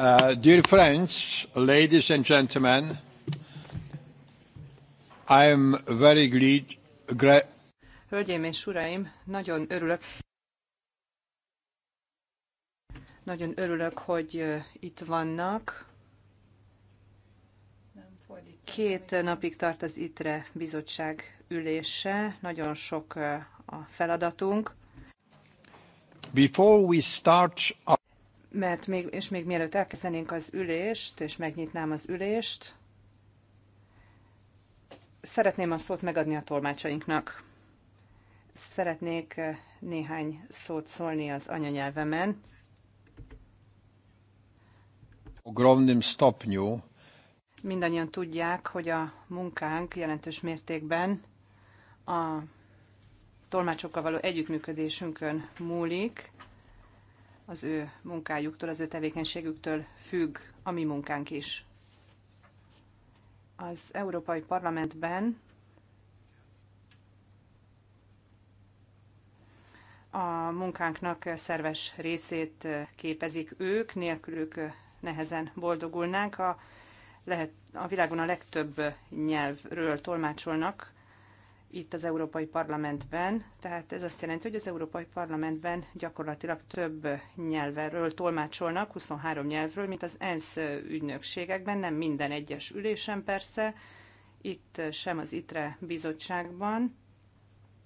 Uh, dear friends, ladies and gentlemen, I am very glad. Hölgyeim és uraim, nagyon örülök. Nagyon örülök, hogy uh, itt vannak. Két napig tart az ITRE bizottság ülése, nagyon sok uh, a feladatunk. Before we start our mert még, és még mielőtt elkezdenénk az ülést, és megnyitnám az ülést, szeretném a szót megadni a tolmácsainknak. Szeretnék eh, néhány szót szólni az anyanyelvemen. Ogromnym stopnyu. Mindannyian tudják, hogy a munkánk jelentős mértékben a tolmácsokkal való együttműködésünkön múlik az ő munkájuktól, az ő tevékenységüktől függ a mi munkánk is. Az Európai Parlamentben a munkánknak szerves részét képezik ők, nélkülük nehezen boldogulnánk. A, lehet, a világon a legtöbb nyelvről tolmácsolnak, itt az Európai Parlamentben, tehát ez azt jelenti, hogy az Európai Parlamentben gyakorlatilag több nyelvről tolmácsolnak, 23 nyelvről, mint az ENSZ ügynökségekben, nem minden egyes ülésen persze, itt sem az ITRE bizottságban,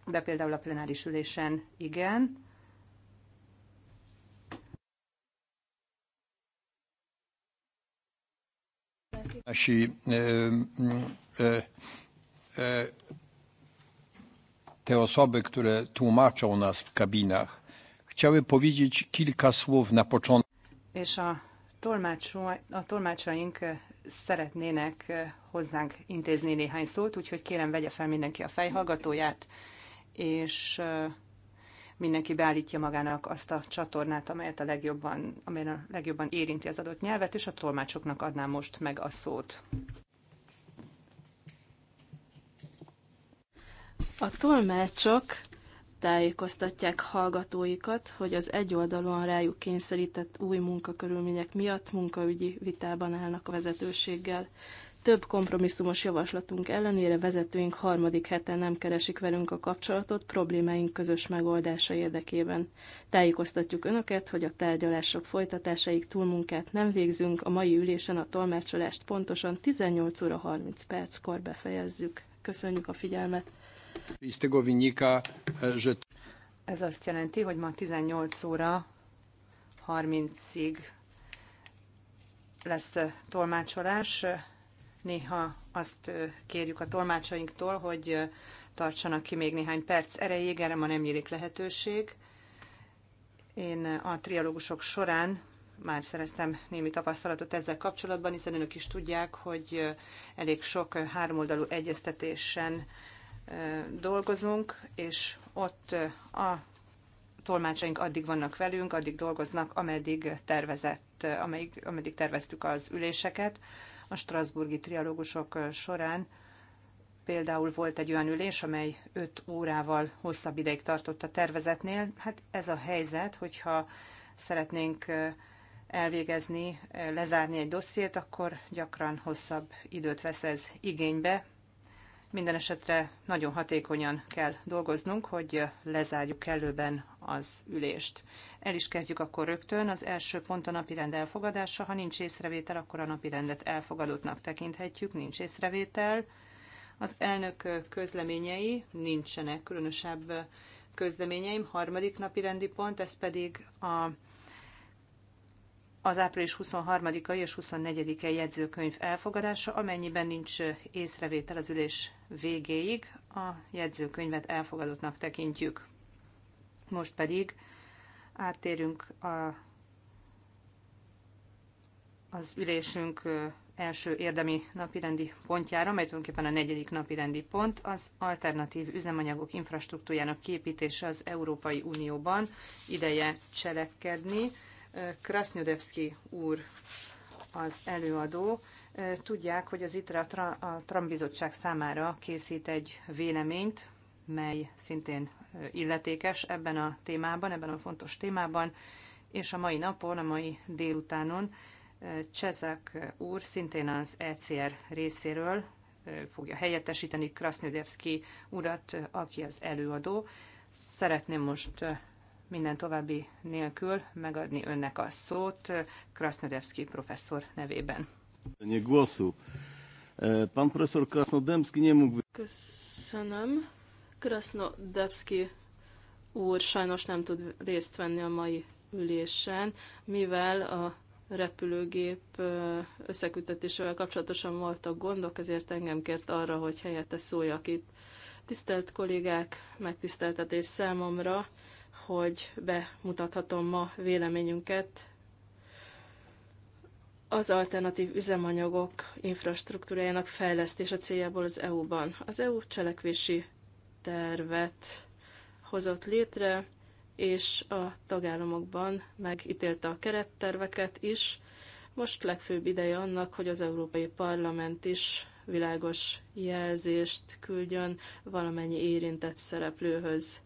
de például a plenáris ülésen igen. She, te osoby, które tłumaczą nas w kabinach, chciały powiedzieć kilka słów na początku. És a, tolmácsó, a tolmácsaink szeretnének eh, hozzánk intézni néhány szót, úgyhogy kérem, vegye fel mindenki a fejhallgatóját, és eh, mindenki beállítja magának azt a csatornát, amelyet a legjobban, amelyen a legjobban érinti az adott nyelvet, és a tolmácsoknak adnám most meg a szót. A tolmácsok tájékoztatják hallgatóikat, hogy az egyoldalúan rájuk kényszerített új munkakörülmények miatt munkaügyi vitában állnak a vezetőséggel. Több kompromisszumos javaslatunk ellenére vezetőink harmadik heten nem keresik velünk a kapcsolatot problémáink közös megoldása érdekében. Tájékoztatjuk Önöket, hogy a tárgyalások folytatásaig túlmunkát nem végzünk, a mai ülésen a tolmácsolást pontosan 18 óra 30 perckor befejezzük. Köszönjük a figyelmet! E, Ez azt jelenti, hogy ma 18 óra 30-ig lesz e, tolmácsolás. Néha azt e, kérjük a tolmácsainktól, hogy tartsanak ki még néhány perc erejéig, erre ma nem nyílik lehetőség. Én a trialógusok során már szereztem némi tapasztalatot ezzel kapcsolatban, hiszen önök is tudják, hogy elég sok háromoldalú egyeztetésen dolgozunk, és ott a tolmácsaink addig vannak velünk, addig dolgoznak, ameddig tervezett, ameddig, ameddig terveztük az üléseket. A Strasburgi trialógusok során például volt egy olyan ülés, amely 5 órával hosszabb ideig tartott a tervezetnél. Hát ez a helyzet, hogyha szeretnénk elvégezni, lezárni egy dossziét, akkor gyakran hosszabb időt vesz ez igénybe, minden esetre nagyon hatékonyan kell dolgoznunk, hogy lezárjuk kellőben az ülést. El is kezdjük akkor rögtön. Az első pont a napirend elfogadása. Ha nincs észrevétel, akkor a napirendet elfogadottnak tekinthetjük. Nincs észrevétel. Az elnök közleményei nincsenek különösebb közleményeim. Harmadik napirendi pont, ez pedig a az április 23-ai és 24-e jegyzőkönyv elfogadása, amennyiben nincs észrevétel az ülés végéig a jegyzőkönyvet elfogadottnak tekintjük. Most pedig áttérünk a, az ülésünk első érdemi napirendi pontjára, mely tulajdonképpen a negyedik napirendi pont, az alternatív üzemanyagok infrastruktúrájának képítése az Európai Unióban. Ideje cselekedni. Krasznodebszki úr az előadó, Tudják, hogy az ITRA a Trump bizottság számára készít egy véleményt, mely szintén illetékes ebben a témában, ebben a fontos témában, és a mai napon, a mai délutánon Csezek úr szintén az ECR részéről fogja helyettesíteni Krasznyodevszki urat, aki az előadó. Szeretném most minden további nélkül megadni önnek a szót Krasznyodevszki professzor nevében. Nie głosu. E, pan profesor Krasnodębski nie mógł... Köszönöm. Krasnodębski úr sajnos nem tud részt venni a mai ülésen, mivel a repülőgép e, összekütetésével kapcsolatosan voltak gondok, ezért engem kért arra, hogy helyette szóljak itt. Tisztelt kollégák, megtiszteltetés számomra, hogy bemutathatom ma véleményünket az alternatív üzemanyagok infrastruktúrájának fejlesztése céljából az EU-ban. Az EU cselekvési tervet hozott létre, és a tagállamokban megítélte a keretterveket is. Most legfőbb ideje annak, hogy az Európai Parlament is világos jelzést küldjön valamennyi érintett szereplőhöz.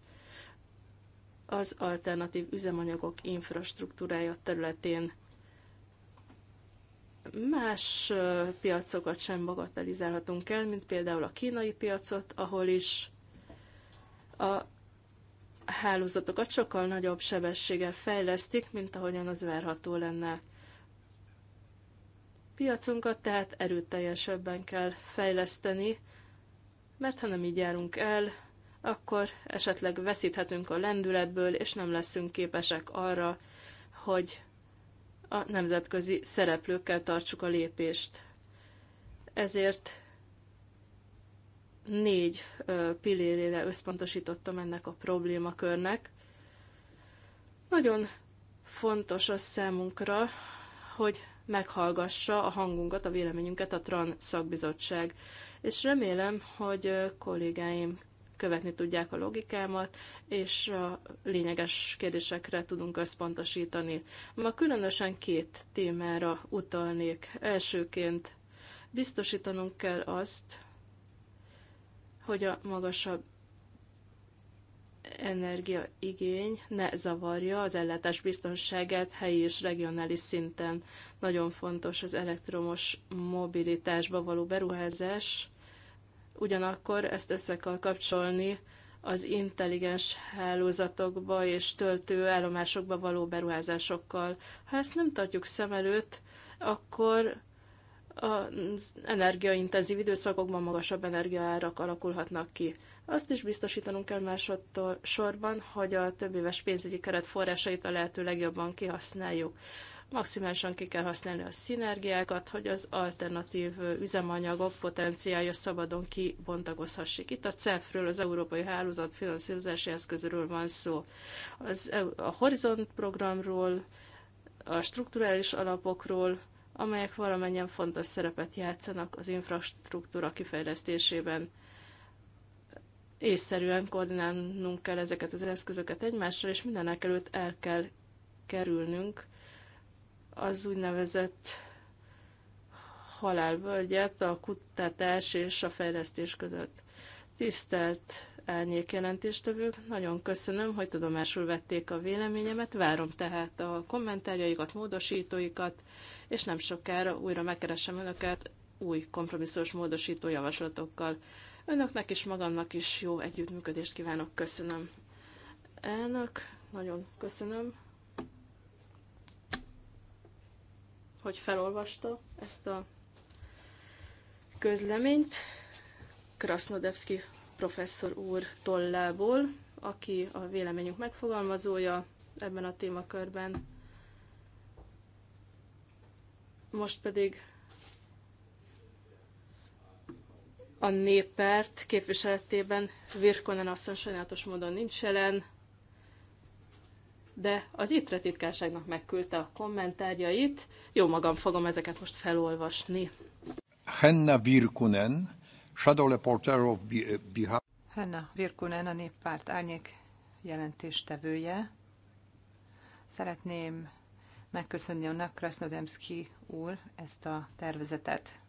Az alternatív üzemanyagok infrastruktúrája területén más piacokat sem bagatelizálhatunk el, mint például a kínai piacot, ahol is a hálózatokat sokkal nagyobb sebességgel fejlesztik, mint ahogyan az várható lenne. Piacunkat tehát erőteljesebben kell fejleszteni, mert ha nem így járunk el, akkor esetleg veszíthetünk a lendületből, és nem leszünk képesek arra, hogy a nemzetközi szereplőkkel tartsuk a lépést. Ezért négy pillérére összpontosítottam ennek a problémakörnek. Nagyon fontos a számunkra, hogy meghallgassa a hangunkat, a véleményünket a TRAN szakbizottság. És remélem, hogy kollégáim követni tudják a logikámat, és a lényeges kérdésekre tudunk összpontosítani. Ma különösen két témára utalnék. Elsőként biztosítanunk kell azt, hogy a magasabb energiaigény ne zavarja az ellátás biztonságát helyi és regionális szinten. Nagyon fontos az elektromos mobilitásba való beruházás, ugyanakkor ezt össze kell kapcsolni az intelligens hálózatokba és töltő állomásokba való beruházásokkal. Ha ezt nem tartjuk szem előtt, akkor az energiaintenzív időszakokban magasabb energiaárak alakulhatnak ki. Azt is biztosítanunk kell másodszorban, hogy a többéves pénzügyi keret forrásait a lehető legjobban kihasználjuk. Maximálisan ki kell használni a szinergiákat, hogy az alternatív üzemanyagok potenciálja szabadon kibontakozhassék. Itt a CEF-ről, az Európai Hálózat finanszírozási eszközről van szó. Az, a Horizont programról, a strukturális alapokról, amelyek valamennyien fontos szerepet játszanak az infrastruktúra kifejlesztésében. Észszerűen koordinálnunk kell ezeket az eszközöket egymással, és mindenek előtt el kell kerülnünk, az úgynevezett halálvölgyet a kutatás és a fejlesztés között. Tisztelt árnyék jelentéstevők, nagyon köszönöm, hogy tudomásul vették a véleményemet, várom tehát a kommentárjaikat, módosítóikat, és nem sokára újra megkeresem Önöket új kompromisszós módosító javaslatokkal. Önöknek és magamnak is jó együttműködést kívánok, köszönöm. Elnök, nagyon köszönöm. hogy felolvasta ezt a közleményt Krasnodebski professzor úr tollából, aki a véleményünk megfogalmazója ebben a témakörben. Most pedig a néppárt képviseletében Virkonen asszony sajnálatos módon nincs jelen, de az ITRE titkárságnak megküldte a kommentárjait. Jó magam fogom ezeket most felolvasni. Henna Virkunen, Shadow Reporter of Bihar. Henna Virkunen, a néppárt árnyék jelentéstevője. Szeretném megköszönni a Krasnodemski úr ezt a tervezetet.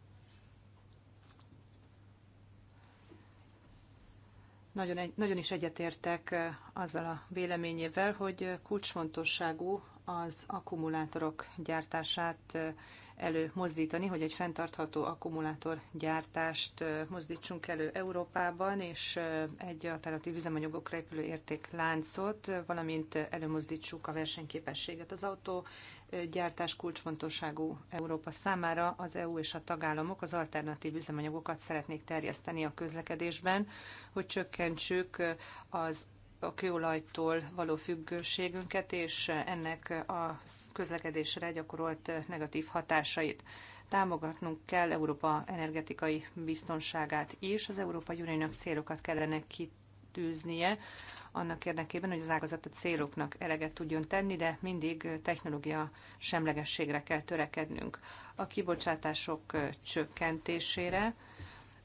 Nagyon, egy, nagyon is egyetértek azzal a véleményével, hogy kulcsfontosságú az akkumulátorok gyártását előmozdítani, hogy egy fenntartható akkumulátorgyártást mozdítsunk elő Európában, és egy alternatív üzemanyagokra épülő értékláncot, valamint előmozdítsuk a versenyképességet. Az autó gyártás kulcsfontosságú Európa számára. Az EU és a tagállamok az alternatív üzemanyagokat szeretnék terjeszteni a közlekedésben, hogy csökkentsük az a kőolajtól való függőségünket, és ennek a közlekedésre gyakorolt negatív hatásait. Támogatnunk kell Európa energetikai biztonságát is, az Európa Uniónak célokat kellene kitűzni tűznie, annak érdekében, hogy az ágazat a céloknak eleget tudjon tenni, de mindig technológia semlegességre kell törekednünk. A kibocsátások csökkentésére,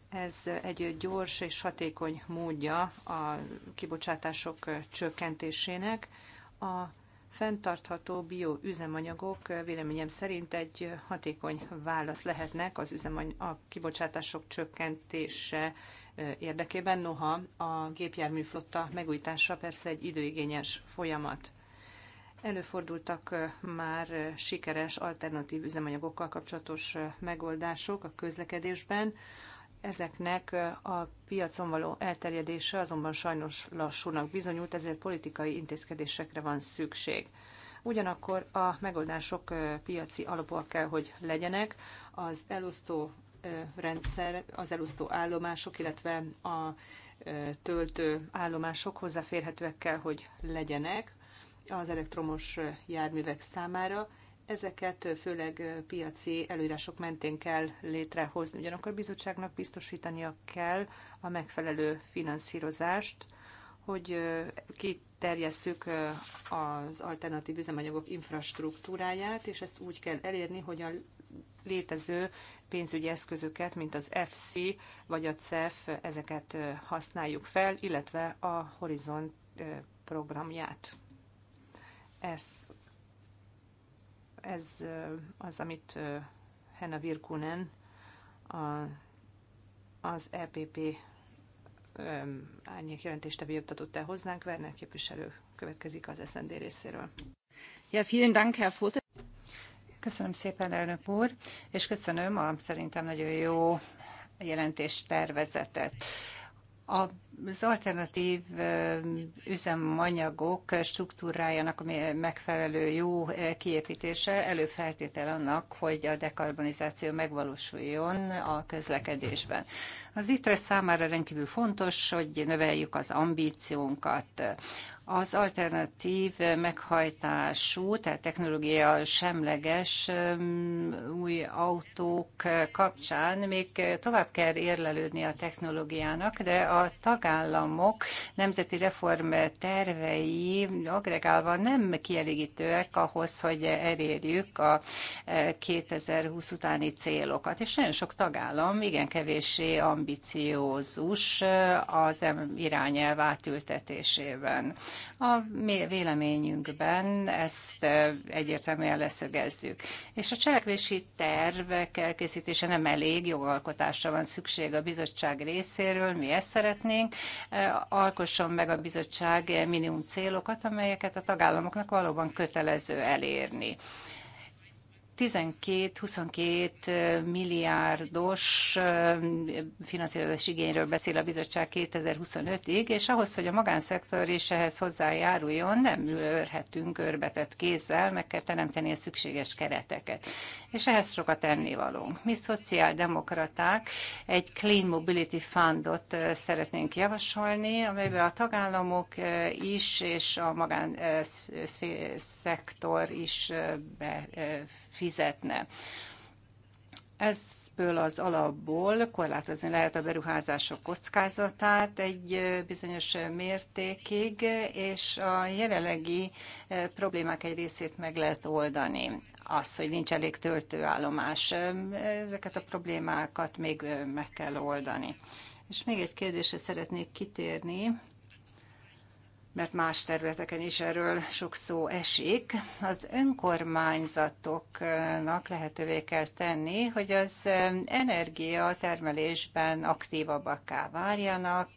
ez egy gyors és hatékony módja a kibocsátások csökkentésének. A fenntartható bioüzemanyagok véleményem szerint egy hatékony válasz lehetnek az üzemany- a kibocsátások csökkentése érdekében, noha a gépjárműflotta megújítása persze egy időigényes folyamat. Előfordultak már sikeres alternatív üzemanyagokkal kapcsolatos megoldások a közlekedésben, Ezeknek a piacon való elterjedése azonban sajnos lassúnak bizonyult, ezért politikai intézkedésekre van szükség. Ugyanakkor a megoldások piaci alapúak kell, hogy legyenek, az elosztó rendszer, az elosztó állomások, illetve a töltő állomások hozzáférhetőek kell, hogy legyenek az elektromos járművek számára. Ezeket főleg piaci előírások mentén kell létrehozni. Ugyanakkor a bizottságnak biztosítania kell a megfelelő finanszírozást, hogy kiterjesszük az alternatív üzemanyagok infrastruktúráját, és ezt úgy kell elérni, hogy a létező pénzügyi eszközöket, mint az FC vagy a CEF, ezeket használjuk fel, illetve a Horizont programját. Ez, ez az, amit Henna Virkunen a, az EPP árnyék jelentéstevő juttatott el hozzánk. Werner képviselő következik az SND részéről. Ja, vielen Dank, Herr Fosse. Köszönöm szépen, elnök úr, és köszönöm a szerintem nagyon jó jelentés tervezetet. A az alternatív üzemanyagok struktúrájának megfelelő jó kiépítése előfeltétel annak, hogy a dekarbonizáció megvalósuljon a közlekedésben. Az ITRE számára rendkívül fontos, hogy növeljük az ambíciónkat. Az alternatív meghajtású, tehát technológia semleges új autók kapcsán még tovább kell érlelődni a technológiának, de a tag tagállamok nemzeti reform tervei agregálva nem kielégítőek ahhoz, hogy elérjük a 2020 e, utáni célokat. És nagyon sok tagállam igen kevéssé ambiciózus e, az irányelv átültetésében. A véleményünkben ezt e, egyértelműen leszögezzük. És a cselekvési tervek elkészítése nem elég, jogalkotásra van szükség a bizottság részéről, mi ezt szeretnénk, alkosson meg a bizottság minimum célokat, amelyeket a tagállamoknak valóban kötelező elérni. 12-22 milliárdos finanszírozási igényről beszél a bizottság 2025-ig, és ahhoz, hogy a magánszektor is ehhez hozzájáruljon, nem ülörhetünk örbetett kézzel, meg kell teremteni a szükséges kereteket. És ehhez sokat tennivalónk. Mi szociáldemokraták egy Clean Mobility Fundot szeretnénk javasolni, amelyben a tagállamok is és a magánszektor is be fizetne. Ezből az alapból korlátozni lehet a beruházások kockázatát egy bizonyos mértékig, és a jelenlegi problémák egy részét meg lehet oldani az, hogy nincs elég töltőállomás. Ezeket a problémákat még meg kell oldani. És még egy kérdésre szeretnék kitérni mert más területeken is erről sok szó esik. Az önkormányzatoknak lehetővé kell tenni, hogy az energiatermelésben aktívabbakká várjanak,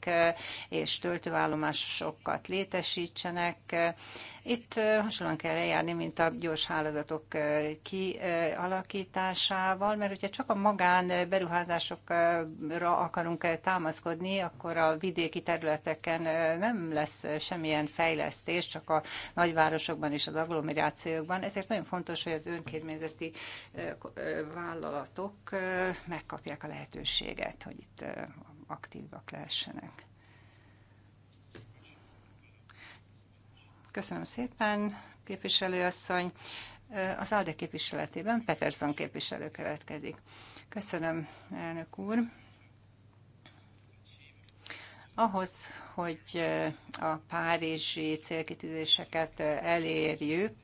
és töltőállomásokat létesítsenek, itt hasonlóan kell eljárni, mint a gyors hálózatok kialakításával, mert hogyha csak a magán beruházásokra akarunk támaszkodni, akkor a vidéki területeken nem lesz semmilyen fejlesztés, csak a nagyvárosokban és az agglomerációkban. Ezért nagyon fontos, hogy az önkérményzeti vállalatok megkapják a lehetőséget, hogy itt aktívak lehessenek. Köszönöm szépen, képviselőasszony. Az ALDE képviseletében Peterson képviselő következik. Köszönöm, elnök úr. Ahhoz, hogy a párizsi célkitűzéseket elérjük,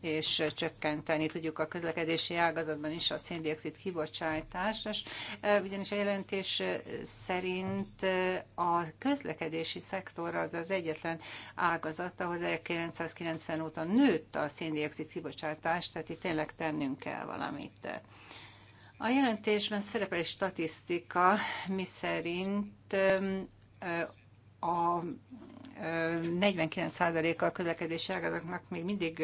és csökkenteni tudjuk a közlekedési ágazatban is a széndiokszid kibocsátást, ugyanis a jelentés szerint a közlekedési szektor az az egyetlen ágazat, ahol 1990 óta nőtt a széndiokszid kibocsátás, tehát itt tényleg tennünk kell valamit. A jelentésben szerepel egy statisztika, miszerint a 49%-a a közlekedési ágazatnak még mindig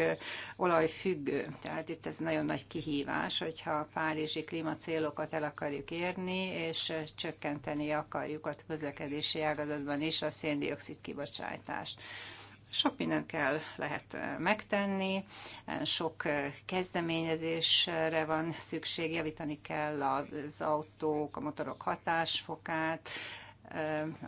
olajfüggő. Tehát itt ez nagyon nagy kihívás, hogyha a párizsi klímacélokat el akarjuk érni, és csökkenteni akarjuk a közlekedési ágazatban is a széndiokszid kibocsátást. Sok mindent kell lehet megtenni, sok kezdeményezésre van szükség, javítani kell az autók, a motorok hatásfokát,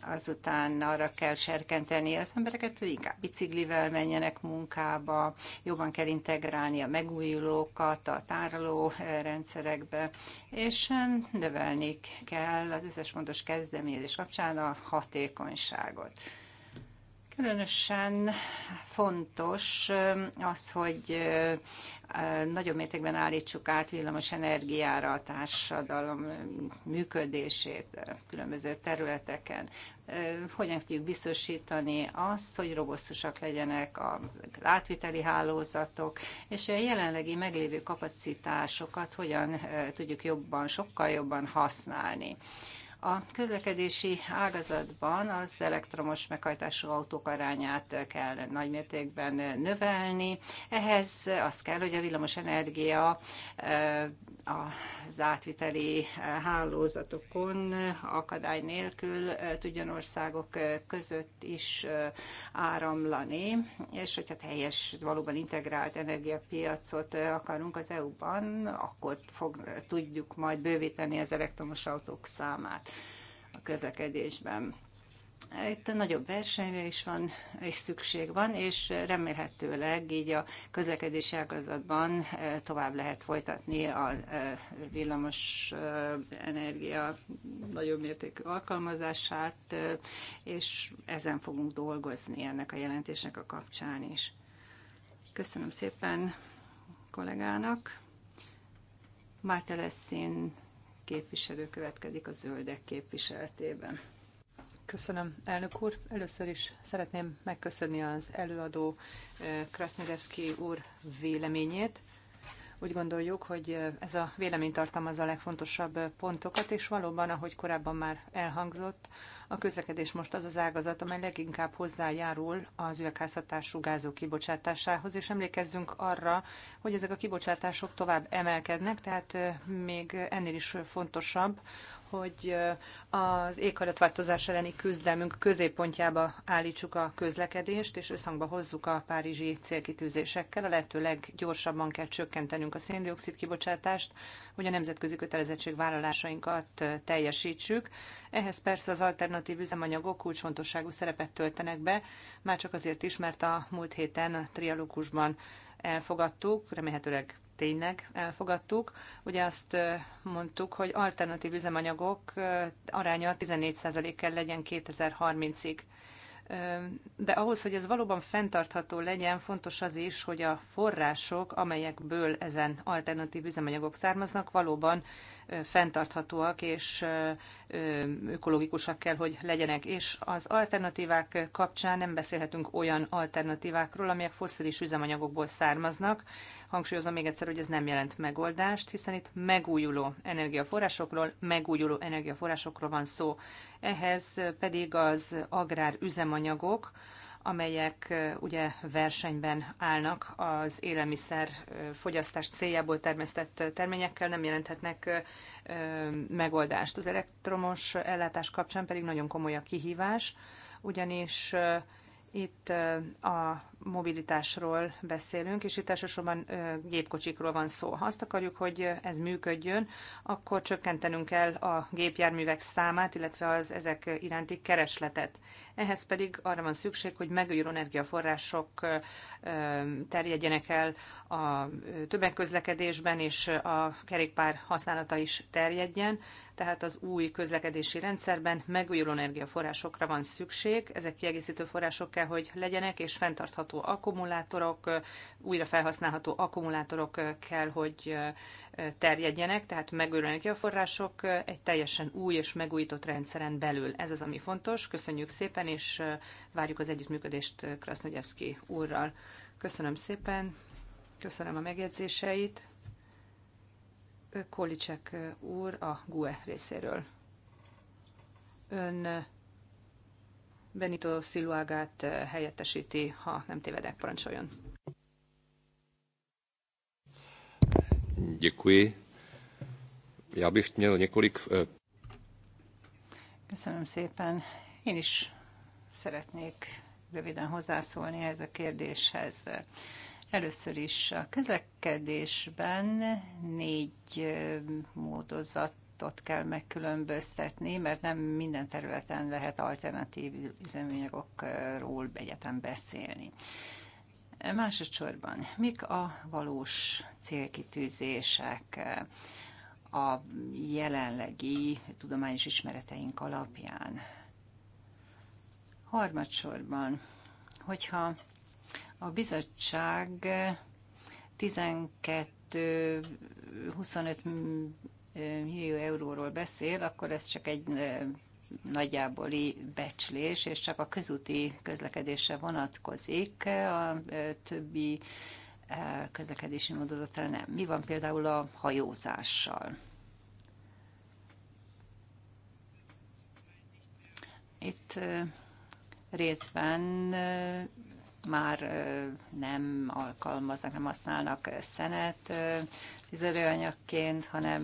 azután arra kell serkenteni az embereket, hogy inkább biciklivel menjenek munkába, jobban kell integrálni a megújulókat a tároló rendszerekbe, és növelni kell az összes fontos kezdeményezés kapcsán a hatékonyságot. Különösen fontos az, hogy nagyobb mértékben állítsuk át villamos energiára a társadalom működését különböző területeken. Hogyan tudjuk biztosítani azt, hogy robosztusak legyenek a átviteli hálózatok, és a jelenlegi meglévő kapacitásokat hogyan tudjuk jobban, sokkal jobban használni. A közlekedési ágazatban az elektromos meghajtású autók arányát kell nagymértékben növelni. Ehhez az kell, hogy a villamos energia eh, az átviteli eh, hálózatokon akadály nélkül eh, tudjon országok között is áramlani, és hogyha teljes, valóban integrált energiapiacot akarunk az EU-ban, akkor fog, tudjuk majd bővíteni az elektromos autók számát a közlekedésben. Itt nagyobb versenyre is van, és szükség van, és remélhetőleg így a közlekedési ágazatban eh, tovább lehet folytatni a eh, villamos eh, energia nagyobb mértékű alkalmazását, és ezen fogunk dolgozni ennek a jelentésnek a kapcsán is. Köszönöm szépen kollégának. Márta Leszín képviselő következik a zöldek képviseletében. Köszönöm, elnök úr. Először is szeretném megköszönni az előadó eh, Krasznodevszki úr véleményét. Úgy gondoljuk, hogy ez a vélemény tartalmazza a legfontosabb pontokat, és valóban, ahogy korábban már elhangzott, a közlekedés most az az ágazat, amely leginkább hozzájárul az üvegházhatású gázok kibocsátásához, és emlékezzünk arra, hogy ezek a kibocsátások tovább emelkednek, tehát még ennél is fontosabb, hogy az éghajlatváltozás elleni küzdelmünk középpontjába állítsuk a közlekedést, és összhangba hozzuk a párizsi célkitűzésekkel. A lehető leggyorsabban kell csökkentenünk a széndiokszid kibocsátást, hogy a nemzetközi kötelezettségvállalásainkat teljesítsük. Ehhez persze az alternatív üzemanyagok kulcsfontosságú szerepet töltenek be, már csak azért is, mert a múlt héten a trialókusban elfogadtuk, remélhetőleg tényleg elfogadtuk. Ugye azt mondtuk, hogy alternatív üzemanyagok aránya 14%-kel legyen 2030-ig. De ahhoz, hogy ez valóban fenntartható legyen, fontos az is, hogy a források, amelyekből ezen alternatív üzemanyagok származnak, valóban fenntarthatóak és ökológikusak kell, hogy legyenek. És az alternatívák kapcsán nem beszélhetünk olyan alternatívákról, amelyek fosszilis üzemanyagokból származnak. Hangsúlyozom még egyszer, hogy ez nem jelent megoldást, hiszen itt megújuló energiaforrásokról, megújuló energiaforrásokról van szó. Ehhez pedig az agrár üzemanyagok, amelyek ugye versenyben állnak az élelmiszer fogyasztás céljából termesztett terményekkel, nem jelenthetnek megoldást. Az elektromos ellátás kapcsán pedig nagyon komoly a kihívás, ugyanis itt a mobilitásról beszélünk, és itt elsősorban gépkocsikról van szó. Ha azt akarjuk, hogy ez működjön, akkor csökkentenünk kell a gépjárművek számát, illetve az ezek iránti keresletet. Ehhez pedig arra van szükség, hogy megújuló energiaforrások terjedjenek el a tömegközlekedésben, és a kerékpár használata is terjedjen, tehát az új közlekedési rendszerben megújuló energiaforrásokra van szükség, ezek kiegészítő források kell, hogy legyenek, és fenntartható felhasználható akkumulátorok, újra felhasználható akkumulátorok kell, hogy terjedjenek, tehát megőrülnek a források egy teljesen új és megújított rendszeren belül. Ez az, ami fontos. Köszönjük szépen, és várjuk az együttműködést Krasznodjevszki úrral. Köszönöm szépen, köszönöm a megjegyzéseit. Kolicsek úr a GUE részéről. Ön Benito Sziluágát eh, helyettesíti, ha nem tévedek, parancsoljon. Děkuji. Já bych měl několik... Eh, Köszönöm szépen. Én is szeretnék röviden hozzászólni ez a kérdéshez. Először is a közlekedésben négy eh, módozat importot kell megkülönböztetni, mert nem minden területen lehet alternatív üzemanyagokról egyetem beszélni. Másodszorban, mik a valós célkitűzések a jelenlegi tudományos ismereteink alapján? Harmadsorban, hogyha a bizottság 12 25 millió euróról beszél, akkor ez csak egy nagyjáboli becslés, és csak a közúti közlekedésre vonatkozik, a többi közlekedési módozattal nem. Mi van például a hajózással? Itt részben már nem alkalmaznak, nem használnak szenet, tüzelőanyagként, hanem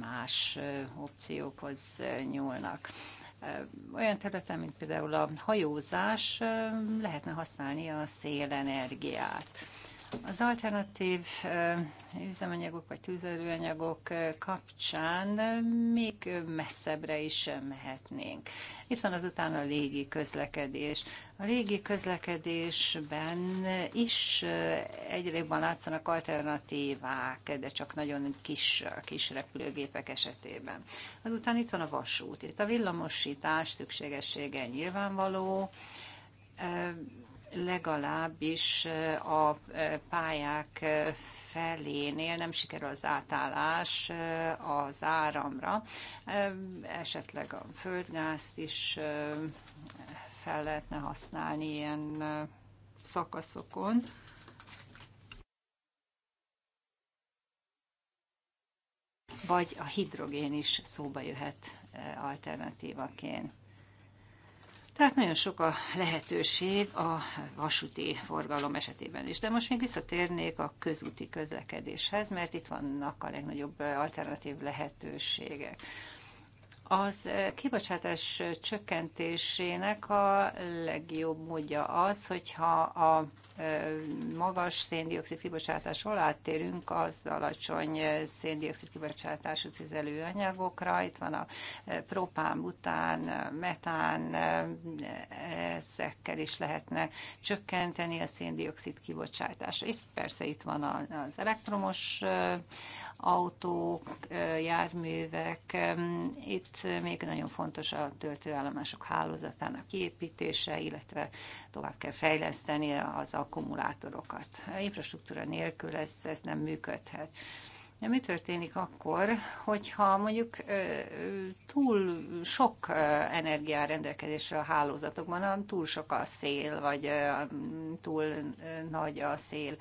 más opciókhoz nyúlnak. Olyan területen, mint például a hajózás, lehetne használni a szélenergiát. Az alternatív üzemanyagok vagy tüzelőanyagok kapcsán még messzebbre is mehetnénk. Itt van azután a légi közlekedés. A légi közlekedésben is egyre jobban látszanak alternatívák, de csak nagyon kis, kis repülőgépek esetében. Azután itt van a vasút. Itt a villamosítás szükségessége nyilvánvaló legalábbis eh, a eh, pályák eh, felénél nem sikerül az átállás az áramra. Esetleg a földgázt is fel lehetne használni ilyen szakaszokon. Vagy a hidrogén is szóba jöhet alternatívaként. Tehát nagyon sok a lehetőség a vasúti forgalom esetében is. De most még visszatérnék a közúti közlekedéshez, mert itt vannak a legnagyobb alternatív lehetőségek. Az kibocsátás csökkentésének a legjobb módja az, hogyha a magas széndiokszid kibocsátásról áttérünk az alacsony széndiokszid kibocsátású tüzelőanyagokra. Itt van a propán, bután, metán, ezekkel is lehetne csökkenteni a széndiokszid kibocsátást. És persze itt van az elektromos autók, járművek. Itt még nagyon fontos a töltőállomások hálózatának kiépítése, illetve tovább kell fejleszteni az akkumulátorokat. A infrastruktúra nélkül ez, ez nem működhet. De mi történik akkor, hogyha mondjuk túl sok energia rendelkezésre a hálózatokban, túl sok a szél, vagy túl nagy a szél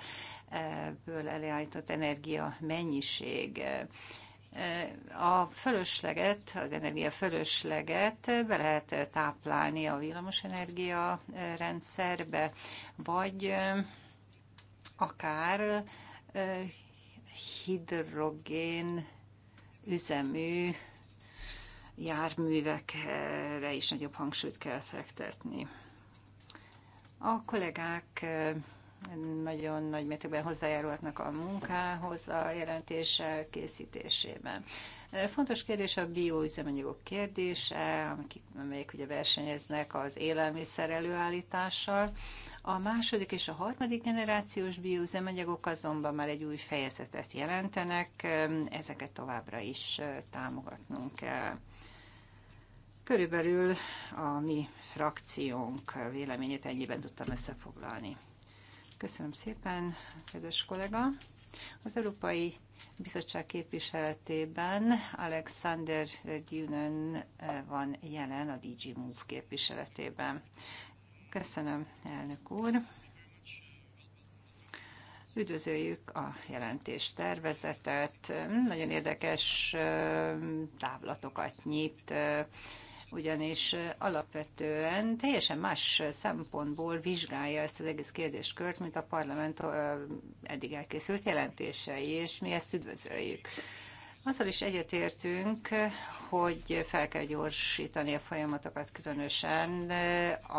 ből előállított energia mennyiség. A fölösleget, az energia fölösleget be lehet táplálni a villamosenergia rendszerbe, vagy akár hidrogén üzemű járművekre is nagyobb hangsúlyt kell fektetni. A kollégák nagyon nagy mértékben hozzájárulhatnak a munkához a jelentés elkészítésében. Fontos kérdés a bioüzemanyagok kérdése, amelyek, amelyek ugye versenyeznek az élelmiszer előállítással. A második és a harmadik generációs bioüzemanyagok azonban már egy új fejezetet jelentenek, ezeket továbbra is támogatnunk kell. Körülbelül a mi frakciónk véleményét ennyiben tudtam összefoglalni. Köszönöm szépen, kedves kollega. Az Európai Bizottság képviseletében Alexander Dunen eh, van jelen a DG Move képviseletében. Köszönöm, elnök úr. Üdvözöljük a jelentés tervezetet. Nagyon érdekes eh, távlatokat nyit eh, ugyanis alapvetően teljesen más szempontból vizsgálja ezt az egész kérdéskört, mint a parlament eddig elkészült jelentései, és mi ezt üdvözöljük. Azzal is egyetértünk, hogy fel kell gyorsítani a folyamatokat, különösen eh,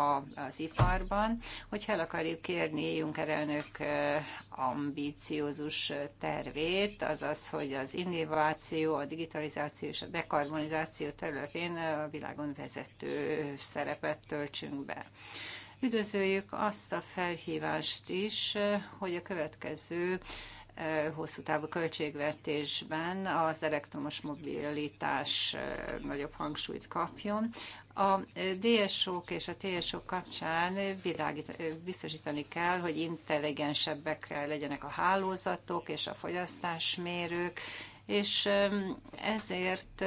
az iparban, hogy el akarjuk kérni Juncker elnök eh, ambíciózus tervét, azaz, hogy az innováció, a digitalizáció és a dekarbonizáció területén a világon vezető szerepet töltsünk be. Üdvözöljük azt a felhívást is, eh, hogy a következő hosszú távú költségvetésben az elektromos mobilitás nagyobb hangsúlyt kapjon. A DSO-k és a TSO kapcsán világít, biztosítani kell, hogy intelligensebbek legyenek a hálózatok és a fogyasztásmérők, és ezért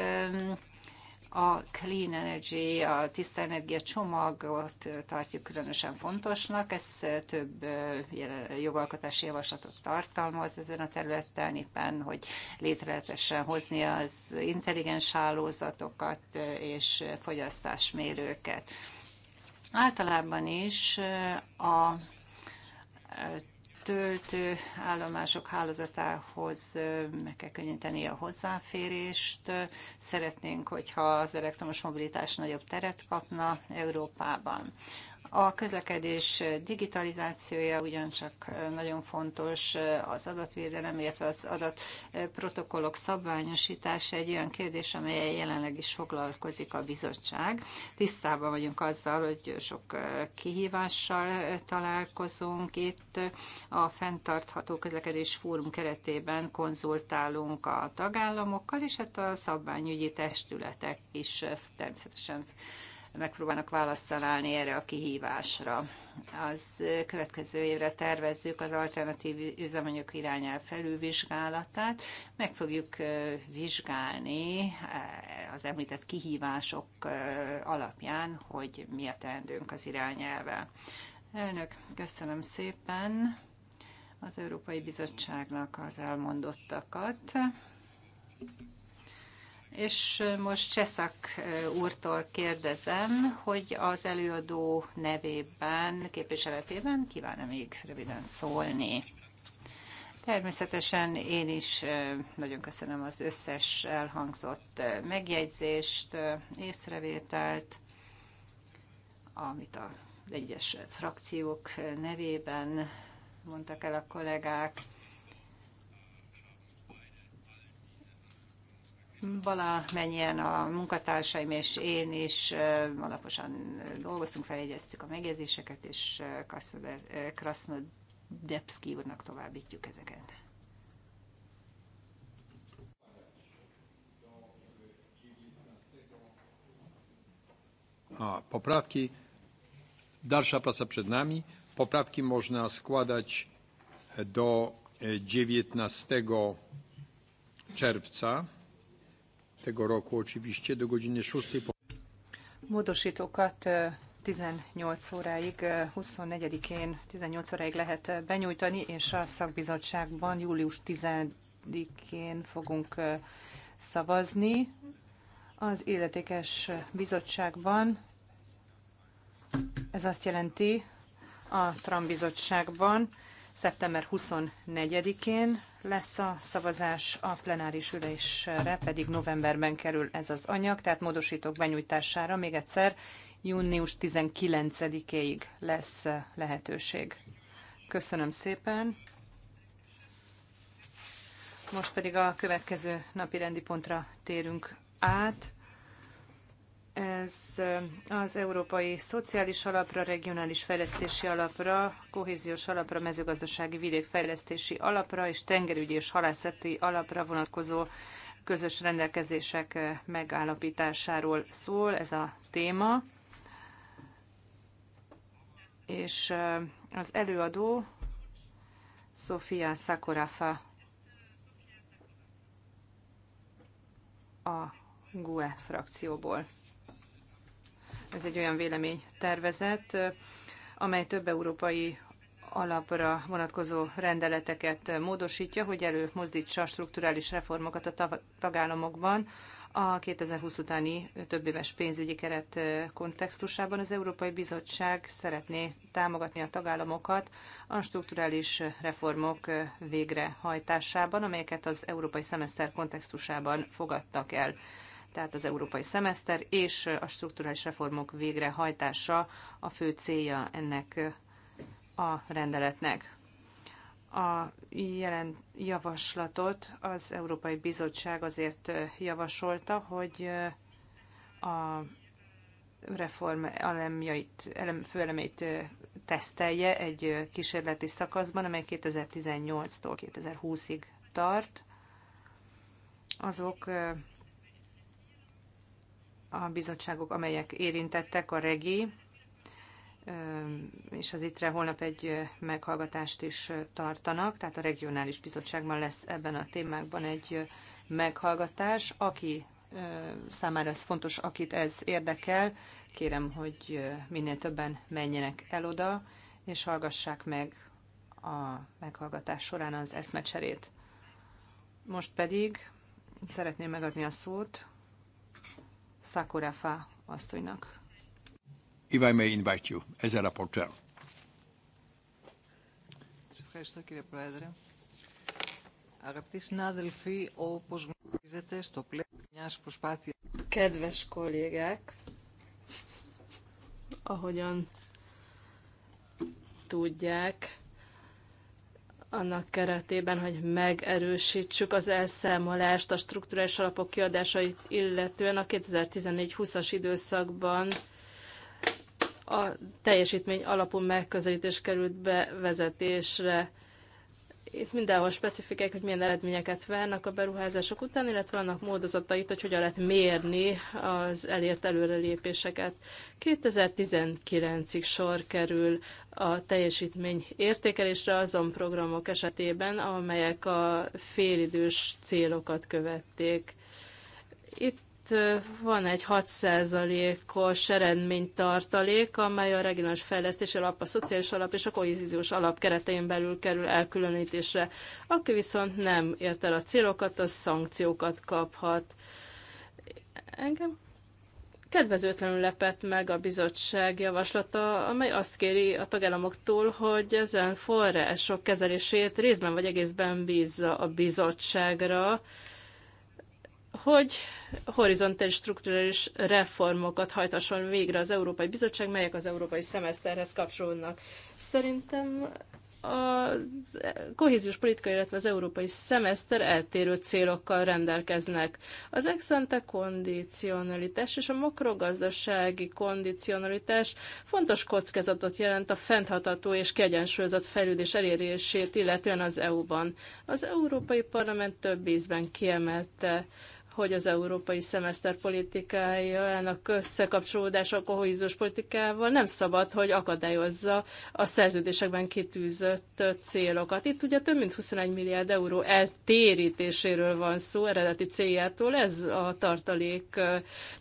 a clean energy, a tiszta energia csomagot tartjuk különösen fontosnak. Ez több jogalkotási javaslatot tartalmaz ezen a területen, éppen, hogy létre lehetessen hozni az intelligens hálózatokat és fogyasztásmérőket. Általában is a töltő állomások hálózatához meg kell könnyíteni a hozzáférést. Szeretnénk, hogyha az elektromos mobilitás nagyobb teret kapna Európában. A közlekedés digitalizációja ugyancsak nagyon fontos, az adatvédelem, illetve az adatprotokollok szabványosítása egy olyan kérdés, amelyel jelenleg is foglalkozik a bizottság. Tisztában vagyunk azzal, hogy sok kihívással találkozunk itt. A fenntartható közlekedés fórum keretében konzultálunk a tagállamokkal, és hát a szabványügyi testületek is természetesen megpróbálnak választ találni erre a kihívásra. Az következő évre tervezzük az alternatív üzemanyag irányel felülvizsgálatát. Meg fogjuk vizsgálni az említett kihívások alapján, hogy mi a teendőnk az irányelvel. Elnök, köszönöm szépen az Európai Bizottságnak az elmondottakat. És most Cseszak úrtól kérdezem, hogy az előadó nevében, képviseletében kíván-e még röviden szólni? Természetesen én is nagyon köszönöm az összes elhangzott megjegyzést, észrevételt, amit az egyes frakciók nevében mondtak el a kollégák. valamennyien a munkatársaim és én is alaposan dolgoztunk, feljegyeztük a megjegyzéseket, és Krasznodebszki úrnak továbbítjuk ezeket. A poprawki, dalsza praca przed nami. Poprawki można składać e, do 19 e, czerwca tego roku oczywiście do godziny 6. Módosítókat 18 e, óráig, 24-én e, 18 óráig lehet e, benyújtani, és a szakbizottságban július 10-én fogunk szavazni. Az illetékes bizottságban ez azt jelenti, a Tram bizottságban szeptember 24-én lesz a szavazás, a plenáris ülésre pedig novemberben kerül ez az anyag, tehát módosítók benyújtására még egyszer június 19-éig lesz eh, lehetőség. Köszönöm szépen! Most pedig a következő napi rendi pontra térünk át. Ez az Európai Szociális Alapra, Regionális Fejlesztési Alapra, Kohéziós Alapra, Mezőgazdasági Vidékfejlesztési Alapra és Tengerügyi és Halászati Alapra vonatkozó közös rendelkezések megállapításáról szól ez a téma. És az előadó Sofia Sakorafa a GUE frakcióból. Ez egy olyan véleménytervezet, amely több európai alapra vonatkozó rendeleteket módosítja, hogy előmozdítsa a strukturális reformokat a tagállamokban, a 2020 utáni többéves pénzügyi keret kontextusában az Európai Bizottság szeretné támogatni a tagállamokat a strukturális reformok végrehajtásában, amelyeket az európai szemeszter kontextusában fogadtak el tehát az európai szemeszter és a strukturális reformok végrehajtása a fő célja ennek a rendeletnek. A jelen javaslatot az Európai Bizottság azért javasolta, hogy a reform elemjait, elem, főelemeit tesztelje egy kísérleti szakaszban, amely 2018-tól 2020-ig tart. Azok a bizottságok, amelyek érintettek, a REGI, és az ITRE holnap egy meghallgatást is tartanak, tehát a regionális bizottságban lesz ebben a témákban egy meghallgatás. Aki számára ez fontos, akit ez érdekel, kérem, hogy minél többen menjenek el oda, és hallgassák meg a meghallgatás során az eszmecserét. Most pedig szeretném megadni a szót Szakorafa asszonynak. If I may invite you as a rapporteur. Ευχαριστώ κύριε Πρόεδρε. Αγαπητοί συνάδελφοι, όπως γνωρίζετε στο πλαίσιο μιας προσπάθειας... Kedves kollégák, ahogyan tudják, annak keretében, hogy megerősítsük az elszámolást a struktúrás alapok kiadásait illetően a 2014-20-as időszakban a teljesítmény alapú megközelítés került bevezetésre itt mindenhol specifikák, hogy milyen eredményeket várnak a beruházások után, illetve vannak módozatait, hogy hogyan lehet mérni az elért előrelépéseket. 2019-ig sor kerül a teljesítmény értékelésre azon programok esetében, amelyek a félidős célokat követték. Itt itt hát, van egy 6%-os eredménytartalék, amely a regionális fejlesztési alap, a szociális alap és a kohéziós alap keretein belül kerül elkülönítésre. Aki viszont nem ért el a célokat, az szankciókat kaphat. Engem kedvezőtlenül lepett meg a bizottság javaslata, amely azt kéri a tagállamoktól, hogy ezen források kezelését részben vagy egészben bízza a bizottságra, hogy horizontális strukturális reformokat hajtasson végre az Európai Bizottság, melyek az európai szemeszterhez kapcsolódnak. Szerintem a kohéziós politika, illetve az európai szemeszter eltérő célokkal rendelkeznek. Az exante kondicionalitás és a makrogazdasági kondicionalitás fontos kockázatot jelent a fenntartható és kiegyensúlyozott fejlődés elérését, illetően az EU-ban. Az Európai Parlament több ízben kiemelte hogy az európai szemeszter politikájának összekapcsolódása a kohéziós politikával nem szabad, hogy akadályozza a szerződésekben kitűzött célokat. Itt ugye több mint 21 milliárd euró eltérítéséről van szó eredeti céljától, ez a tartalék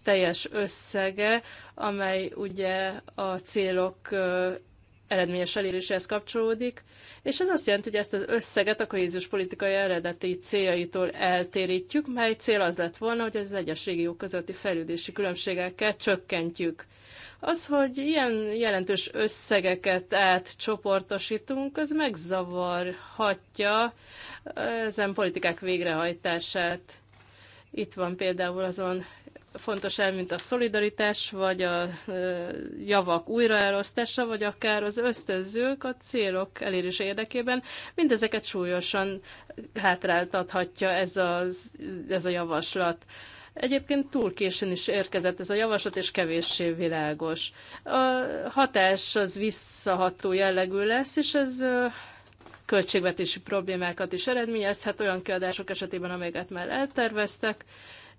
teljes összege, amely ugye a célok eredményes eléréséhez kapcsolódik, és ez azt jelenti, hogy ezt az összeget a kohéziós politikai eredeti céljaitól eltérítjük, mely cél az lett volna, hogy az egyes régiók közötti fejlődési különbségeket csökkentjük. Az, hogy ilyen jelentős összegeket átcsoportosítunk, az megzavarhatja ezen politikák végrehajtását. Itt van például azon fontos el, mint a szolidaritás, vagy a javak újraelosztása, vagy akár az ösztönzők a célok elérés érdekében, mindezeket súlyosan hátráltathatja ez a, ez a javaslat. Egyébként túl későn is érkezett ez a javaslat, és kevéssé világos. A hatás az visszaható jellegű lesz, és ez költségvetési problémákat is eredményezhet olyan kiadások esetében, amelyeket már elterveztek,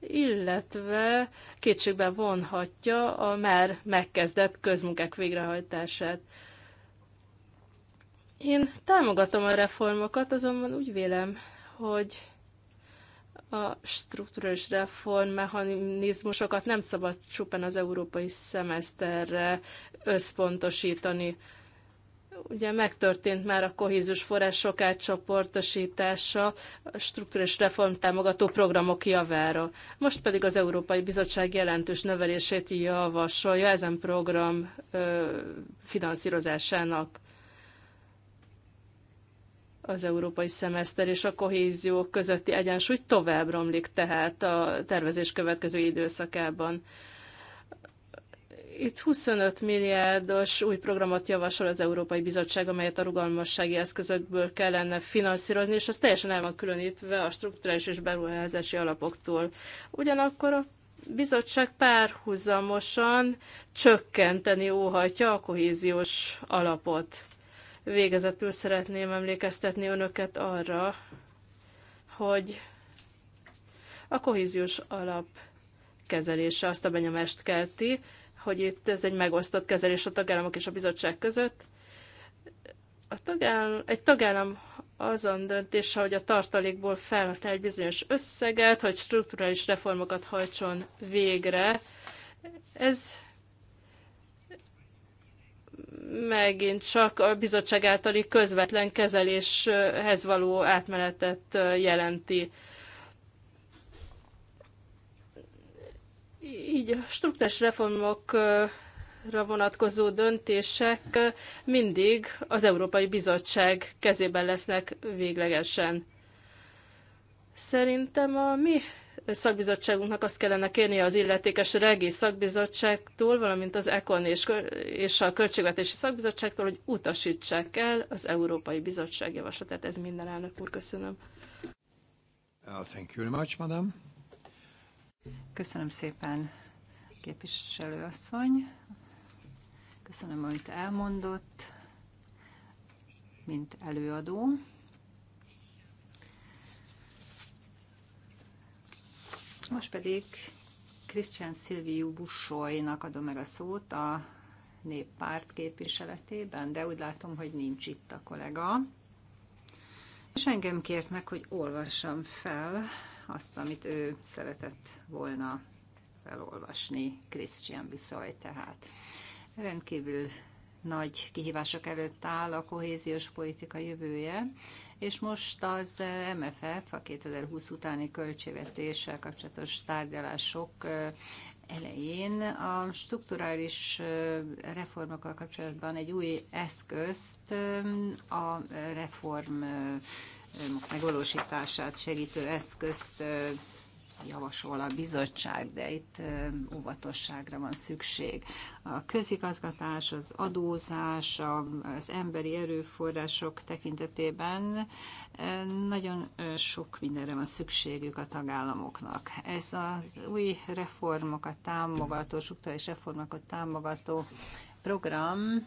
illetve kétségbe vonhatja a már megkezdett közmunkák végrehajtását. Én támogatom a reformokat, azonban úgy vélem, hogy a strukturális reformmechanizmusokat nem szabad csupán az európai szemeszterre összpontosítani. Ugye megtörtént már a kohézus források átcsoportosítása, a strukturális reformtámogató programok javára. Most pedig az Európai Bizottság jelentős növelését javasolja ezen program ö, finanszírozásának az európai szemeszter és a kohézió közötti egyensúly tovább romlik tehát a tervezés következő időszakában. Itt 25 milliárdos új programot javasol az Európai Bizottság, amelyet a rugalmassági eszközökből kellene finanszírozni, és az teljesen el van különítve a strukturális és beruházási alapoktól. Ugyanakkor a bizottság párhuzamosan csökkenteni óhajtja a kohéziós alapot. Végezetül szeretném emlékeztetni önöket arra, hogy a kohéziós alap kezelése azt a benyomást kelti, hogy itt ez egy megosztott kezelés a tagállamok és a bizottság között. A tagállam, egy tagállam azon döntése, hogy a tartalékból felhasznál egy bizonyos összeget, hogy strukturális reformokat hajtson végre. Ez megint csak a bizottság általi közvetlen kezeléshez való átmenetet jelenti. Így a struktúrás reformokra vonatkozó döntések mindig az Európai Bizottság kezében lesznek véglegesen. Szerintem a mi szakbizottságunknak azt kellene kérnie az illetékes regi szakbizottságtól, valamint az ECON és, a Költségvetési Szakbizottságtól, hogy utasítsák el az Európai Bizottság javaslatát. Ez minden elnök úr, köszönöm. Uh, thank you very much, madam. Köszönöm szépen, képviselőasszony. Köszönöm, amit elmondott, mint előadó. Most pedig Christian Silviu Bussoynak adom meg a szót a néppárt képviseletében, de úgy látom, hogy nincs itt a kollega. És engem kért meg, hogy olvassam fel azt, amit ő szeretett volna felolvasni, Christian Viszaj tehát. Rendkívül nagy kihívások előtt áll a kohéziós politika jövője, és most az MFF, a 2020 utáni költségvetéssel kapcsolatos tárgyalások elején a strukturális reformokkal kapcsolatban egy új eszközt, a reform megvalósítását segítő eszközt javasol a bizottság, de itt óvatosságra van szükség. A közigazgatás, az adózás, az emberi erőforrások tekintetében nagyon sok mindenre van szükségük a tagállamoknak. Ez az új reformokat támogató, struktúrális reformokat támogató program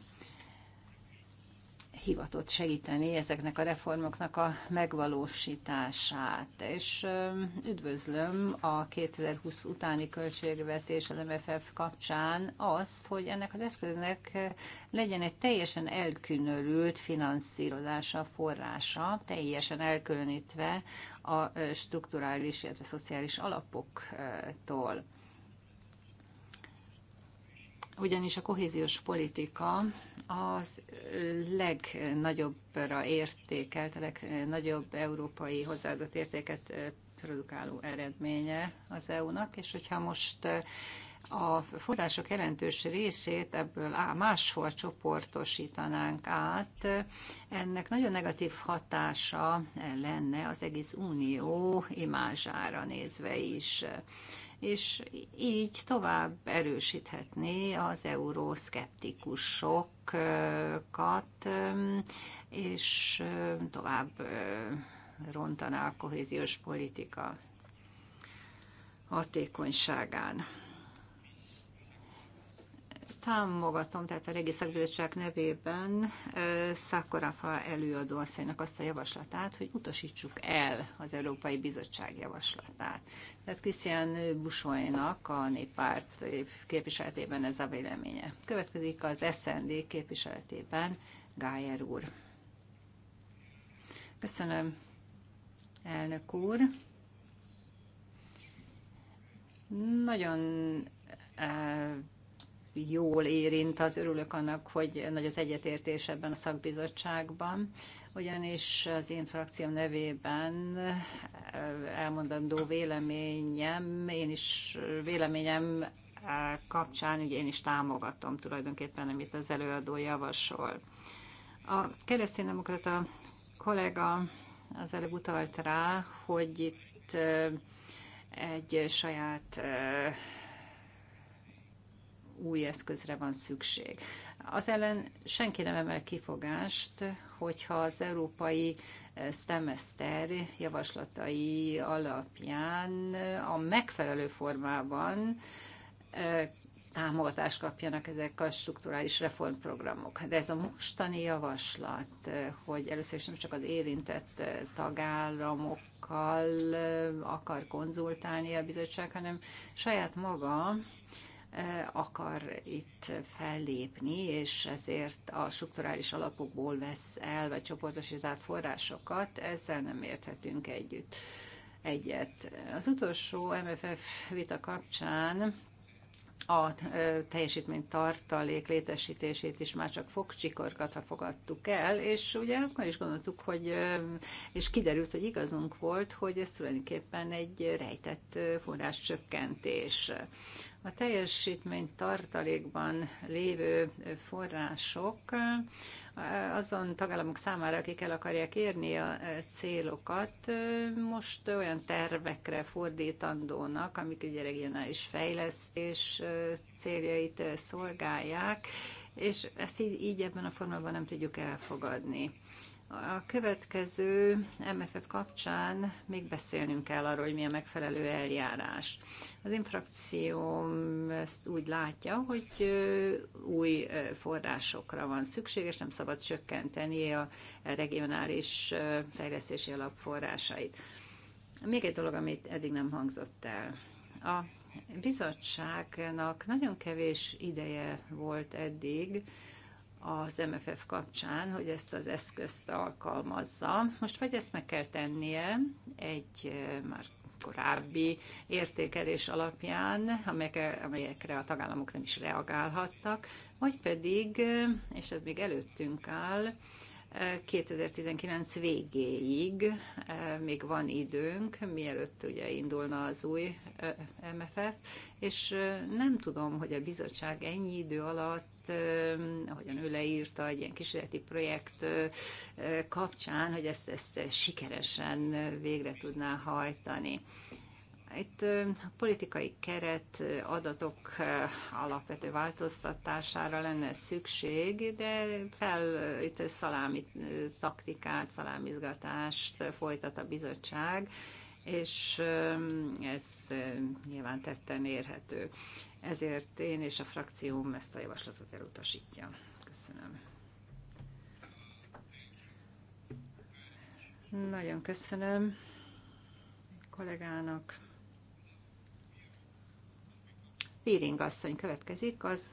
hivatott segíteni ezeknek a reformoknak a megvalósítását. És üdvözlöm a 2020 utáni költségvetés az MFF kapcsán azt, hogy ennek az eszköznek legyen egy teljesen elkülönült finanszírozása, forrása, teljesen elkülönítve a strukturális, illetve szociális alapoktól ugyanis a kohéziós politika az legnagyobbra értékelt, a legnagyobb európai hozzáadott értéket produkáló eredménye az EU-nak, és hogyha most a források jelentős részét ebből máshol csoportosítanánk át, ennek nagyon negatív hatása lenne az egész unió imázsára nézve is és így tovább erősíthetné az euroszkeptikusokat, és tovább rontaná a kohéziós politika hatékonyságán támogatom, tehát a Régi Szakbizottság nevében Szakorafa előadó asszonynak azt a javaslatát, hogy utasítsuk el az Európai Bizottság javaslatát. Tehát Krisztián Busolynak a néppárt képviseletében ez a véleménye. Következik az SND képviseletében Gájer úr. Köszönöm, elnök úr. Nagyon jól érint, az örülök annak, hogy nagy az egyetértés ebben a szakbizottságban, ugyanis az én frakcióm nevében elmondandó véleményem, én is véleményem kapcsán, ugye én is támogatom tulajdonképpen, amit az előadó javasol. A kereszténydemokrata kollega az előbb utalt rá, hogy itt egy saját új eszközre van szükség. Az ellen senki nem emel kifogást, hogyha az európai eh, szemeszter javaslatai alapján a megfelelő formában eh, támogatást kapjanak ezek a strukturális reformprogramok. De ez a mostani javaslat, eh, hogy először is nem csak az érintett tagállamokkal akar konzultálni a bizottság, hanem saját maga akar itt fellépni, és ezért a strukturális alapokból vesz el, vagy csoportosítást forrásokat, ezzel nem érthetünk együtt egyet. Az utolsó MFF vita kapcsán a teljesítmény tartalék létesítését is már csak fogcsikorgatva fogadtuk el, és ugye akkor is gondoltuk, hogy, és kiderült, hogy igazunk volt, hogy ez tulajdonképpen egy rejtett forrás csökkentés a teljesítmény tartalékban lévő források azon tagállamok számára, akik el akarják érni a célokat, most olyan tervekre fordítandónak, amik ugye regionális fejlesztés céljait szolgálják, és ezt így, így ebben a formában nem tudjuk elfogadni. A következő MFF kapcsán még beszélnünk kell arról, hogy mi a megfelelő eljárás. Az infrakció ezt úgy látja, hogy új forrásokra van szükség, és nem szabad csökkenteni a regionális fejlesztési alapforrásait. forrásait. Még egy dolog, amit eddig nem hangzott el. A bizottságnak nagyon kevés ideje volt eddig, az MFF kapcsán, hogy ezt az eszközt alkalmazza. Most vagy ezt meg kell tennie egy már korábbi értékelés alapján, amelyekre, amelyekre a tagállamok nem is reagálhattak, vagy pedig, és ez még előttünk áll, 2019 végéig még van időnk, mielőtt ugye indulna az új MFF, és nem tudom, hogy a bizottság ennyi idő alatt ahogyan ő leírta, egy ilyen kísérleti projekt kapcsán, hogy ezt, ezt sikeresen végre tudná hajtani. Itt a politikai keret adatok alapvető változtatására lenne szükség, de fel itt szalámi taktikát, szalámizgatást folytat a bizottság, és ez nyilván tetten érhető. Ezért én és a frakcióm ezt a javaslatot elutasítja. Köszönöm. Nagyon köszönöm a kollégának. Viring asszony következik az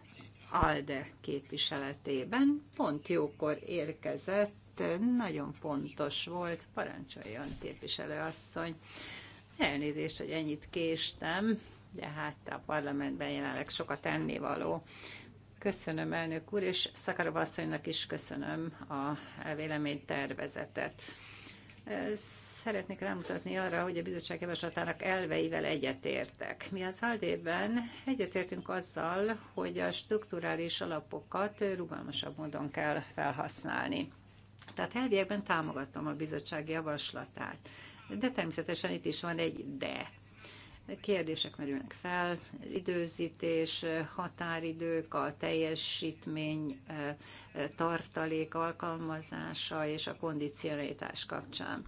ALDE képviseletében. Pont jókor érkezett mert hát, eh, nagyon pontos volt. Parancsoljon, asszony. Elnézést, hogy ennyit késtem, de hát a parlamentben jelenleg sokat tennivaló. Köszönöm, elnök úr, és Szakarov asszonynak is köszönöm a véleménytervezetet. Eh, szeretnék rámutatni arra, hogy a bizottság javaslatának elveivel egyetértek. Mi az Aldében egyetértünk azzal, hogy a strukturális alapokat rugalmasabb módon kell felhasználni. Tehát elviekben támogatom a bizottság javaslatát. De természetesen itt is van egy de. Kérdések merülnek fel, időzítés, határidők, a teljesítmény, tartalék alkalmazása és a kondicionalitás kapcsán.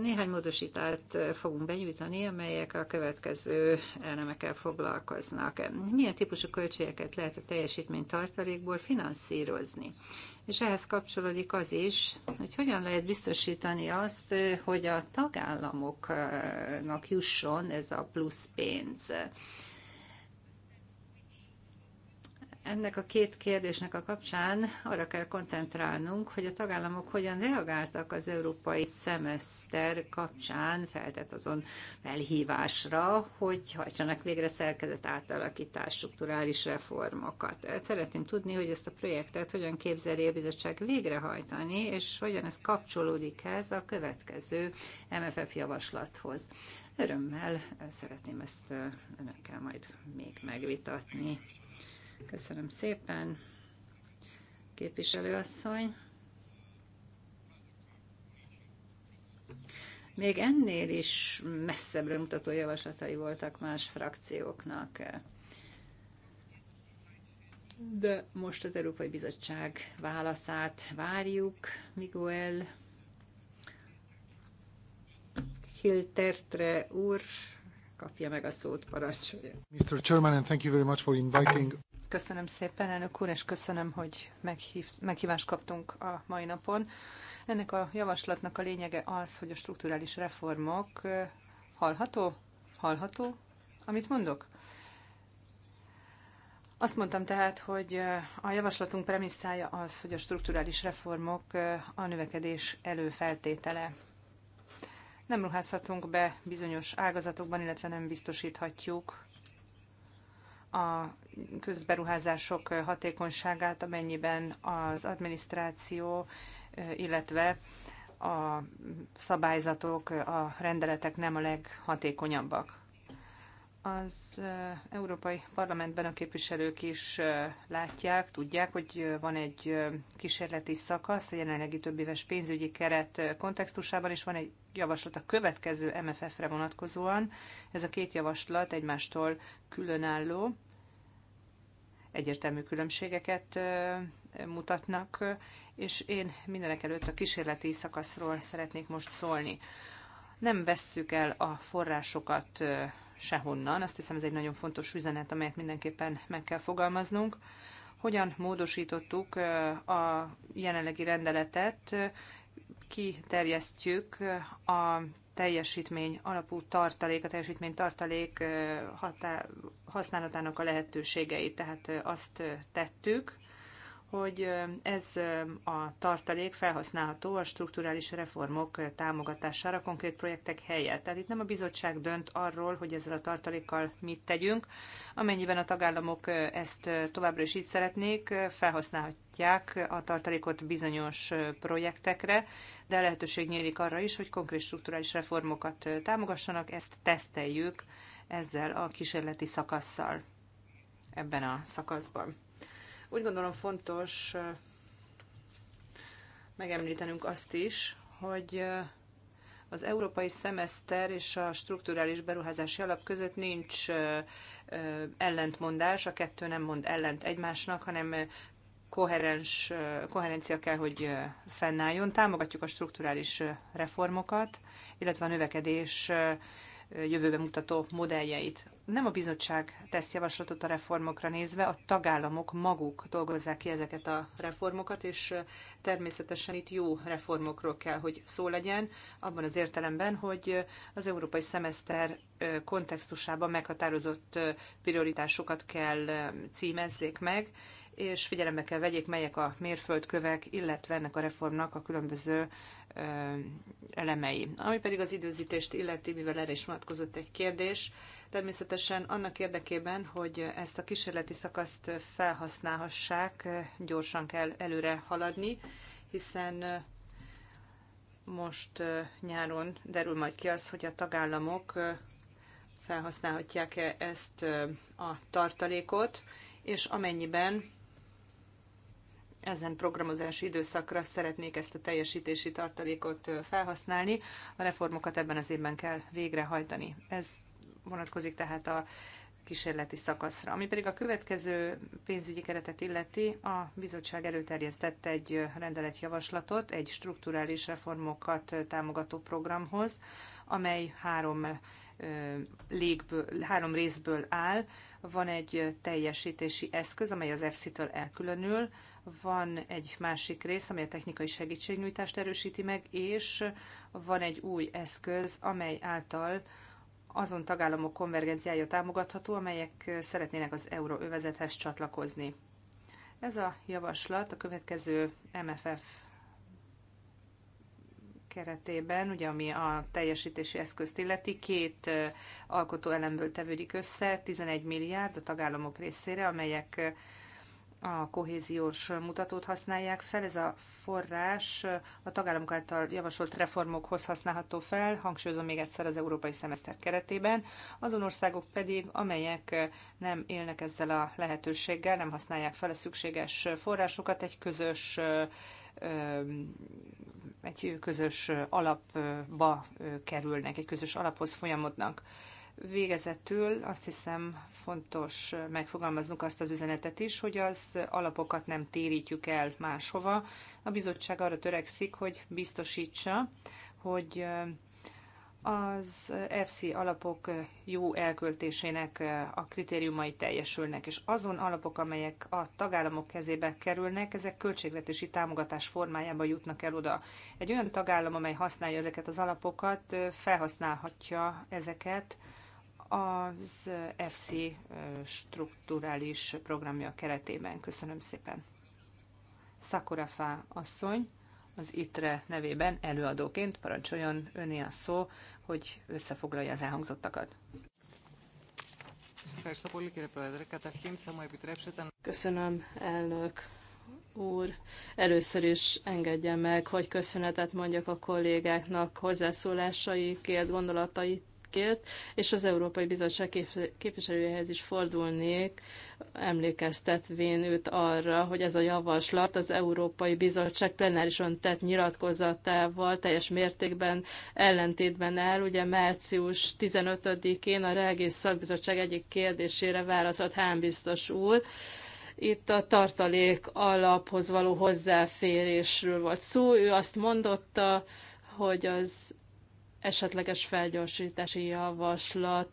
Néhány módosítást fogunk benyújtani, amelyek a következő elemekkel foglalkoznak. Milyen típusú költségeket lehet a teljesítmény tartalékból finanszírozni? és ehhez kapcsolódik az is, hogy hogyan lehet biztosítani azt, hogy a tagállamoknak jusson ez a plusz pénz ennek a két kérdésnek a kapcsán arra kell koncentrálnunk, hogy a tagállamok hogyan reagáltak az európai szemeszter kapcsán feltett azon felhívásra, hogy hajtsanak végre szerkezet átalakítás, strukturális reformokat. Szeretném tudni, hogy ezt a projektet hogyan képzeli a bizottság végrehajtani, és hogyan ez kapcsolódik ez a következő MFF javaslathoz. Örömmel szeretném ezt önökkel majd még megvitatni. Köszönöm szépen, képviselőasszony. Még ennél is messzebbre mutató javaslatai voltak más frakcióknak. De most az Európai Bizottság válaszát várjuk. Miguel Hiltertre úr kapja meg a szót, parancsolja. Mr. Chairman, and thank you very much for inviting Köszönöm szépen, elnök úr, és köszönöm, hogy meghív, meghívást kaptunk a mai napon. Ennek a javaslatnak a lényege az, hogy a strukturális reformok hallható? Hallható? Amit mondok? Azt mondtam tehát, hogy a javaslatunk premisszája az, hogy a strukturális reformok a növekedés előfeltétele. Nem ruházhatunk be bizonyos ágazatokban, illetve nem biztosíthatjuk a közberuházások hatékonyságát, amennyiben az adminisztráció, illetve a szabályzatok, a rendeletek nem a leghatékonyabbak. Az Európai Parlamentben a képviselők is látják, tudják, hogy van egy kísérleti szakasz a jelenlegi éves pénzügyi keret kontextusában, és van egy javaslat a következő MFF-re vonatkozóan. Ez a két javaslat egymástól különálló egyértelmű különbségeket mutatnak, és én mindenek előtt a kísérleti szakaszról szeretnék most szólni. Nem vesszük el a forrásokat sehonnan, azt hiszem ez egy nagyon fontos üzenet, amelyet mindenképpen meg kell fogalmaznunk. Hogyan módosítottuk a jelenlegi rendeletet, kiterjesztjük a teljesítmény alapú tartalék, a teljesítmény tartalék hatá, használatának a lehetőségeit. Tehát azt tettük, hogy ez a tartalék felhasználható a strukturális reformok támogatására konkrét projektek helyett. Tehát itt nem a bizottság dönt arról, hogy ezzel a tartalékkal mit tegyünk. Amennyiben a tagállamok ezt továbbra is így szeretnék, felhasználhatják a tartalékot bizonyos projektekre, de lehetőség nyílik arra is, hogy konkrét strukturális reformokat támogassanak, ezt teszteljük ezzel a kísérleti szakasszal ebben a szakaszban. Úgy gondolom fontos megemlítenünk azt is, hogy az európai szemeszter és a strukturális beruházási alap között nincs ellentmondás, a kettő nem mond ellent egymásnak, hanem koherens, koherencia kell, hogy fennálljon. Támogatjuk a strukturális reformokat, illetve a növekedés jövőbe mutató modelljeit. Nem a bizottság tesz javaslatot a reformokra nézve, a tagállamok maguk dolgozzák ki ezeket a reformokat, és természetesen itt jó reformokról kell, hogy szó legyen, abban az értelemben, hogy az európai szemeszter kontextusában meghatározott prioritásokat kell címezzék meg, és figyelembe kell vegyék, melyek a mérföldkövek, illetve ennek a reformnak a különböző elemei. Ami pedig az időzítést illeti, mivel erre is vonatkozott egy kérdés, természetesen annak érdekében, hogy ezt a kísérleti szakaszt felhasználhassák, gyorsan kell előre haladni, hiszen most nyáron derül majd ki az, hogy a tagállamok felhasználhatják-e ezt a tartalékot, és amennyiben ezen programozási időszakra szeretnék ezt a teljesítési tartalékot felhasználni. A reformokat ebben az évben kell végrehajtani. Ez vonatkozik tehát a kísérleti szakaszra. Ami pedig a következő pénzügyi keretet illeti, a bizottság előterjesztette egy rendeletjavaslatot egy strukturális reformokat támogató programhoz, amely három, légből, három részből áll. Van egy teljesítési eszköz, amely az EFSZ-től elkülönül, van egy másik rész, amely a technikai segítségnyújtást erősíti meg, és van egy új eszköz, amely által azon tagállamok konvergenciája támogatható, amelyek szeretnének az euróövezethez csatlakozni. Ez a javaslat a következő MFF keretében, ugye ami a teljesítési eszközt illeti, két alkotó elemből tevődik össze, 11 milliárd a tagállamok részére, amelyek a kohéziós mutatót használják fel. Ez a forrás a tagállamok által javasolt reformokhoz használható fel, hangsúlyozom még egyszer az európai szemeszter keretében, azon országok pedig, amelyek nem élnek ezzel a lehetőséggel, nem használják fel a szükséges forrásokat, egy közös egy közös alapba kerülnek, egy közös alaphoz folyamodnak. Végezetül azt hiszem fontos megfogalmaznunk azt az üzenetet is, hogy az alapokat nem térítjük el máshova. A bizottság arra törekszik, hogy biztosítsa, hogy az FC alapok jó elköltésének a kritériumai teljesülnek, és azon alapok, amelyek a tagállamok kezébe kerülnek, ezek költségvetési támogatás formájába jutnak el oda. Egy olyan tagállam, amely használja ezeket az alapokat, felhasználhatja ezeket az FC strukturális programja keretében. Köszönöm szépen. Szakurafá asszony az ITRE nevében előadóként parancsoljon öné a szó, hogy összefoglalja az elhangzottakat. Köszönöm, elnök úr. Először is engedje meg, hogy köszönetet mondjak a kollégáknak hozzászólásaikért, gondolataikért kért, és az Európai Bizottság képviselőjehez is fordulnék, emlékeztetvén őt arra, hogy ez a javaslat az Európai Bizottság plenárison tett nyilatkozatával teljes mértékben ellentétben áll. Ugye március 15-én a Regész Szakbizottság egyik kérdésére válaszolt Hán biztos úr, itt a tartalék alaphoz való hozzáférésről volt szó. Ő azt mondotta, hogy az esetleges felgyorsítási javaslat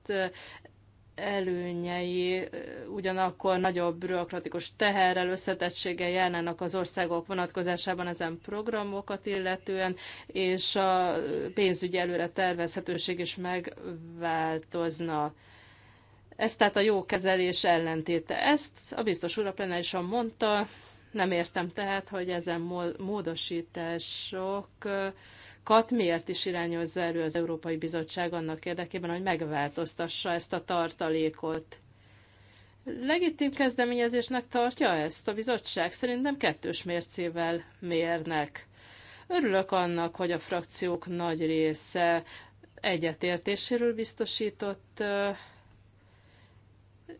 előnyei ugyanakkor nagyobb bürokratikus teherrel, összetettséggel járnának az országok vonatkozásában ezen programokat illetően, és a pénzügyi előre tervezhetőség is megváltozna. Ez tehát a jó kezelés ellentéte. Ezt a biztos úr a plenárisan mondta, nem értem tehát, hogy ezen módosítások kat miért is irányozza elő az Európai Bizottság annak érdekében, hogy megváltoztassa ezt a tartalékot. Legitim kezdeményezésnek tartja ezt a bizottság? Szerintem kettős mércével mérnek. Örülök annak, hogy a frakciók nagy része egyetértéséről biztosított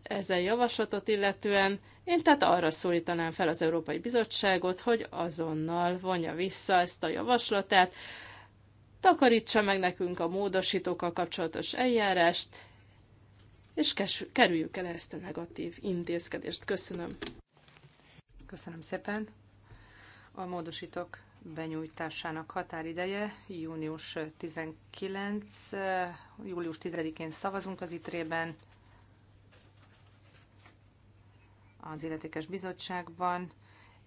ezen javaslatot illetően. Én tehát arra szólítanám fel az Európai Bizottságot, hogy azonnal vonja vissza ezt a javaslatát, takarítsa meg nekünk a módosítókkal kapcsolatos eljárást, és kerüljük el ezt a negatív intézkedést. Köszönöm. Köszönöm szépen. A módosítók benyújtásának határideje június 19, július 10-én szavazunk az ITRE-ben, az illetékes bizottságban,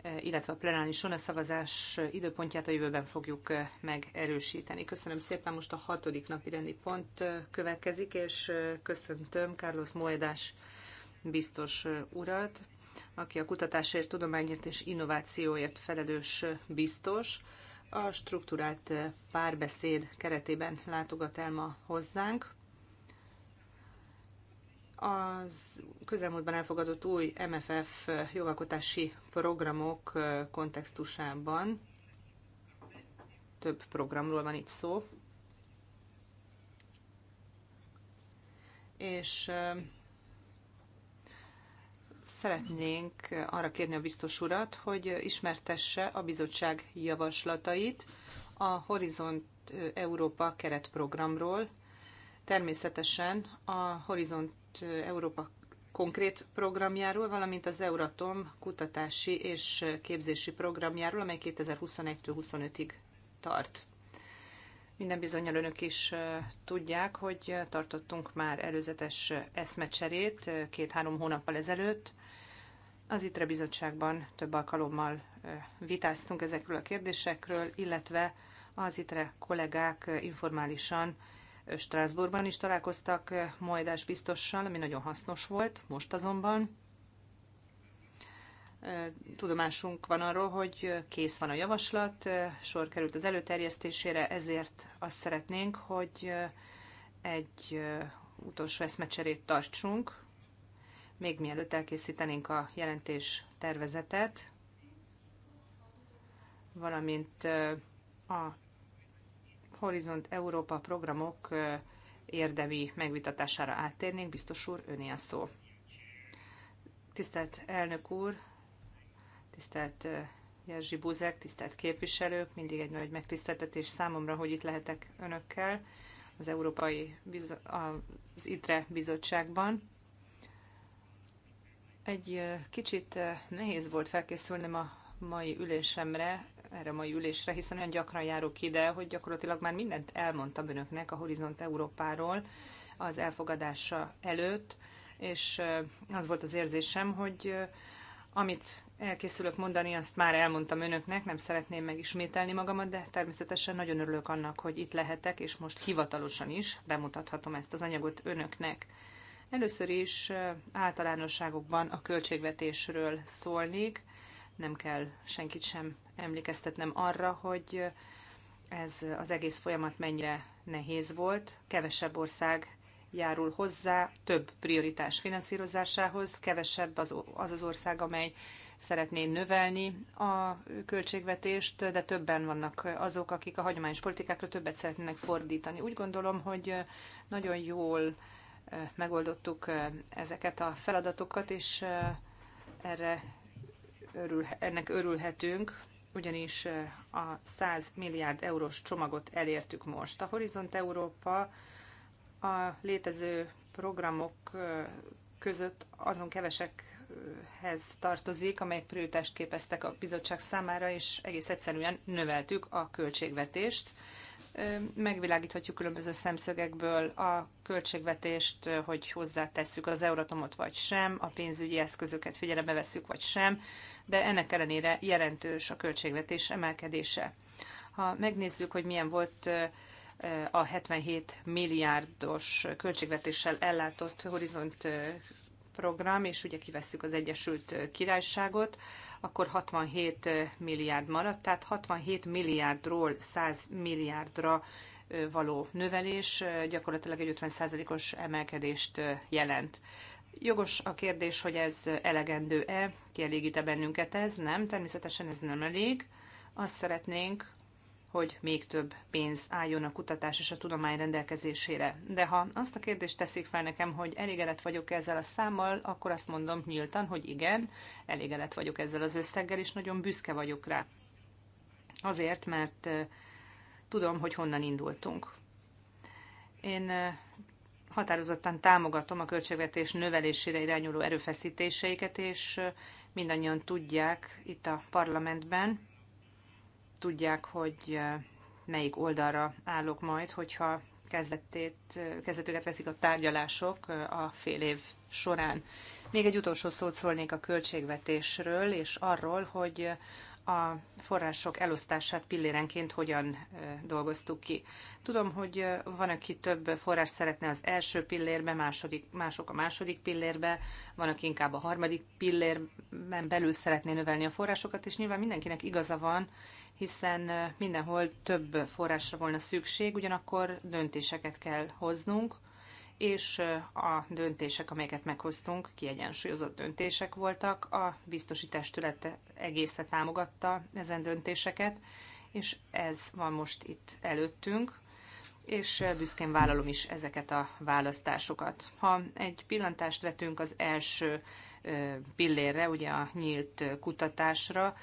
E, illetve a plenáris a szavazás időpontját a jövőben fogjuk e, megerősíteni. Köszönöm szépen, most a hatodik napi rendi pont e, következik, és köszöntöm Carlos Moedás biztos urat, aki a kutatásért, tudományért és innovációért felelős biztos. A struktúrált párbeszéd keretében látogat el ma hozzánk az közelmúltban elfogadott új MFF jogalkotási programok kontextusában több programról van itt szó. És szeretnénk arra kérni a biztos urat, hogy ismertesse a bizottság javaslatait a Horizont Európa keretprogramról. Természetesen a Horizont Európa konkrét programjáról, valamint az Euratom kutatási és képzési programjáról, amely 2021-25-ig tart. Minden bizonyal önök is tudják, hogy tartottunk már előzetes eszmecserét két-három hónappal ezelőtt. Az ITRE bizottságban több alkalommal vitáztunk ezekről a kérdésekről, illetve az ITRE kollégák informálisan Strasbourgban is találkoztak Majdás biztossal, ami nagyon hasznos volt, most azonban tudomásunk van arról, hogy kész van a javaslat, sor került az előterjesztésére, ezért azt szeretnénk, hogy egy utolsó eszmecserét tartsunk, még mielőtt elkészítenénk a jelentés tervezetet, valamint a Horizont Európa programok érdemi megvitatására áttérnék. Biztos úr, öné a szó. Tisztelt elnök úr, tisztelt Jerzy Buzek, tisztelt képviselők, mindig egy nagy megtiszteltetés számomra, hogy itt lehetek önökkel az Európai Bizo- az ITRE bizottságban. Egy kicsit nehéz volt felkészülnem a mai ülésemre, erre a mai ülésre, hiszen olyan gyakran járok ide, hogy gyakorlatilag már mindent elmondtam önöknek a Horizont Európáról az elfogadása előtt, és eh, az volt az érzésem, hogy eh, amit elkészülök mondani, azt már elmondtam önöknek, nem szeretném megismételni magamat, de természetesen nagyon örülök annak, hogy itt lehetek, és most hivatalosan is bemutathatom ezt az anyagot önöknek. Először is eh, általánosságokban a költségvetésről szólnék, nem kell senkit sem emlékeztetnem arra, hogy ez az egész folyamat mennyire nehéz volt. Kevesebb ország járul hozzá több prioritás finanszírozásához, kevesebb az az, az ország, amely szeretné növelni a költségvetést, de többen vannak azok, akik a hagyományos politikákra többet szeretnének fordítani. Úgy gondolom, hogy nagyon jól eh, megoldottuk eh, ezeket a feladatokat, és eh, erre örül, ennek örülhetünk, ugyanis eh, a 100 milliárd eurós csomagot elértük most. A Horizont Európa a létező programok eh, között azon kevesekhez tartozik, amelyek prioritást képeztek a bizottság számára, és egész egyszerűen növeltük a költségvetést megvilágíthatjuk különböző szemszögekből a költségvetést, hogy hozzátesszük az euratomot vagy sem, a pénzügyi eszközöket figyelembe vesszük vagy sem, de ennek ellenére jelentős a költségvetés emelkedése. Ha megnézzük, hogy milyen volt a 77 milliárdos költségvetéssel ellátott horizont program, és ugye kivesszük az Egyesült Királyságot, akkor 67 milliárd maradt, tehát 67 milliárdról 100 milliárdra való növelés gyakorlatilag egy 50%-os emelkedést jelent. Jogos a kérdés, hogy ez elegendő-e, kielégít-e bennünket ez? Nem, természetesen ez nem elég. Azt szeretnénk, hogy még több pénz álljon a kutatás és a tudomány rendelkezésére. De ha azt a kérdést teszik fel nekem, hogy elégedett vagyok ezzel a számmal, akkor azt mondom nyíltan, hogy igen, elégedett vagyok ezzel az összeggel, és nagyon büszke vagyok rá. Azért, mert tudom, hogy honnan indultunk. Én határozottan támogatom a költségvetés növelésére irányuló erőfeszítéseiket, és mindannyian tudják itt a parlamentben, tudják, hogy eh, melyik oldalra állok majd, hogyha kezdetét, kezdetüket veszik a tárgyalások eh, a fél év során. Még egy utolsó szót szólnék a költségvetésről, és arról, hogy a források elosztását pillérenként hogyan dolgoztuk ki. Tudom, hogy van, aki több forrás szeretne az első pillérbe, második, mások a második pillérbe, van, aki inkább a harmadik pillérben belül szeretné növelni a forrásokat, és nyilván mindenkinek igaza van, hiszen mindenhol több forrásra volna szükség, ugyanakkor döntéseket kell hoznunk, és a döntések, amelyeket meghoztunk, kiegyensúlyozott döntések voltak. A biztosítástület egészet támogatta ezen döntéseket, és ez van most itt előttünk, és büszkén vállalom is ezeket a választásokat. Ha egy pillantást vetünk az első pillérre, ugye a nyílt kutatásra,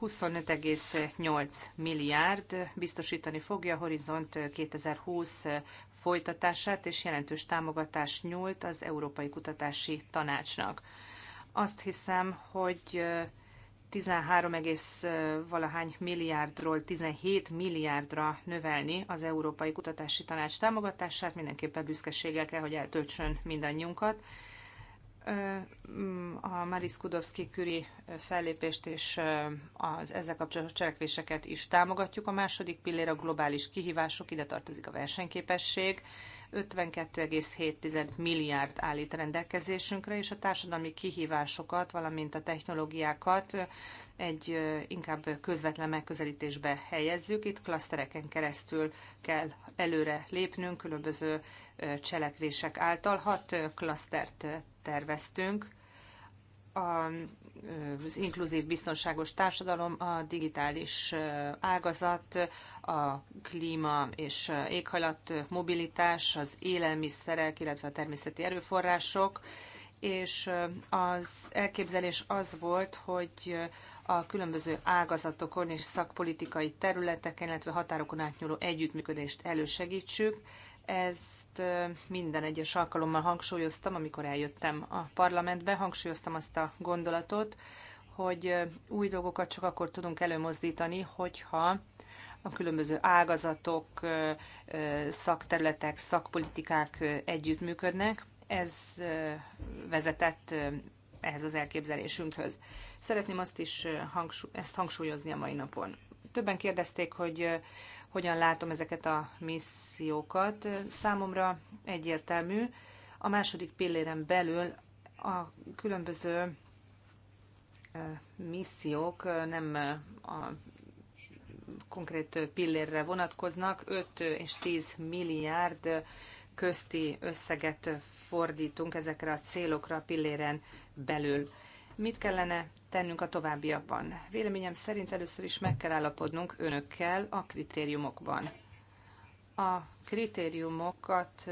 25,8 milliárd biztosítani fogja a Horizont 2020 folytatását, és jelentős támogatást nyújt az Európai Kutatási Tanácsnak. Azt hiszem, hogy 13, valahány milliárdról 17 milliárdra növelni az Európai Kutatási Tanács támogatását. Mindenképpen büszkeséggel kell, hogy eltöltsön mindannyiunkat a Maris Kudovszki küri fellépést és az ezzel kapcsolatos cselekvéseket is támogatjuk. A második pillér a globális kihívások, ide tartozik a versenyképesség. 52,7 milliárd állít rendelkezésünkre, és a társadalmi kihívásokat, valamint a technológiákat egy inkább közvetlen megközelítésbe helyezzük. Itt klasztereken keresztül kell előre lépnünk, különböző cselekvések által. Hat klasztert terveztünk. Az inkluzív biztonságos társadalom, a digitális ágazat, a klíma és éghajlat mobilitás, az élelmiszerek, illetve a természeti erőforrások, és az elképzelés az volt, hogy a különböző ágazatokon és szakpolitikai területeken, illetve határokon átnyúló együttműködést elősegítsük, ezt minden egyes alkalommal hangsúlyoztam, amikor eljöttem a parlamentbe, hangsúlyoztam azt a gondolatot, hogy új dolgokat csak akkor tudunk előmozdítani, hogyha a különböző ágazatok, szakterületek, szakpolitikák együttműködnek. Ez vezetett ehhez az elképzelésünkhöz. Szeretném azt is hangsúly, ezt hangsúlyozni a mai napon. Többen kérdezték, hogy hogyan látom ezeket a missziókat. Számomra egyértelmű. A második pilléren belül a különböző missziók nem a konkrét pillérre vonatkoznak, 5 és 10 milliárd közti összeget fordítunk ezekre a célokra a pilléren belül. Mit kellene tennünk a továbbiakban? Véleményem szerint először is meg kell állapodnunk önökkel a kritériumokban. A kritériumokat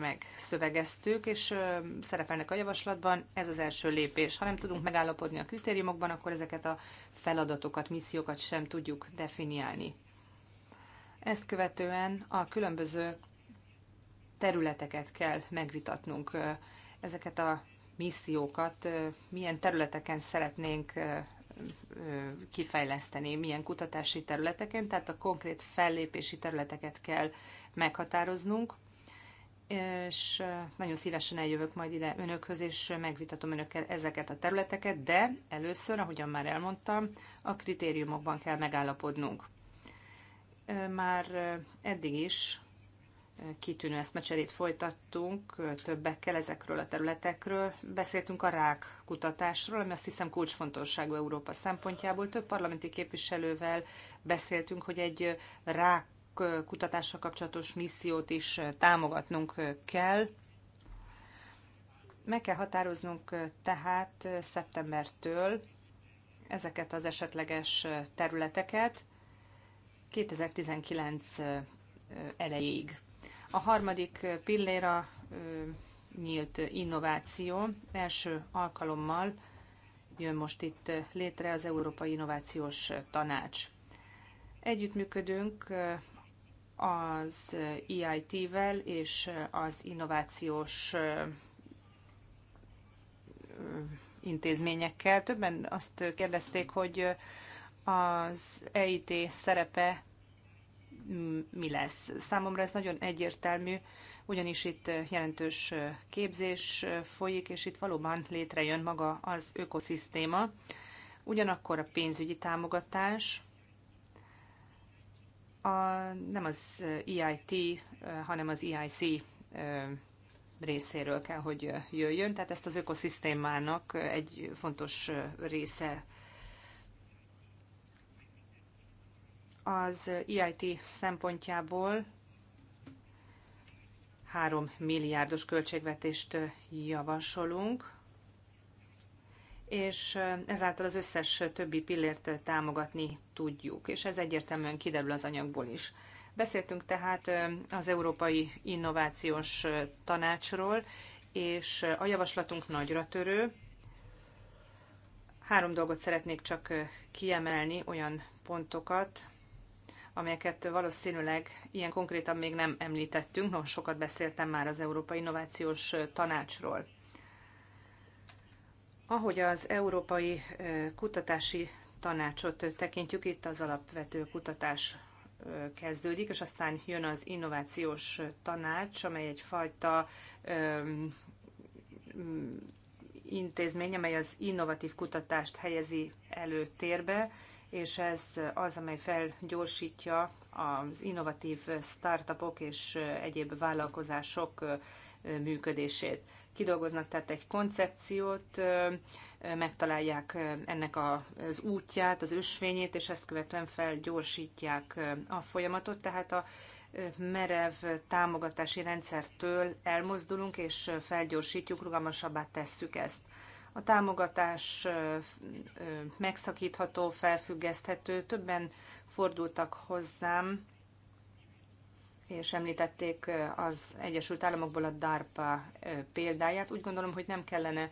megszövegeztük, és szerepelnek a javaslatban, ez az első lépés. Ha nem tudunk megállapodni a kritériumokban, akkor ezeket a feladatokat, missziókat sem tudjuk definiálni. Ezt követően a különböző területeket kell megvitatnunk, ezeket a missziókat milyen területeken szeretnénk kifejleszteni, milyen kutatási területeken, tehát a konkrét fellépési területeket kell meghatároznunk, és nagyon szívesen eljövök majd ide önökhöz, és megvitatom önökkel ezeket a területeket, de először, ahogyan már elmondtam, a kritériumokban kell megállapodnunk. Már eddig is kitűnő eszmecserét folytattunk többekkel ezekről a területekről. Beszéltünk a rák kutatásról, ami azt hiszem kulcsfontosságú Európa szempontjából. Több parlamenti képviselővel beszéltünk, hogy egy rák kutatással kapcsolatos missziót is támogatnunk kell. Meg kell határoznunk tehát szeptembertől ezeket az esetleges területeket 2019 elejéig. A harmadik pillér a nyílt innováció. Első alkalommal jön most itt létre az Európai Innovációs Tanács. Együttműködünk az EIT-vel és az innovációs intézményekkel. Többen azt kérdezték, hogy az EIT szerepe mi lesz. Számomra ez nagyon egyértelmű, ugyanis itt jelentős képzés folyik, és itt valóban létrejön maga az ökoszisztéma. Ugyanakkor a pénzügyi támogatás, a, nem az EIT, hanem az EIC részéről kell, hogy jöjjön, tehát ezt az ökoszisztémának egy fontos része az EIT szempontjából 3 milliárdos költségvetést javasolunk, és ezáltal az összes többi pillért támogatni tudjuk, és ez egyértelműen kiderül az anyagból is. Beszéltünk tehát az Európai Innovációs Tanácsról, és a javaslatunk nagyra törő. Három dolgot szeretnék csak kiemelni, olyan pontokat, amelyeket valószínűleg ilyen konkrétan még nem említettünk, no, sokat beszéltem már az Európai Innovációs Tanácsról. Ahogy az Európai Kutatási Tanácsot tekintjük, itt az alapvető kutatás kezdődik, és aztán jön az innovációs tanács, amely egyfajta intézmény, amely az innovatív kutatást helyezi előtérbe, és ez az, amely felgyorsítja az innovatív startupok és egyéb vállalkozások működését. Kidolgoznak tehát egy koncepciót, megtalálják ennek az útját, az ösvényét, és ezt követően felgyorsítják a folyamatot, tehát a merev támogatási rendszertől elmozdulunk, és felgyorsítjuk, rugalmasabbá tesszük ezt. A támogatás megszakítható, felfüggeszthető. Többen fordultak hozzám, és említették az Egyesült Államokból a DARPA példáját. Úgy gondolom, hogy nem kellene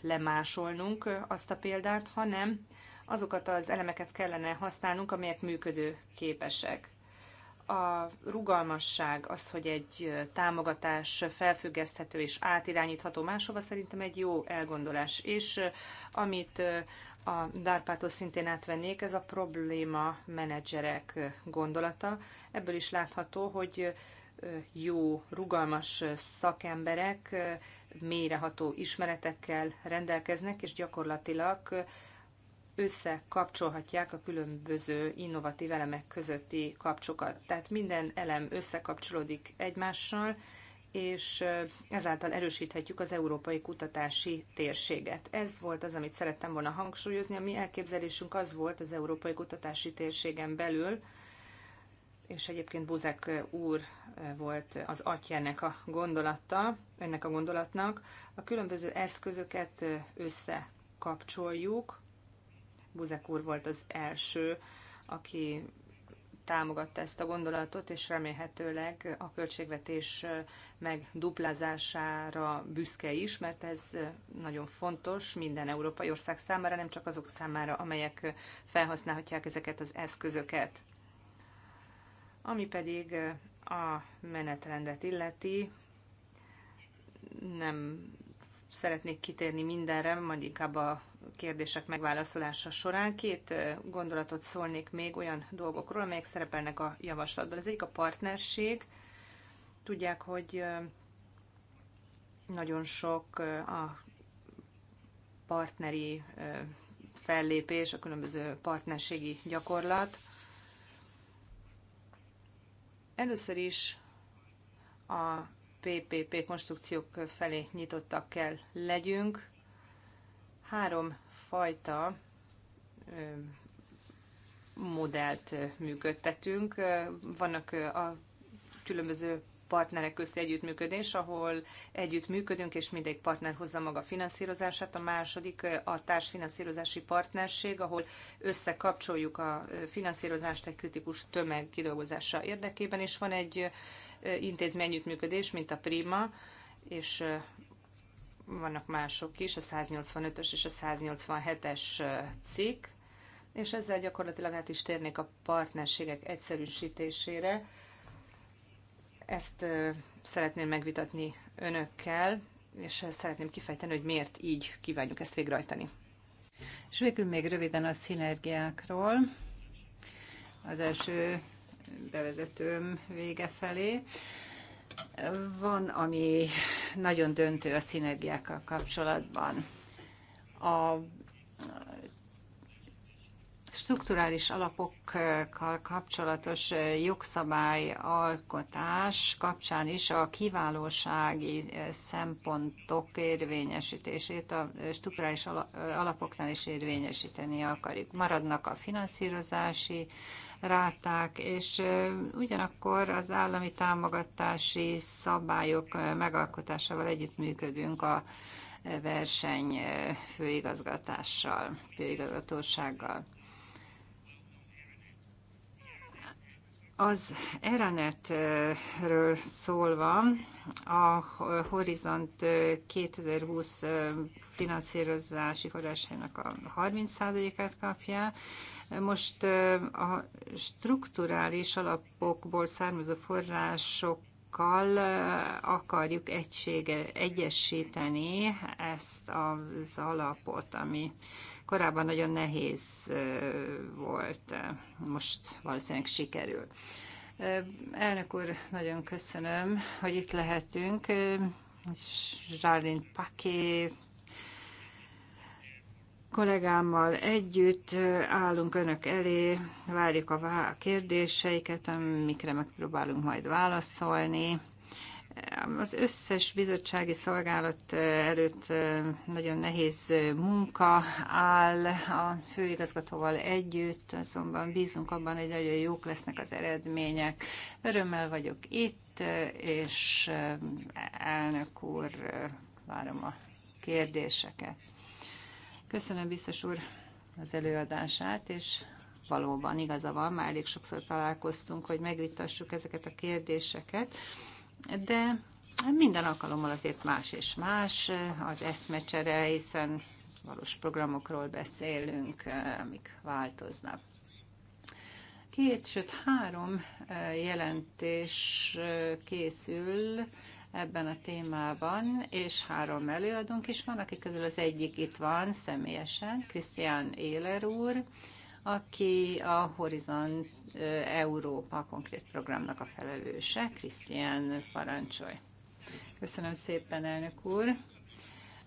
lemásolnunk azt a példát, hanem azokat az elemeket kellene használnunk, amelyek működő képesek a rugalmasság, az, hogy egy támogatás felfüggeszthető és átirányítható máshova, szerintem egy jó elgondolás. És amit a DARPA-tól szintén átvennék, ez a probléma menedzserek gondolata. Ebből is látható, hogy jó, rugalmas szakemberek mélyreható ismeretekkel rendelkeznek, és gyakorlatilag összekapcsolhatják a különböző innovatív elemek közötti kapcsokat. Tehát minden elem összekapcsolódik egymással, és ezáltal erősíthetjük az európai kutatási térséget. Ez volt az, amit szerettem volna hangsúlyozni. A mi elképzelésünk az volt az európai kutatási térségen belül, és egyébként Buzek úr volt az atya ennek a gondolata, ennek a gondolatnak. A különböző eszközöket összekapcsoljuk, Buzek úr volt az első, aki támogatta ezt a gondolatot, és remélhetőleg a költségvetés megduplázására büszke is, mert ez nagyon fontos minden európai ország számára, nem csak azok számára, amelyek felhasználhatják ezeket az eszközöket. Ami pedig a menetrendet illeti, nem szeretnék kitérni mindenre, majd inkább a kérdések megválaszolása során. Két gondolatot szólnék még olyan dolgokról, amelyek szerepelnek a javaslatban. Az egyik a partnerség. Tudják, hogy nagyon sok a partneri fellépés, a különböző partnerségi gyakorlat. Először is a PPP konstrukciók felé nyitottak kell legyünk, három fajta modellt működtetünk. Vannak a különböző partnerek közti együttműködés, ahol együttműködünk, és mindegy partner hozza maga finanszírozását. A második a társfinanszírozási partnerség, ahol összekapcsoljuk a finanszírozást egy kritikus tömeg kidolgozása érdekében, és van egy intézmény együttműködés, mint a Prima, és vannak mások is, a 185-ös és a 187-es cikk, és ezzel gyakorlatilag át is térnék a partnerségek egyszerűsítésére. Ezt szeretném megvitatni önökkel, és szeretném kifejteni, hogy miért így kívánjuk ezt végrehajtani. És végül még röviden a szinergiákról. Az első bevezetőm vége felé. Van, ami nagyon döntő a szinergiákkal kapcsolatban. A strukturális alapokkal kapcsolatos jogszabályalkotás kapcsán is a kiválósági szempontok érvényesítését a strukturális alapoknál is érvényesíteni akarjuk. Maradnak a finanszírozási ráták, és ugyanakkor az állami támogatási szabályok megalkotásával együttműködünk a verseny főigazgatással, főigazgatósággal. Az Eranetről szólva, a Horizont 2020 finanszírozási forrásainak a 30%-át kapja, most a strukturális alapokból származó források akarjuk egysége, egyesíteni ezt az alapot, ami korábban nagyon nehéz volt, most valószínűleg sikerül. Elnök úr, nagyon köszönöm, hogy itt lehetünk. Zsálin Paké kollégámmal együtt állunk önök elé, várjuk a kérdéseiket, amikre megpróbálunk majd válaszolni. Az összes bizottsági szolgálat előtt nagyon nehéz munka áll a főigazgatóval együtt, azonban bízunk abban, hogy nagyon jók lesznek az eredmények. Örömmel vagyok itt, és elnök úr, várom a kérdéseket. Köszönöm biztos úr az előadását, és valóban igaza van, már elég sokszor találkoztunk, hogy megvitassuk ezeket a kérdéseket, de minden alkalommal azért más és más az eszmecsere, hiszen valós programokról beszélünk, amik változnak. Két, sőt három eh, jelentés eh, készül, ebben a témában, és három előadónk is van, akik közül az egyik itt van személyesen, Krisztián Éler úr, aki a Horizont Európa konkrét programnak a felelőse. Krisztián, Parancsoly. Köszönöm szépen, elnök úr!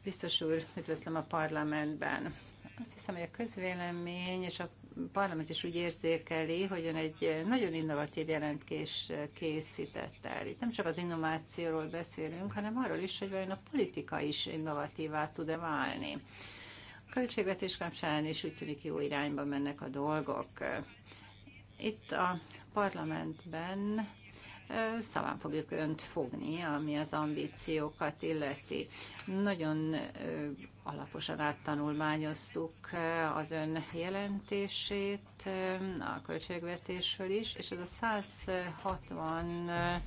Biztos úr, üdvözlöm a parlamentben! Azt hiszem, hogy a közvélemény és a parlament is úgy érzékeli, hogy ön egy nagyon innovatív jelentés készített el. Itt nem csak az innovációról beszélünk, hanem arról is, hogy vajon a politika is innovatívá tud-e válni. A költségvetés kapcsán is úgy tűnik jó irányba mennek a dolgok. Itt a parlamentben szaván fogjuk önt fogni, ami az ambíciókat illeti. Nagyon alaposan áttanulmányoztuk az ön jelentését a költségvetésről is, és ez a 160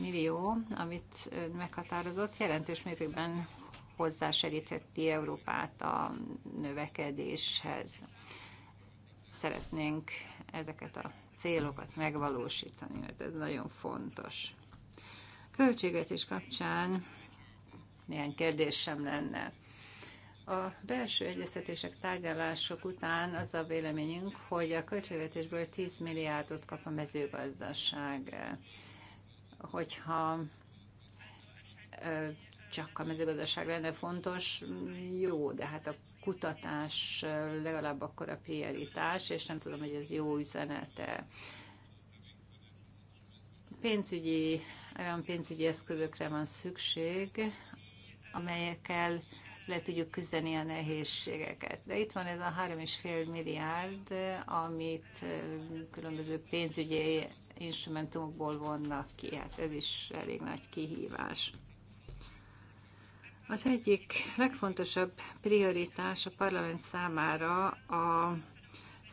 millió, amit meghatározott, jelentős mértékben hozzásegítheti Európát a növekedéshez. Szeretnénk ezeket a célokat megvalósítani, mert ez nagyon fontos. Költségvetés kapcsán kérdés kérdésem lenne. A belső egyeztetések, tárgyalások után az a véleményünk, hogy a költségvetésből 10 milliárdot kap a mezőgazdaság. Hogyha csak a mezőgazdaság lenne fontos, jó, de hát a kutatás legalább akkor a prioritás, és nem tudom, hogy ez jó üzenete. Pénzügyi, olyan pénzügyi eszközökre van szükség, amelyekkel le tudjuk küzdeni a nehézségeket. De itt van ez a 3,5 milliárd, amit különböző pénzügyi instrumentumokból vonnak ki. Hát ez is elég nagy kihívás. Az egyik legfontosabb prioritás a parlament számára a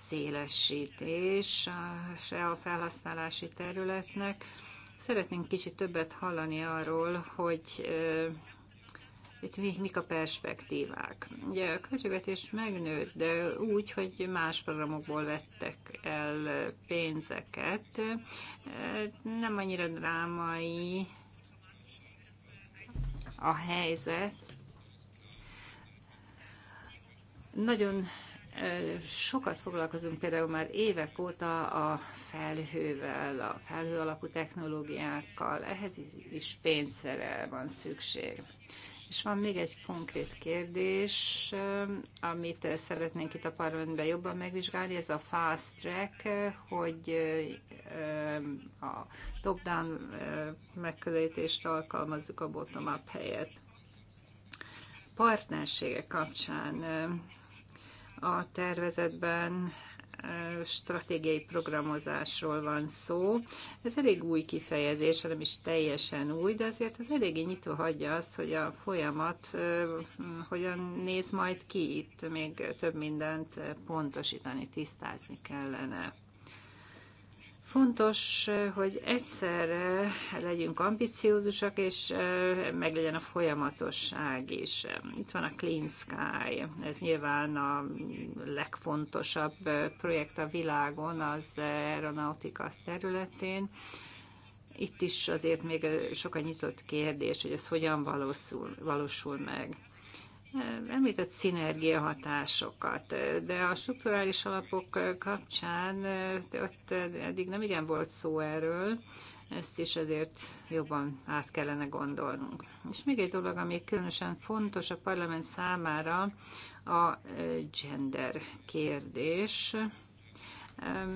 szélesítés, se a felhasználási területnek. Szeretnénk kicsit többet hallani arról, hogy itt mik, a perspektívák. Ugye a költségvetés megnőtt, de úgy, hogy más programokból vettek el pénzeket. Nem annyira drámai a helyzet. Nagyon sokat foglalkozunk például már évek óta a felhővel, a felhő alapú technológiákkal, ehhez is pénzre van szükség. És van még egy konkrét kérdés, um, amit szeretnénk itt a parlamentben jobban megvizsgálni, ez a fast track, hogy um, a top-down um, megközelítést alkalmazzuk a bottom-up helyet. Partnerségek kapcsán a tervezetben stratégiai programozásról van szó. Ez elég új kifejezés, nem is teljesen új, de azért ez eléggé nyitva hagyja azt, hogy a folyamat hogyan néz majd ki itt. Még több mindent pontosítani, tisztázni kellene. Fontos, hogy egyszer legyünk ambiciózusak, és meglegyen a folyamatosság is. Itt van a Clean Sky, ez nyilván a legfontosabb projekt a világon az aeronautika területén. Itt is azért még sok a nyitott kérdés, hogy ez hogyan valósul, valósul meg említett szinergia hatásokat, de a strukturális alapok kapcsán eh, ott eddig nem igen volt szó erről, ezt is ezért jobban át kellene gondolnunk. És még egy dolog, ami különösen fontos a parlament számára, a eh, gender kérdés.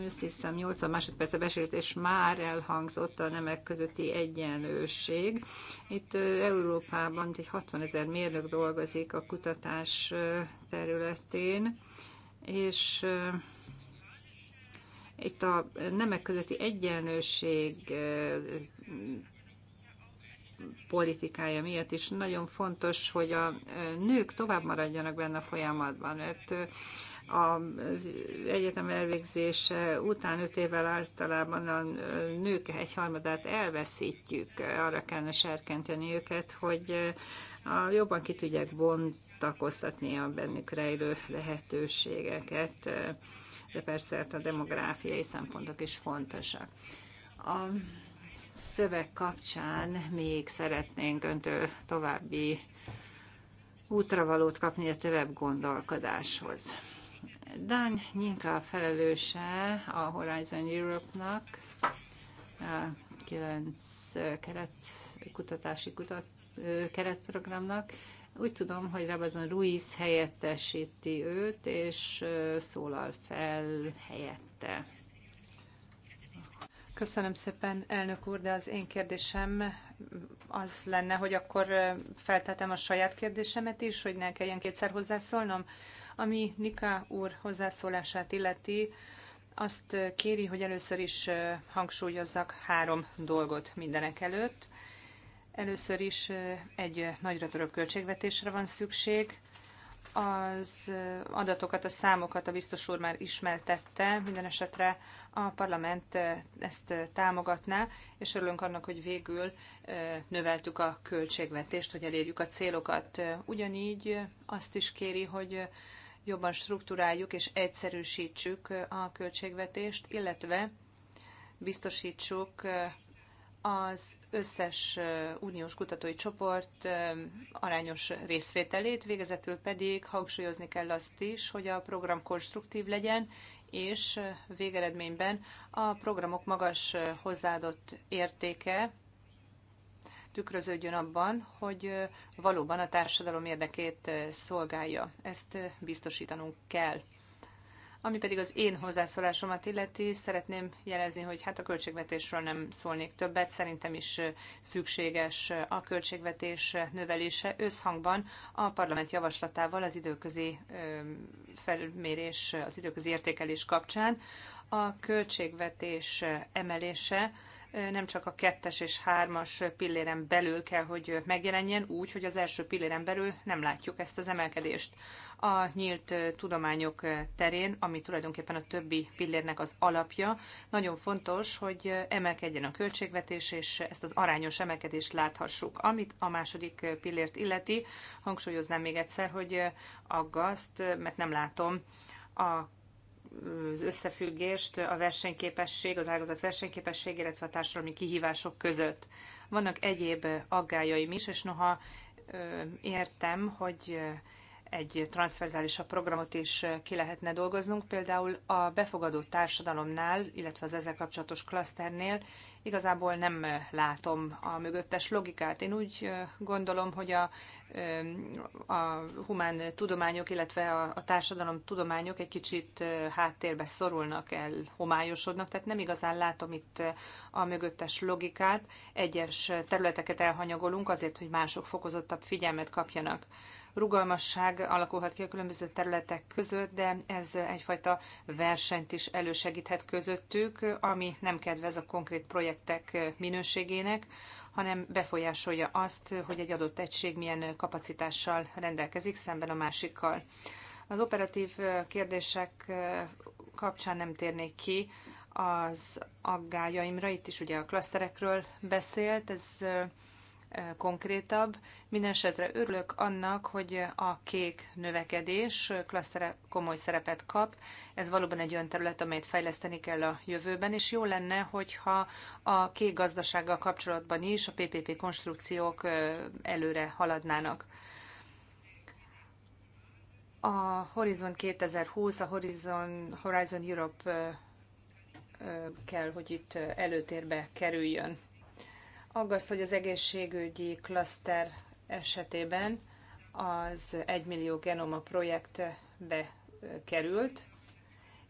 Azt hiszem 80 másodperce beszélt, és már elhangzott a nemek közötti egyenlőség. Itt Európában egy 60 ezer mérnök dolgozik a kutatás területén, és itt a nemek közötti egyenlőség politikája miatt is nagyon fontos, hogy a nők tovább maradjanak benne a folyamatban, mert az egyetem elvégzése után öt évvel általában a nők harmadát elveszítjük, arra kellene serkenteni őket, hogy jobban ki tudják bontakoztatni a bennük rejlő lehetőségeket, de persze hát a demográfiai szempontok is fontosak. A szöveg kapcsán még szeretnénk öntől további útravalót kapni a tövebb gondolkodáshoz. Dán Nyinka felelőse a Horizon Europe-nak, a 9 keret, kutatási kutat, keretprogramnak. Úgy tudom, hogy Rabazon Ruiz helyettesíti őt, és szólal fel helyette. Köszönöm szépen, elnök úr, de az én kérdésem az lenne, hogy akkor feltetem a saját kérdésemet is, hogy ne kelljen kétszer hozzászólnom. Ami Nika úr hozzászólását illeti, azt kéri, hogy először is hangsúlyozzak három dolgot mindenek előtt. Először is egy nagyra török költségvetésre van szükség. Az adatokat, a számokat a biztos úr már ismertette, minden esetre a parlament ezt támogatná, és örülünk annak, hogy végül növeltük a költségvetést, hogy elérjük a célokat. Ugyanígy azt is kéri, hogy jobban struktúráljuk és egyszerűsítsük a költségvetést, illetve biztosítsuk eh, az összes eh, uniós kutatói csoport eh, arányos részvételét, végezetül pedig hangsúlyozni kell azt is, hogy a program konstruktív legyen, és végeredményben a programok magas hozzáadott értéke tükröződjön abban, hogy valóban a társadalom érdekét szolgálja. Ezt biztosítanunk kell. Ami pedig az én hozzászólásomat illeti, szeretném jelezni, hogy hát a költségvetésről nem szólnék többet, szerintem is szükséges a költségvetés növelése összhangban a parlament javaslatával az időközi felmérés, az időközi értékelés kapcsán. A költségvetés emelése nem csak a kettes és hármas pilléren belül kell, hogy megjelenjen, úgy, hogy az első pilléren belül nem látjuk ezt az emelkedést. A nyílt tudományok terén, ami tulajdonképpen a többi pillérnek az alapja, nagyon fontos, hogy emelkedjen a költségvetés, és ezt az arányos emelkedést láthassuk. Amit a második pillért illeti, hangsúlyoznám még egyszer, hogy aggaszt, mert nem látom a az összefüggést a versenyképesség, az ágazat versenyképesség, illetve a társadalmi kihívások között. Vannak egyéb aggájaim is, és noha értem, hogy egy transzverzálisabb programot is ki lehetne dolgoznunk. Például a befogadó társadalomnál, illetve az ezzel kapcsolatos klaszternél igazából nem látom a mögöttes logikát. Én úgy gondolom, hogy a, a humán tudományok, illetve a, a társadalom tudományok egy kicsit háttérbe szorulnak el, homályosodnak, tehát nem igazán látom itt a mögöttes logikát. Egyes területeket elhanyagolunk azért, hogy mások fokozottabb figyelmet kapjanak rugalmasság alakulhat ki a különböző területek között, de ez egyfajta versenyt is elősegíthet közöttük, ami nem kedvez a konkrét projektek minőségének, hanem befolyásolja azt, hogy egy adott egység milyen kapacitással rendelkezik szemben a másikkal. Az operatív kérdések kapcsán nem térnék ki az aggájaimra, itt is ugye a klaszterekről beszélt, ez konkrétabb. Mindenesetre örülök annak, hogy a kék növekedés klasztere komoly szerepet kap. Ez valóban egy olyan terület, amelyet fejleszteni kell a jövőben, és jó lenne, hogyha a kék gazdasággal kapcsolatban is a PPP konstrukciók előre haladnának. A Horizon 2020, a Horizon, Horizon Europe kell, hogy itt előtérbe kerüljön. Aggaszt, hogy az egészségügyi klaszter esetében az 1 millió genoma projekt bekerült.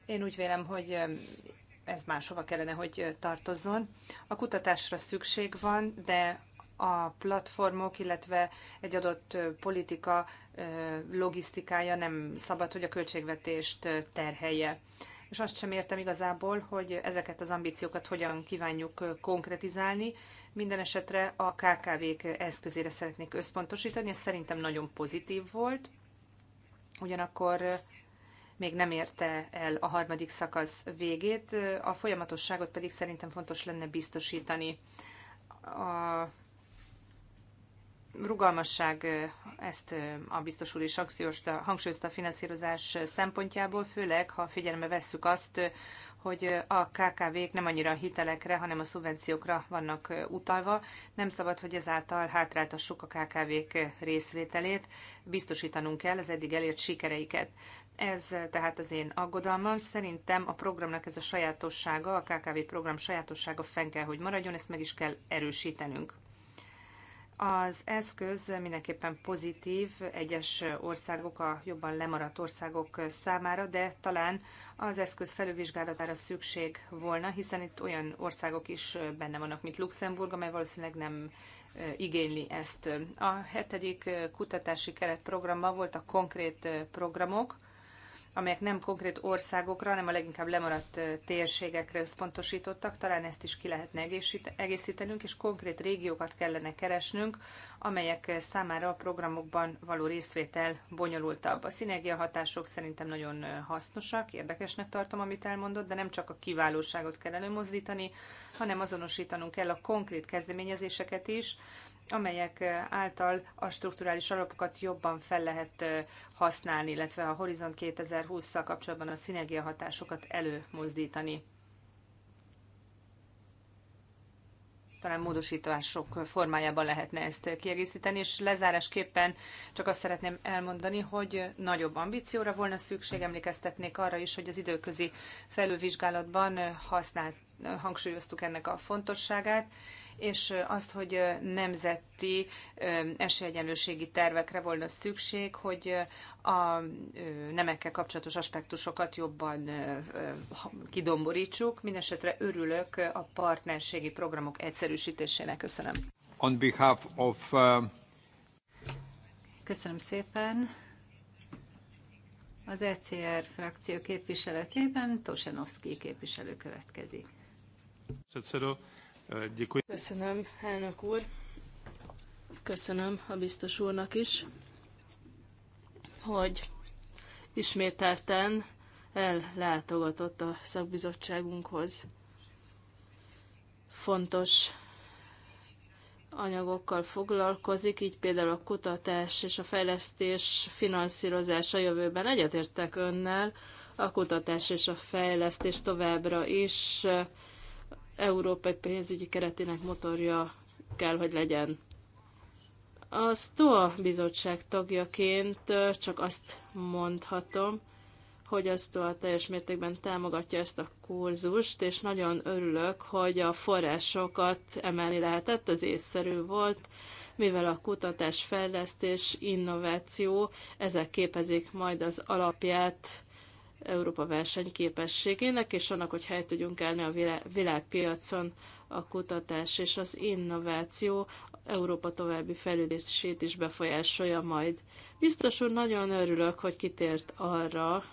Én úgy vélem, hogy ez máshova kellene, hogy tartozzon. A kutatásra szükség van, de a platformok, illetve egy adott politika logisztikája nem szabad, hogy a költségvetést terhelje. És azt sem értem igazából, hogy ezeket az ambíciókat hogyan kívánjuk konkretizálni, minden esetre a KKV-k eszközére szeretnék összpontosítani, ez szerintem nagyon pozitív volt. Ugyanakkor még nem érte el a harmadik szakasz végét, a folyamatosságot pedig szerintem fontos lenne biztosítani. A rugalmasság ezt a biztos úr is hangsúlyozta a finanszírozás szempontjából, főleg ha figyelembe vesszük azt, hogy a KKV-k nem annyira a hitelekre, hanem a szubvenciókra vannak utalva. Nem szabad, hogy ezáltal hátráltassuk a KKV-k részvételét. Biztosítanunk kell az eddig elért sikereiket. Ez tehát az én aggodalmam. Szerintem a programnak ez a sajátossága, a KKV program sajátossága fenn kell, hogy maradjon, ezt meg is kell erősítenünk. Az eszköz mindenképpen pozitív egyes országok, a jobban lemaradt országok számára, de talán az eszköz felülvizsgálatára szükség volna, hiszen itt olyan országok is benne vannak, mint Luxemburg, amely valószínűleg nem igényli ezt. A hetedik kutatási keretprogramban voltak konkrét programok, amelyek nem konkrét országokra, hanem a leginkább lemaradt térségekre összpontosítottak. Talán ezt is ki lehetne egészítenünk, és konkrét régiókat kellene keresnünk, amelyek számára a programokban való részvétel bonyolultabb. A szinergiahatások szerintem nagyon hasznosak, érdekesnek tartom, amit elmondott, de nem csak a kiválóságot kell előmozdítani, hanem azonosítanunk kell a konkrét kezdeményezéseket is, amelyek által a strukturális alapokat jobban fel lehet használni, illetve a Horizon 2020-szal kapcsolatban a szinergia hatásokat előmozdítani. talán módosítások formájában lehetne ezt kiegészíteni, és lezárásképpen csak azt szeretném elmondani, hogy nagyobb ambícióra volna szükség, emlékeztetnék arra is, hogy az időközi felülvizsgálatban használt, hangsúlyoztuk ennek a fontosságát, és azt, hogy nemzeti esélyegyenlőségi tervekre volna szükség, hogy a nemekkel kapcsolatos aspektusokat jobban kidomborítsuk. Mindenesetre örülök a partnerségi programok egyszerűsítésének. Köszönöm. On behalf of, uh... Köszönöm szépen. Az ECR frakció képviseletében Tosenovszki képviselő következik. Předsedo, Köszönöm, elnök úr. Köszönöm a biztos úrnak is, hogy ismételten ellátogatott a szakbizottságunkhoz. Fontos anyagokkal foglalkozik, így például a kutatás és a fejlesztés finanszírozása jövőben. Egyetértek önnel, a kutatás és a fejlesztés továbbra is európai pénzügyi keretének motorja kell, hogy legyen. A STOA bizottság tagjaként csak azt mondhatom, hogy a STOA teljes mértékben támogatja ezt a kurzust, és nagyon örülök, hogy a forrásokat emelni lehetett, ez észszerű volt, mivel a kutatás, fejlesztés, innováció, ezek képezik majd az alapját Európa versenyképességének, és annak, hogy helyt tudjunk állni a világpiacon a kutatás és az innováció Európa további fejlődését is befolyásolja majd. Biztos úr, nagyon örülök, hogy kitért arra,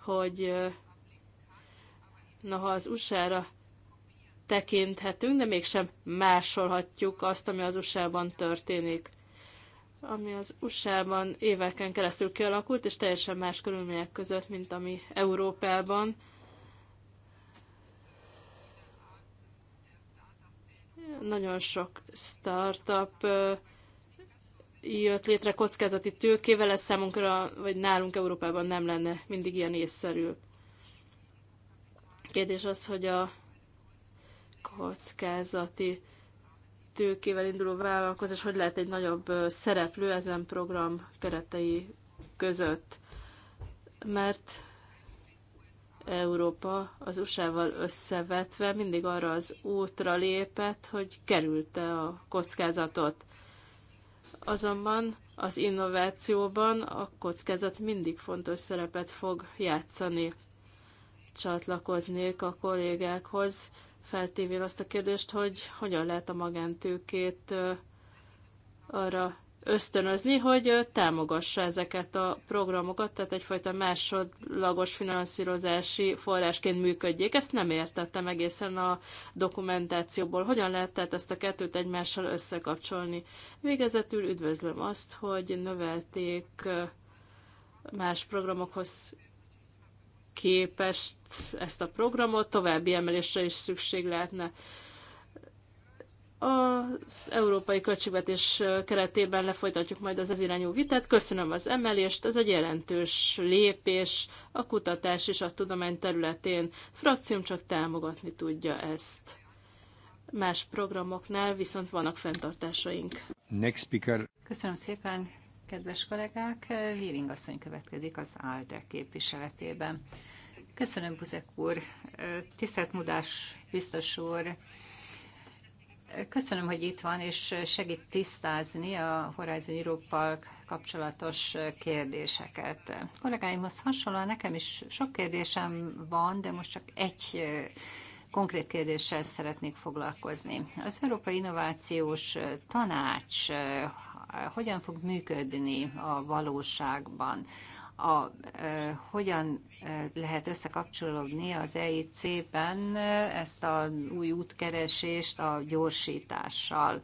hogy noha az USA-ra tekinthetünk, de mégsem másolhatjuk azt, ami az USA-ban történik ami az USA-ban éveken keresztül kialakult, és teljesen más körülmények között, mint ami Európában. Nagyon sok startup jött létre kockázati tőkével, ez számunkra, vagy nálunk Európában nem lenne mindig ilyen észszerű. Kérdés az, hogy a kockázati tőkével induló vállalkozás hogy lehet egy nagyobb szereplő ezen program keretei között. Mert Európa az USA-val összevetve mindig arra az útra lépett, hogy kerülte a kockázatot. Azonban az innovációban a kockázat mindig fontos szerepet fog játszani. Csatlakoznék a kollégákhoz, feltévél azt a kérdést, hogy hogyan lehet a magántőkét arra ösztönözni, hogy támogassa ezeket a programokat, tehát egyfajta másodlagos finanszírozási forrásként működjék. Ezt nem értettem egészen a dokumentációból. Hogyan lehet tehát ezt a kettőt egymással összekapcsolni? Végezetül üdvözlöm azt, hogy növelték más programokhoz képest ezt a programot, további emelésre is szükség lehetne. Az európai költségvetés keretében lefolytatjuk majd az ez irányú vitát. Köszönöm az emelést, ez egy jelentős lépés a kutatás és a tudomány területén. Frakcióm csak támogatni tudja ezt. Más programoknál viszont vannak fenntartásaink. Next speaker. Köszönöm szépen kedves kollégák. Víring asszony következik az ALDE képviseletében. Köszönöm, Buzek úr. Tisztelt Mudás biztos úr. Köszönöm, hogy itt van, és segít tisztázni a Horizon europe kapcsolatos kérdéseket. Kollégáimhoz hasonlóan nekem is sok kérdésem van, de most csak egy konkrét kérdéssel szeretnék foglalkozni. Az Európai Innovációs Tanács hogyan fog működni a valóságban, a, hogyan lehet összekapcsolódni az EIC-ben ezt az új útkeresést a gyorsítással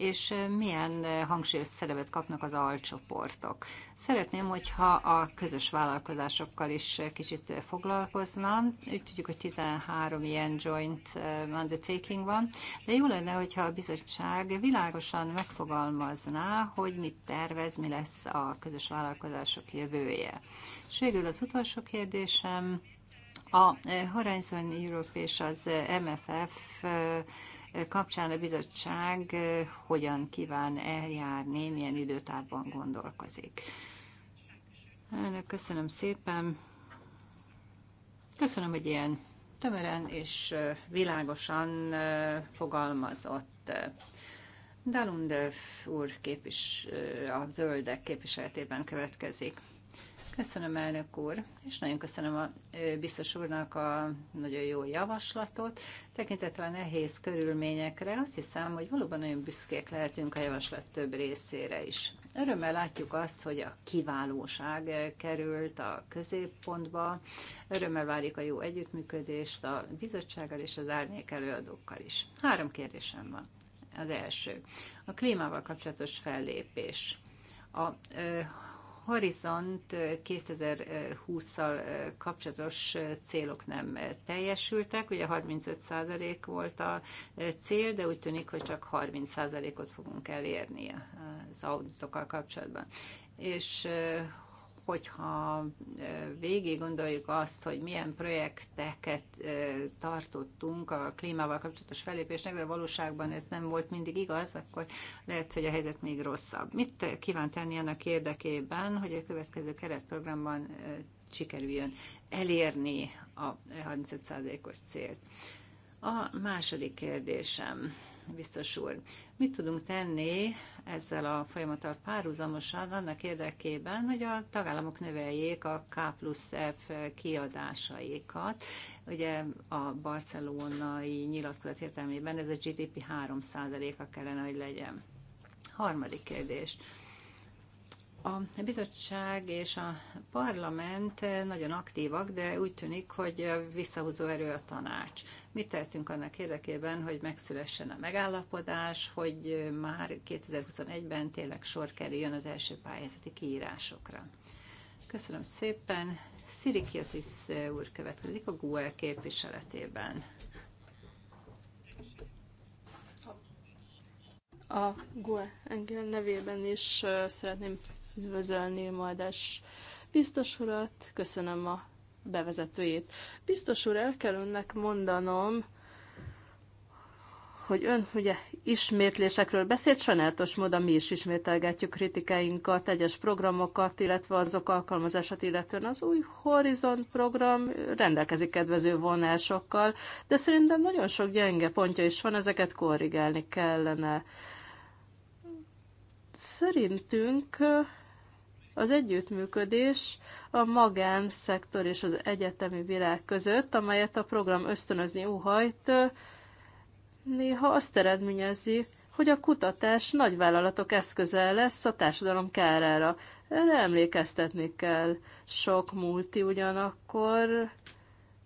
és milyen hangsúlyos szerepet kapnak az alcsoportok. Szeretném, hogyha a közös vállalkozásokkal is kicsit foglalkoznám. Úgy tudjuk, hogy 13 ilyen joint undertaking van, de jó lenne, hogyha a bizottság világosan megfogalmazná, hogy mit tervez, mi lesz a közös vállalkozások jövője. És végül az utolsó kérdésem, a Horizon Europe és az MFF kapcsán a bizottság hogyan kíván eljárni, milyen időtávban gondolkozik. Önök köszönöm szépen. Köszönöm, hogy ilyen tömören és világosan fogalmazott. Dalundöv úr képvis, a zöldek képviseletében következik. Köszönöm, elnök úr, és nagyon köszönöm a biztos úrnak a nagyon jó javaslatot. Tekintetve a nehéz körülményekre azt hiszem, hogy valóban nagyon büszkék lehetünk a javaslat több részére is. Örömmel látjuk azt, hogy a kiválóság került a középpontba. Örömmel várjuk a jó együttműködést a bizottsággal és az árnyék előadókkal is. Három kérdésem van. Az első. A klímával kapcsolatos fellépés. A Horizont 2020-szal kapcsolatos célok nem teljesültek, ugye 35% volt a cél, de úgy tűnik, hogy csak 30%-ot fogunk elérni az auditokkal kapcsolatban. És hogyha végig gondoljuk azt, hogy milyen projekteket tartottunk a klímával kapcsolatos fellépésnek, de valóságban ez nem volt mindig igaz, akkor lehet, hogy a helyzet még rosszabb. Mit kíván tenni annak érdekében, hogy a következő keretprogramban sikerüljön elérni a 35%-os célt? A második kérdésem biztos úr. Mit tudunk tenni ezzel a folyamattal párhuzamosan annak érdekében, hogy a tagállamok növeljék a K plusz F kiadásaikat? Ugye a barcelonai nyilatkozat értelmében ez a GDP 3%-a kellene, hogy legyen. Harmadik kérdés a bizottság és a parlament nagyon aktívak, de úgy tűnik, hogy visszahúzó erő a tanács. Mit tettünk annak érdekében, hogy megszülessen a megállapodás, hogy már 2021-ben tényleg sor kerüljön az első pályázati kiírásokra? Köszönöm szépen. Sziri Kiotis úr következik a GUE képviseletében. A GUE engem nevében is szeretném üdvözölni Majdás biztos urat, köszönöm a bevezetőjét. Biztos úr, el kell önnek mondanom, hogy ön ugye ismétlésekről beszélt, sajnálatos módon mi is ismételgetjük kritikáinkat, egyes programokat, illetve azok alkalmazását, illetően az új Horizon program rendelkezik kedvező vonásokkal, de szerintem nagyon sok gyenge pontja is van, ezeket korrigálni kellene. Szerintünk az együttműködés a magánszektor és az egyetemi világ között, amelyet a program ösztönözni óhajt, néha azt eredményezi, hogy a kutatás nagyvállalatok eszköze lesz a társadalom kárára. Erre emlékeztetni kell. Sok multi ugyanakkor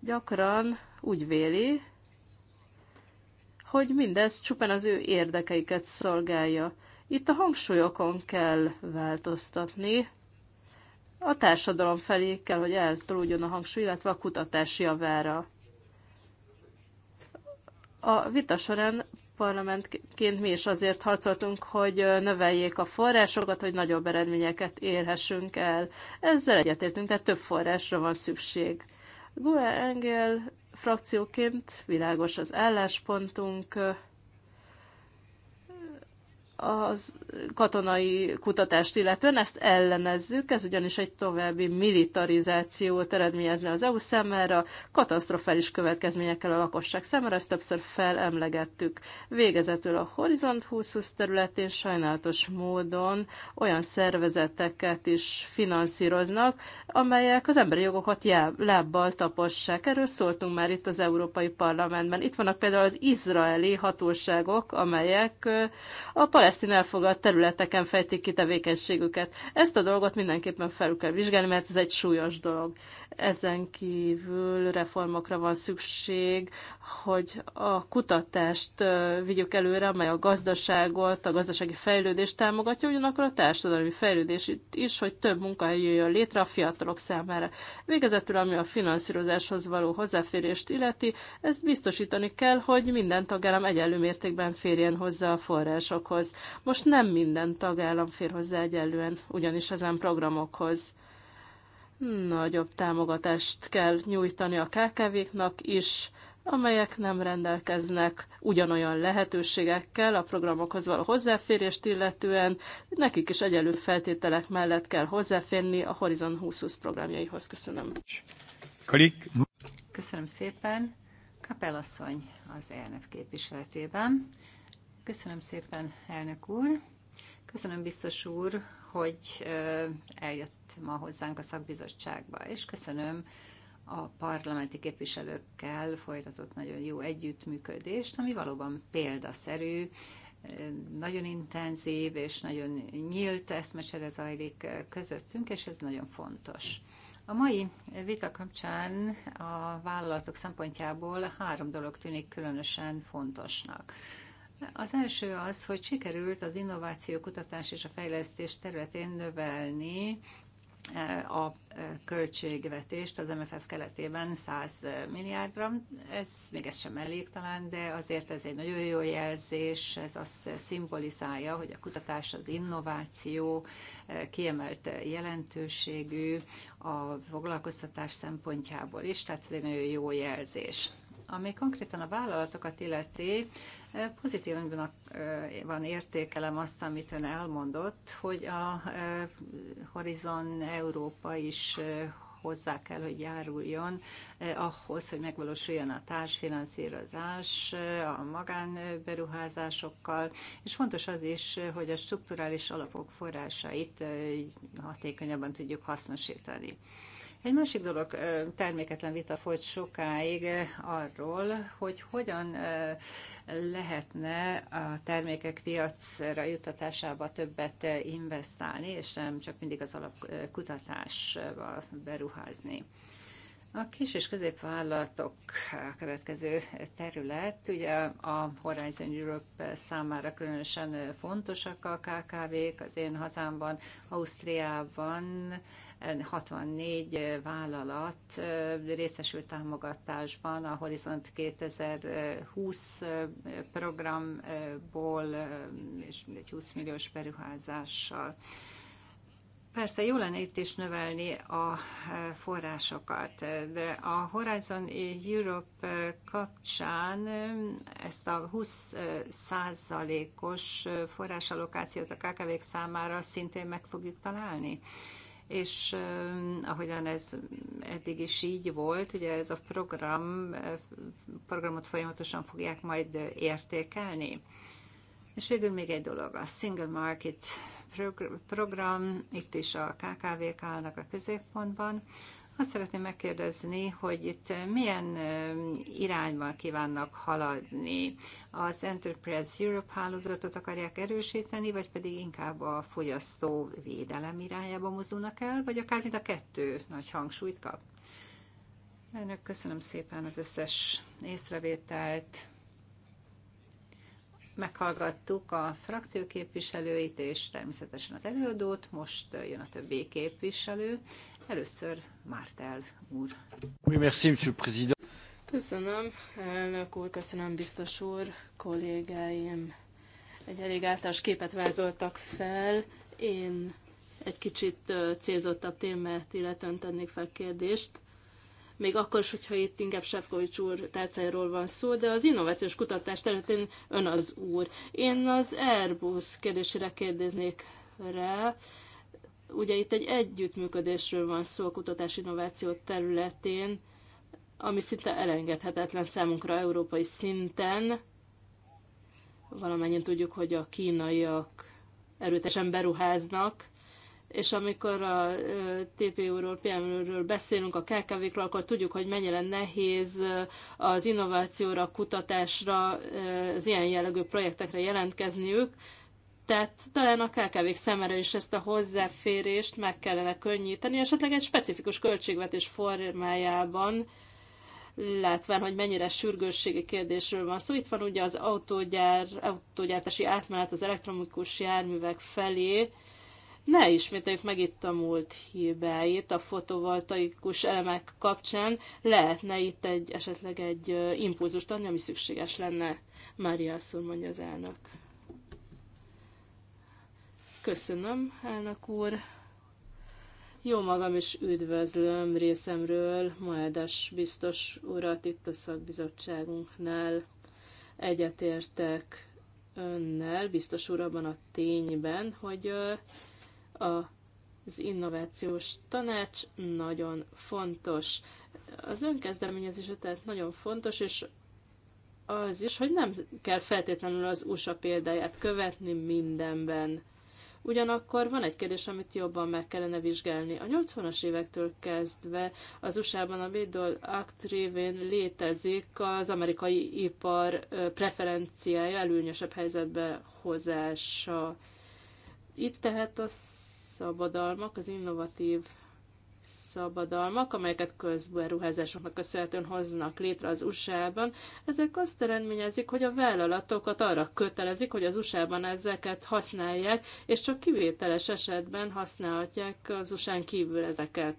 gyakran úgy véli, hogy mindez csupán az ő érdekeiket szolgálja. Itt a hangsúlyokon kell változtatni, a társadalom felé kell, hogy eltolódjon a hangsúly, illetve a kutatás javára. A vita során parlamentként mi is azért harcoltunk, hogy növeljék a forrásokat, hogy nagyobb eredményeket érhessünk el. Ezzel egyetértünk, tehát több forrásra van szükség. Gue Engel frakcióként világos az álláspontunk, az katonai kutatást illetően, ezt ellenezzük, ez ugyanis egy további militarizációt eredményezne az EU számára, katasztrofális következményekkel a lakosság számára, ezt többször felemlegettük. Végezetül a Horizont 2020 területén sajnálatos módon olyan szervezeteket is finanszíroznak, amelyek az emberi jogokat lábbal tapossák. Erről szóltunk már itt az Európai Parlamentben. Itt vannak például az izraeli hatóságok, amelyek a palesztin keresztén elfogadt területeken fejtik ki tevékenységüket. Ezt a dolgot mindenképpen felül kell vizsgálni, mert ez egy súlyos dolog. Ezen kívül reformokra van szükség, hogy a kutatást vigyük előre, amely a gazdaságot, a gazdasági fejlődést támogatja, ugyanakkor a társadalmi fejlődés is, hogy több munkahely jöjjön létre a fiatalok számára. Végezetül, ami a finanszírozáshoz való hozzáférést illeti, ezt biztosítani kell, hogy minden tagállam egyenlő mértékben férjen hozzá a forrásokhoz. Most nem minden tagállam fér hozzá egyenlően, ugyanis ezen programokhoz nagyobb támogatást kell nyújtani a KKV-knak is, amelyek nem rendelkeznek ugyanolyan lehetőségekkel a programokhoz való hozzáférést illetően, nekik is egyelő feltételek mellett kell hozzáférni a Horizon 2020 programjaihoz. Köszönöm. Klik. Köszönöm szépen. Kapelasszony az ELNF képviseletében. Köszönöm szépen, elnök úr. Köszönöm, biztos úr, hogy eljött ma hozzánk a szakbizottságba, és köszönöm a parlamenti képviselőkkel folytatott nagyon jó együttműködést, ami valóban példaszerű, nagyon intenzív és nagyon nyílt eszmecsere zajlik közöttünk, és ez nagyon fontos. A mai vita kapcsán a vállalatok szempontjából három dolog tűnik különösen fontosnak. Az első az, hogy sikerült az innováció, kutatás és a fejlesztés területén növelni eh, a eh, költségvetést az MFF keletében 100 eh, milliárdra. Ez még ez sem elég talán, de azért ez egy nagyon jó jelzés, ez azt szimbolizálja, hogy a kutatás, az innováció kiemelt jelentőségű a foglalkoztatás szempontjából is, tehát ez egy nagyon jó jelzés. Ami konkrétan a vállalatokat illeti, eh, pozitívan eh, van értékelem azt, amit ön elmondott, hogy a eh, Horizon Európa is hozzá kell, hogy járuljon eh, ahhoz, hogy megvalósuljon a társfinanszírozás eh, a magánberuházásokkal, és fontos az is, hogy a strukturális alapok forrásait eh, hatékonyabban tudjuk hasznosítani. Egy másik dolog, terméketlen vita folyt sokáig arról, hogy hogyan lehetne a termékek piacra juttatásába többet investálni, és nem csak mindig az alapkutatásba beruházni. A kis és középvállalatok a következő terület, ugye a Horizon Europe számára különösen fontosak a KKV-k, az én hazámban, Ausztriában 64 eh, vállalat eh, részesült támogatásban a Horizont 2020 eh, programból és egy 20 milliós beruházással. Persze jó lenne itt is növelni a forrásokat, de a Horizon Europe kapcsán ezt a 20 százalékos forrásalokációt a kkv számára szintén meg fogjuk találni és ahogyan ez eddig is így volt, ugye ez a program, programot folyamatosan fogják majd értékelni. És végül még egy dolog, a Single Market program, itt is a KKV-k állnak a középpontban. Azt szeretném megkérdezni, hogy itt milyen irányban kívánnak haladni. Az Enterprise Europe hálózatot akarják erősíteni, vagy pedig inkább a fogyasztó védelem irányába mozdulnak el, vagy akár mind a kettő nagy hangsúlyt kap? Önök köszönöm szépen az összes észrevételt. Meghallgattuk a frakció képviselőit és természetesen az előadót, most jön a többi képviselő. Először Mártel úr. Oui, merci, monsieur le président. Köszönöm, elnök úr, köszönöm, biztos úr, kollégáim. Egy elég általános képet vázoltak fel. Én egy kicsit célzottabb témát illetve tennék fel kérdést. Még akkor is, hogyha itt inkább Sefkovics úr tárcájáról van szó, de az innovációs kutatás területén ön az úr. Én az Airbus kérdésére kérdeznék rá Ugye itt egy együttműködésről van szó a kutatás innováció területén, ami szinte elengedhetetlen számunkra európai szinten. Valamennyien tudjuk, hogy a kínaiak erőtesen beruháznak, és amikor a TPU-ról, PMU-ről beszélünk, a KKV-król, akkor tudjuk, hogy mennyire nehéz az innovációra, kutatásra, az ilyen jellegű projektekre jelentkezniük, tehát talán a kkv szemére is ezt a hozzáférést meg kellene könnyíteni, esetleg egy specifikus költségvetés formájában, látván, hogy mennyire sürgősségi kérdésről van szó. Szóval itt van ugye az autógyár, autógyártási átmenet az elektronikus járművek felé. Ne ismételjük meg itt a múlt hibáit a fotovoltaikus elemek kapcsán. Lehetne itt egy, esetleg egy impulzust adni, ami szükséges lenne. Mária Szul mondja az elnök. Köszönöm, elnök úr. Jó magam is üdvözlöm részemről Maedas biztos urat itt a szakbizottságunknál. Egyetértek önnel, biztos úr abban a tényben, hogy a az innovációs tanács nagyon fontos. Az önkezdeményezése tehát nagyon fontos, és az is, hogy nem kell feltétlenül az USA példáját követni mindenben. Ugyanakkor van egy kérdés, amit jobban meg kellene vizsgálni. A 80-as évektől kezdve az USA-ban a Middle Act révén létezik az amerikai ipar preferenciája előnyösebb helyzetbe hozása. Itt tehát a szabadalmak, az innovatív szabadalmak, amelyeket közberuházásoknak köszönhetően hoznak létre az USA-ban, ezek azt eredményezik, hogy a vállalatokat arra kötelezik, hogy az USA-ban ezeket használják, és csak kivételes esetben használhatják az USA-n kívül ezeket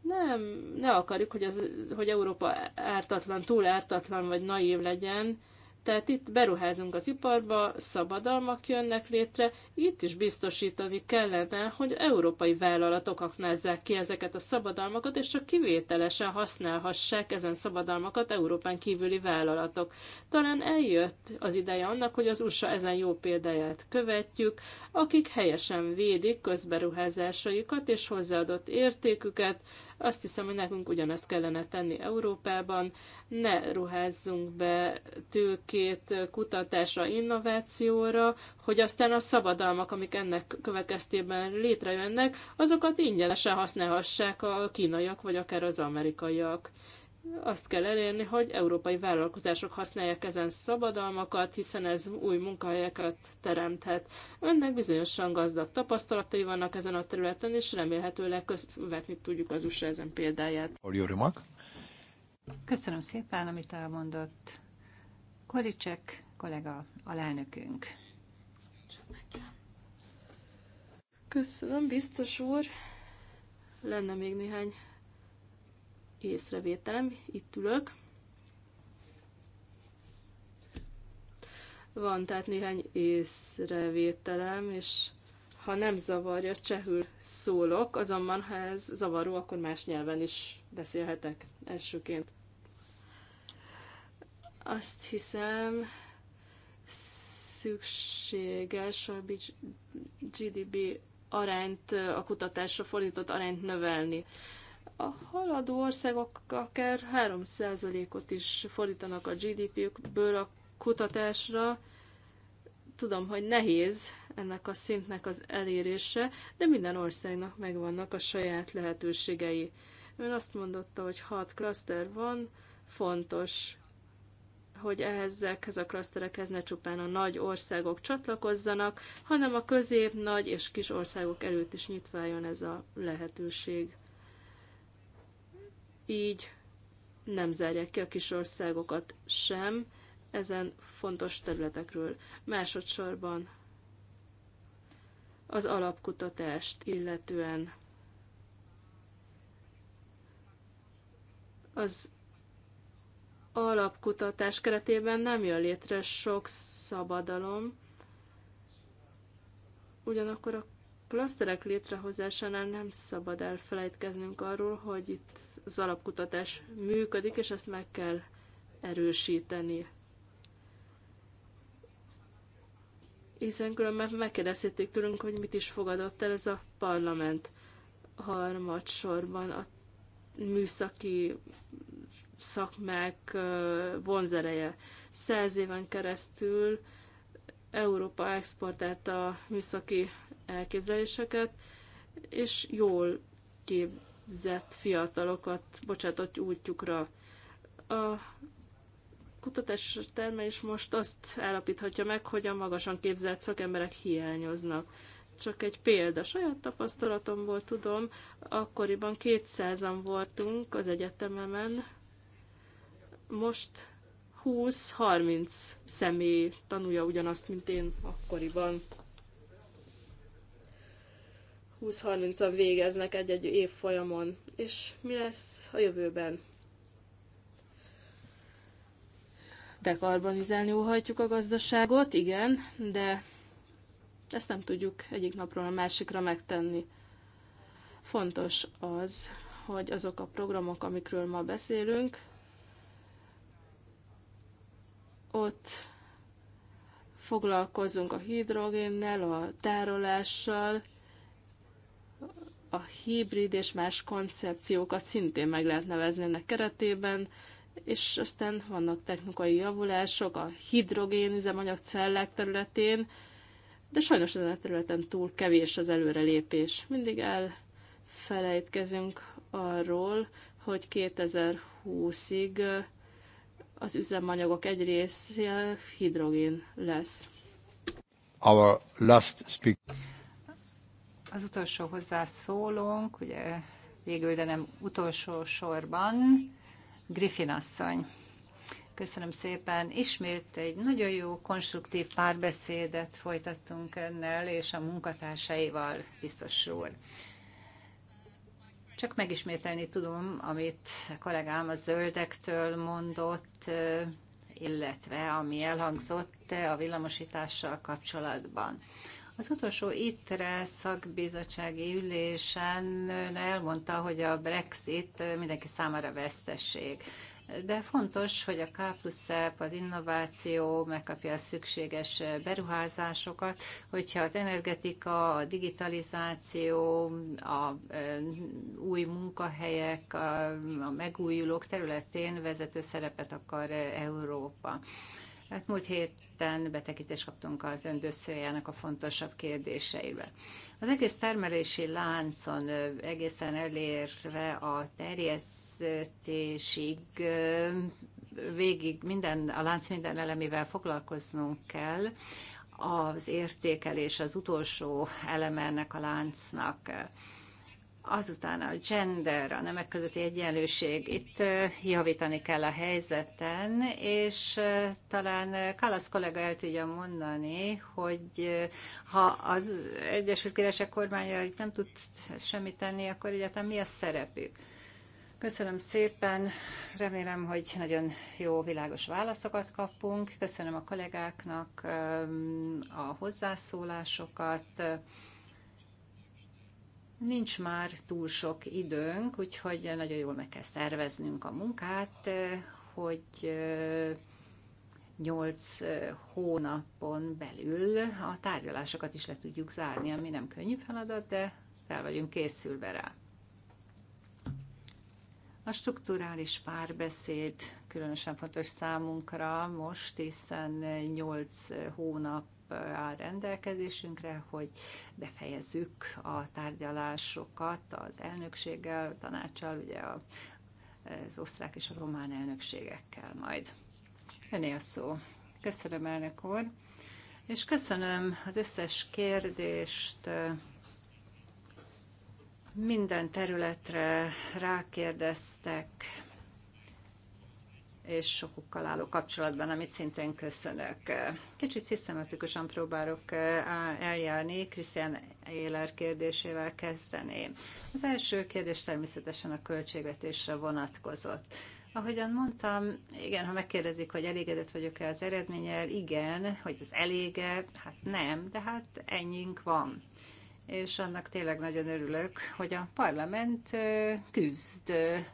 nem, ne akarjuk, hogy, az, hogy Európa ártatlan, túl ártatlan vagy naív legyen, tehát itt beruházunk az iparba, szabadalmak jönnek létre, itt is biztosítani kellene, hogy európai vállalatok aknázzák ki ezeket a szabadalmakat, és csak kivételesen használhassák ezen szabadalmakat Európán kívüli vállalatok. Talán eljött az ideje annak, hogy az USA ezen jó példáját követjük, akik helyesen védik közberuházásaikat és hozzáadott értéküket, azt hiszem, hogy nekünk ugyanezt kellene tenni Európában, ne ruházzunk be tőkét kutatásra, innovációra, hogy aztán a szabadalmak, amik ennek következtében létrejönnek, azokat ingyenesen használhassák a kínaiak, vagy akár az amerikaiak azt kell elérni, hogy európai vállalkozások használják ezen szabadalmakat, hiszen ez új munkahelyeket teremthet. Önnek bizonyosan gazdag tapasztalatai vannak ezen a területen, és remélhetőleg követni tudjuk az USA ezen példáját. Köszönöm szépen, amit elmondott. Koricsek kollega, alelnökünk. Köszönöm, biztos úr. Lenne még néhány észrevételem, itt ülök. Van tehát néhány észrevételem, és ha nem zavarja, csehül szólok, azonban ha ez zavaró, akkor más nyelven is beszélhetek elsőként. Azt hiszem, szükséges a GDP arányt, a kutatásra fordított arányt növelni. A haladó országok akár 3%-ot is fordítanak a GDP-ből a kutatásra. Tudom, hogy nehéz ennek a szintnek az elérése, de minden országnak megvannak a saját lehetőségei. Ön azt mondotta, hogy hat klaszter van, fontos, hogy ezekhez a klaszterekhez ne csupán a nagy országok csatlakozzanak, hanem a közép, nagy és kis országok előtt is nyitva ez a lehetőség így nem zárják ki a kis országokat sem ezen fontos területekről. Másodszorban az alapkutatást illetően az alapkutatás keretében nem jön létre sok szabadalom, ugyanakkor a klaszterek létrehozásánál nem szabad elfelejtkeznünk arról, hogy itt az alapkutatás működik, és ezt meg kell erősíteni. Hiszen különben megkérdezték tőlünk, hogy mit is fogadott el ez a parlament harmadsorban a műszaki szakmák vonzereje. Száz éven keresztül Európa exportálta a műszaki elképzeléseket, és jól képzett fiatalokat bocsátott útjukra. A kutatás termelés most azt állapíthatja meg, hogy a magasan képzett szakemberek hiányoznak. Csak egy példa, saját tapasztalatomból tudom, akkoriban 200-an voltunk az egyetememen, most 20-30 személy tanulja ugyanazt, mint én akkoriban. 20-30-an végeznek egy-egy évfolyamon. És mi lesz a jövőben? dekarbonizálni óhajtjuk a gazdaságot, igen, de ezt nem tudjuk egyik napról a másikra megtenni. Fontos az, hogy azok a programok, amikről ma beszélünk, ott foglalkozunk a hidrogénnel, a tárolással, a hibrid és más koncepciókat szintén meg lehet nevezni ennek keretében, és aztán vannak technikai javulások a hidrogén cellák területén, de sajnos ezen a területen túl kevés az előrelépés. Mindig elfelejtkezünk arról, hogy 2020-ig az üzemanyagok egy része hidrogén lesz. Our last speaker. Az utolsó hozzászólónk, ugye végül, de nem utolsó sorban, Griffin asszony. Köszönöm szépen. Ismét egy nagyon jó, konstruktív párbeszédet folytattunk ennel, és a munkatársaival, biztos úr. Csak megismételni tudom, amit a kollégám a zöldektől mondott, illetve ami elhangzott a villamosítással kapcsolatban. Az utolsó ITRE szakbizottsági ülésen ön elmondta, hogy a Brexit mindenki számára veszteség. De fontos, hogy a K plusz e az innováció megkapja a szükséges beruházásokat, hogyha az energetika, a digitalizáció, a új munkahelyek, a megújulók területén vezető szerepet akar Európa. Hát múlt hét ketten betekintést kaptunk az öndösszőjának a fontosabb kérdéseibe. Az egész termelési láncon egészen elérve a terjesztésig végig minden, a lánc minden elemével foglalkoznunk kell, az értékelés az utolsó eleme ennek a láncnak. Azután a gender, a nemek közötti egyenlőség. Itt javítani kell a helyzeten, és talán Kalasz kollega el tudja mondani, hogy ha az Egyesült Királyság kormánya itt nem tud semmit tenni, akkor egyáltalán mi a szerepük? Köszönöm szépen, remélem, hogy nagyon jó, világos válaszokat kapunk. Köszönöm a kollégáknak a hozzászólásokat. Nincs már túl sok időnk, úgyhogy nagyon jól meg kell szerveznünk a munkát, eh, hogy 8 eh, eh, hónapon belül a tárgyalásokat is le tudjuk zárni, ami nem könnyű feladat, de fel vagyunk készülve rá. A strukturális párbeszéd különösen fontos számunkra most, hiszen 8 hónap a rendelkezésünkre, hogy befejezzük a tárgyalásokat az elnökséggel, a tanácsal, ugye az osztrák és a román elnökségekkel majd. Öné a szó. Köszönöm, elnök úr, és köszönöm az összes kérdést, minden területre rákérdeztek, és sokukkal álló kapcsolatban, amit szintén köszönök. Kicsit szisztematikusan próbálok eh, eljárni, Krisztián Éler kérdésével kezdeném. Az első kérdés természetesen a költségvetésre vonatkozott. Ahogyan mondtam, igen, ha megkérdezik, hogy elégedett vagyok-e az eredménnyel, igen, hogy az elége, hát nem, de hát ennyink van. És annak tényleg nagyon örülök, hogy a parlament eh, küzd eh,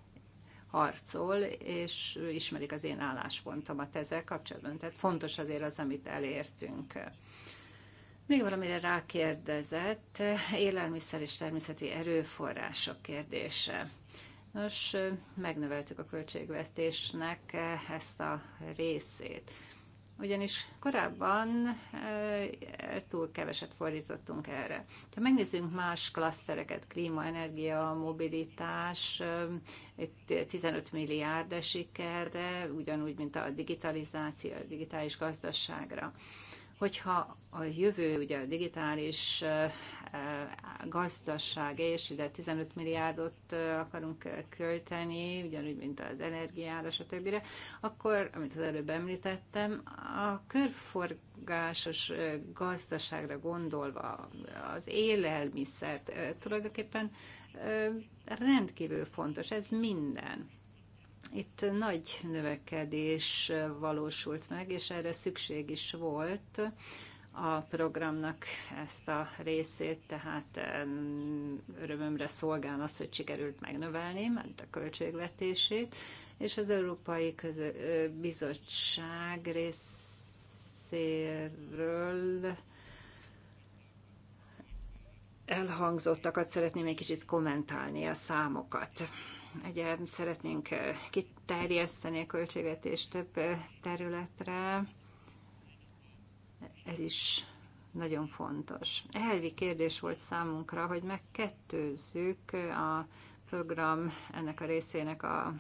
harcol, és ismerik az én álláspontomat ezzel kapcsolatban. Tehát fontos azért az, amit elértünk. Még valamire rákérdezett, élelmiszer és természeti erőforrások kérdése. Nos, megnöveltük a költségvetésnek ezt a részét ugyanis korábban eh, túl keveset fordítottunk erre. Ha megnézzünk más klasztereket, klíma, energia, mobilitás, 15 eh, milliárd esik erre, ugyanúgy, mint a digitalizáció, a digitális gazdaságra hogyha a jövő, ugye a digitális gazdaság, és ide 15 milliárdot akarunk költeni, ugyanúgy, mint az energiára, stb., akkor, amit az előbb említettem, a körforgásos gazdaságra gondolva az élelmiszert tulajdonképpen rendkívül fontos, ez minden. Itt nagy növekedés valósult meg, és erre szükség is volt a programnak ezt a részét, tehát örömömre szolgál az, hogy sikerült megnövelni, ment a költségvetését, és az Európai Közö- Bizottság részéről elhangzottakat szeretném egy kicsit kommentálni a számokat. Ugye szeretnénk eh, kiterjeszteni a költségvetést több eh, területre. Ez is nagyon fontos. Elvi kérdés volt számunkra, hogy megkettőzzük eh, a program ennek a részének a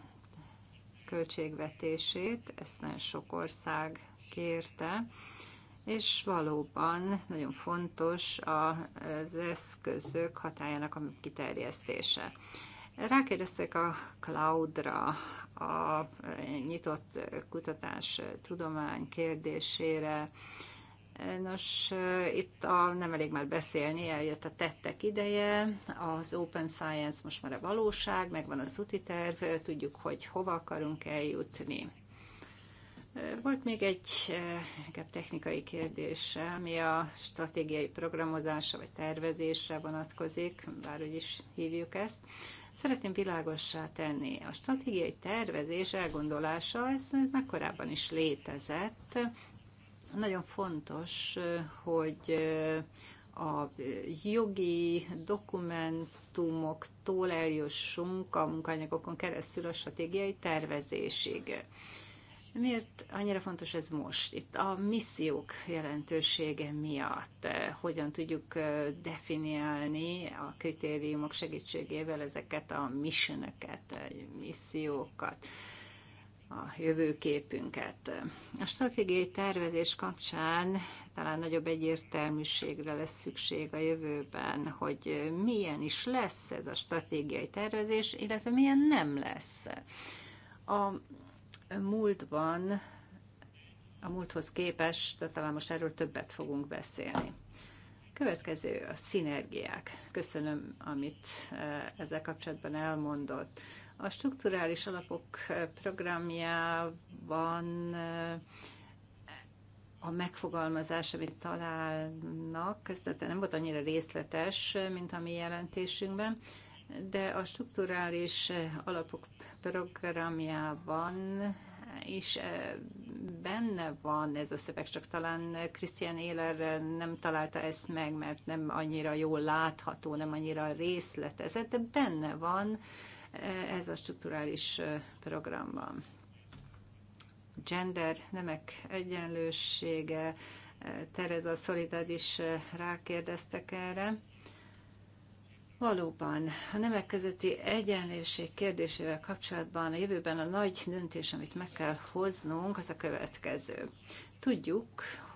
költségvetését, ezt nagyon sok ország kérte, és valóban nagyon fontos az eszközök hatájának a kiterjesztése. Rákérdeztek a cloudra, a e, nyitott kutatás tudomány kérdésére, e, Nos, e, itt a, nem elég már beszélni, eljött a tettek ideje, az Open Science most már a valóság, megvan az úti terv, tudjuk, hogy hova akarunk eljutni. Volt még egy inkább technikai kérdés, ami a stratégiai programozásra vagy tervezésre vonatkozik, bár úgy is hívjuk ezt. Szeretném világossá tenni, a stratégiai tervezés elgondolása, ez már korábban is létezett. Nagyon fontos, hogy a jogi dokumentumoktól eljussunk a munkanyagokon keresztül a stratégiai tervezésig. Miért annyira fontos ez most? Itt a missziók jelentősége miatt eh, hogyan tudjuk eh, definiálni a kritériumok segítségével ezeket a missionöket, eh, missziókat, a jövőképünket. A stratégiai tervezés kapcsán talán nagyobb egyértelműségre lesz szükség a jövőben, hogy milyen is lesz ez a stratégiai tervezés, illetve milyen nem lesz. A múltban, a múlthoz képest, de talán most erről többet fogunk beszélni. Következő a szinergiák. Köszönöm, amit e, ezzel kapcsolatban elmondott. A strukturális alapok e, programjában e, a megfogalmazás, amit találnak, ez nem volt annyira részletes, mint a mi jelentésünkben, de a strukturális alapok programjában is eh, benne van ez a szöveg, csak talán Christian Éler nem találta ezt meg, mert nem annyira jól látható, nem annyira részletezett, de benne van eh, ez a strukturális eh, programban. Gender, nemek egyenlősége, Tereza Szolidad is rákérdeztek erre. Valóban, a nemek közötti egyenlőség kérdésével kapcsolatban a jövőben a nagy döntés, amit meg kell hoznunk, az a következő. Tudjuk,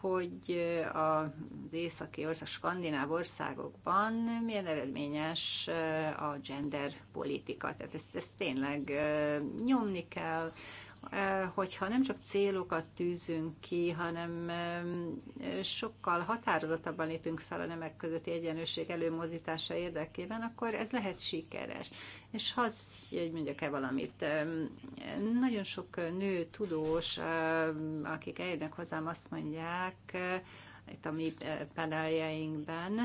hogy az északi ország, a skandináv országokban milyen eredményes eh, a gender politika. Tehát ezt, ezt tényleg eh, nyomni kell, Eh, hogyha nem csak célokat tűzünk ki, hanem eh, sokkal határozottabban lépünk fel a nemek közötti egyenlőség előmozítása érdekében, akkor ez lehet sikeres. És ha hogy mondjak-e valamit, eh, nagyon sok nő, tudós, akik eljönnek hozzám, azt mondják, itt a mi paneljeinkben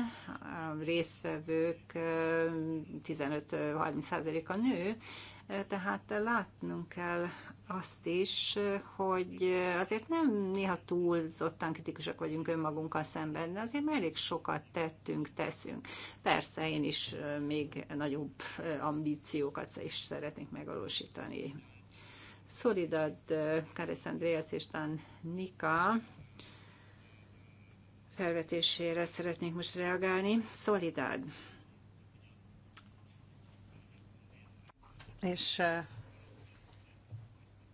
résztvevők 15-30%-a nő, tehát látnunk kell azt is, hogy azért nem néha túlzottan kritikusak vagyunk önmagunkkal szemben, de azért már elég sokat tettünk, teszünk. Persze én is még nagyobb ambíciókat is szeretnék megvalósítani. Szolidad Káres Andreas és Tan Nika felvetésére szeretnék most reagálni. Szolidad. És uh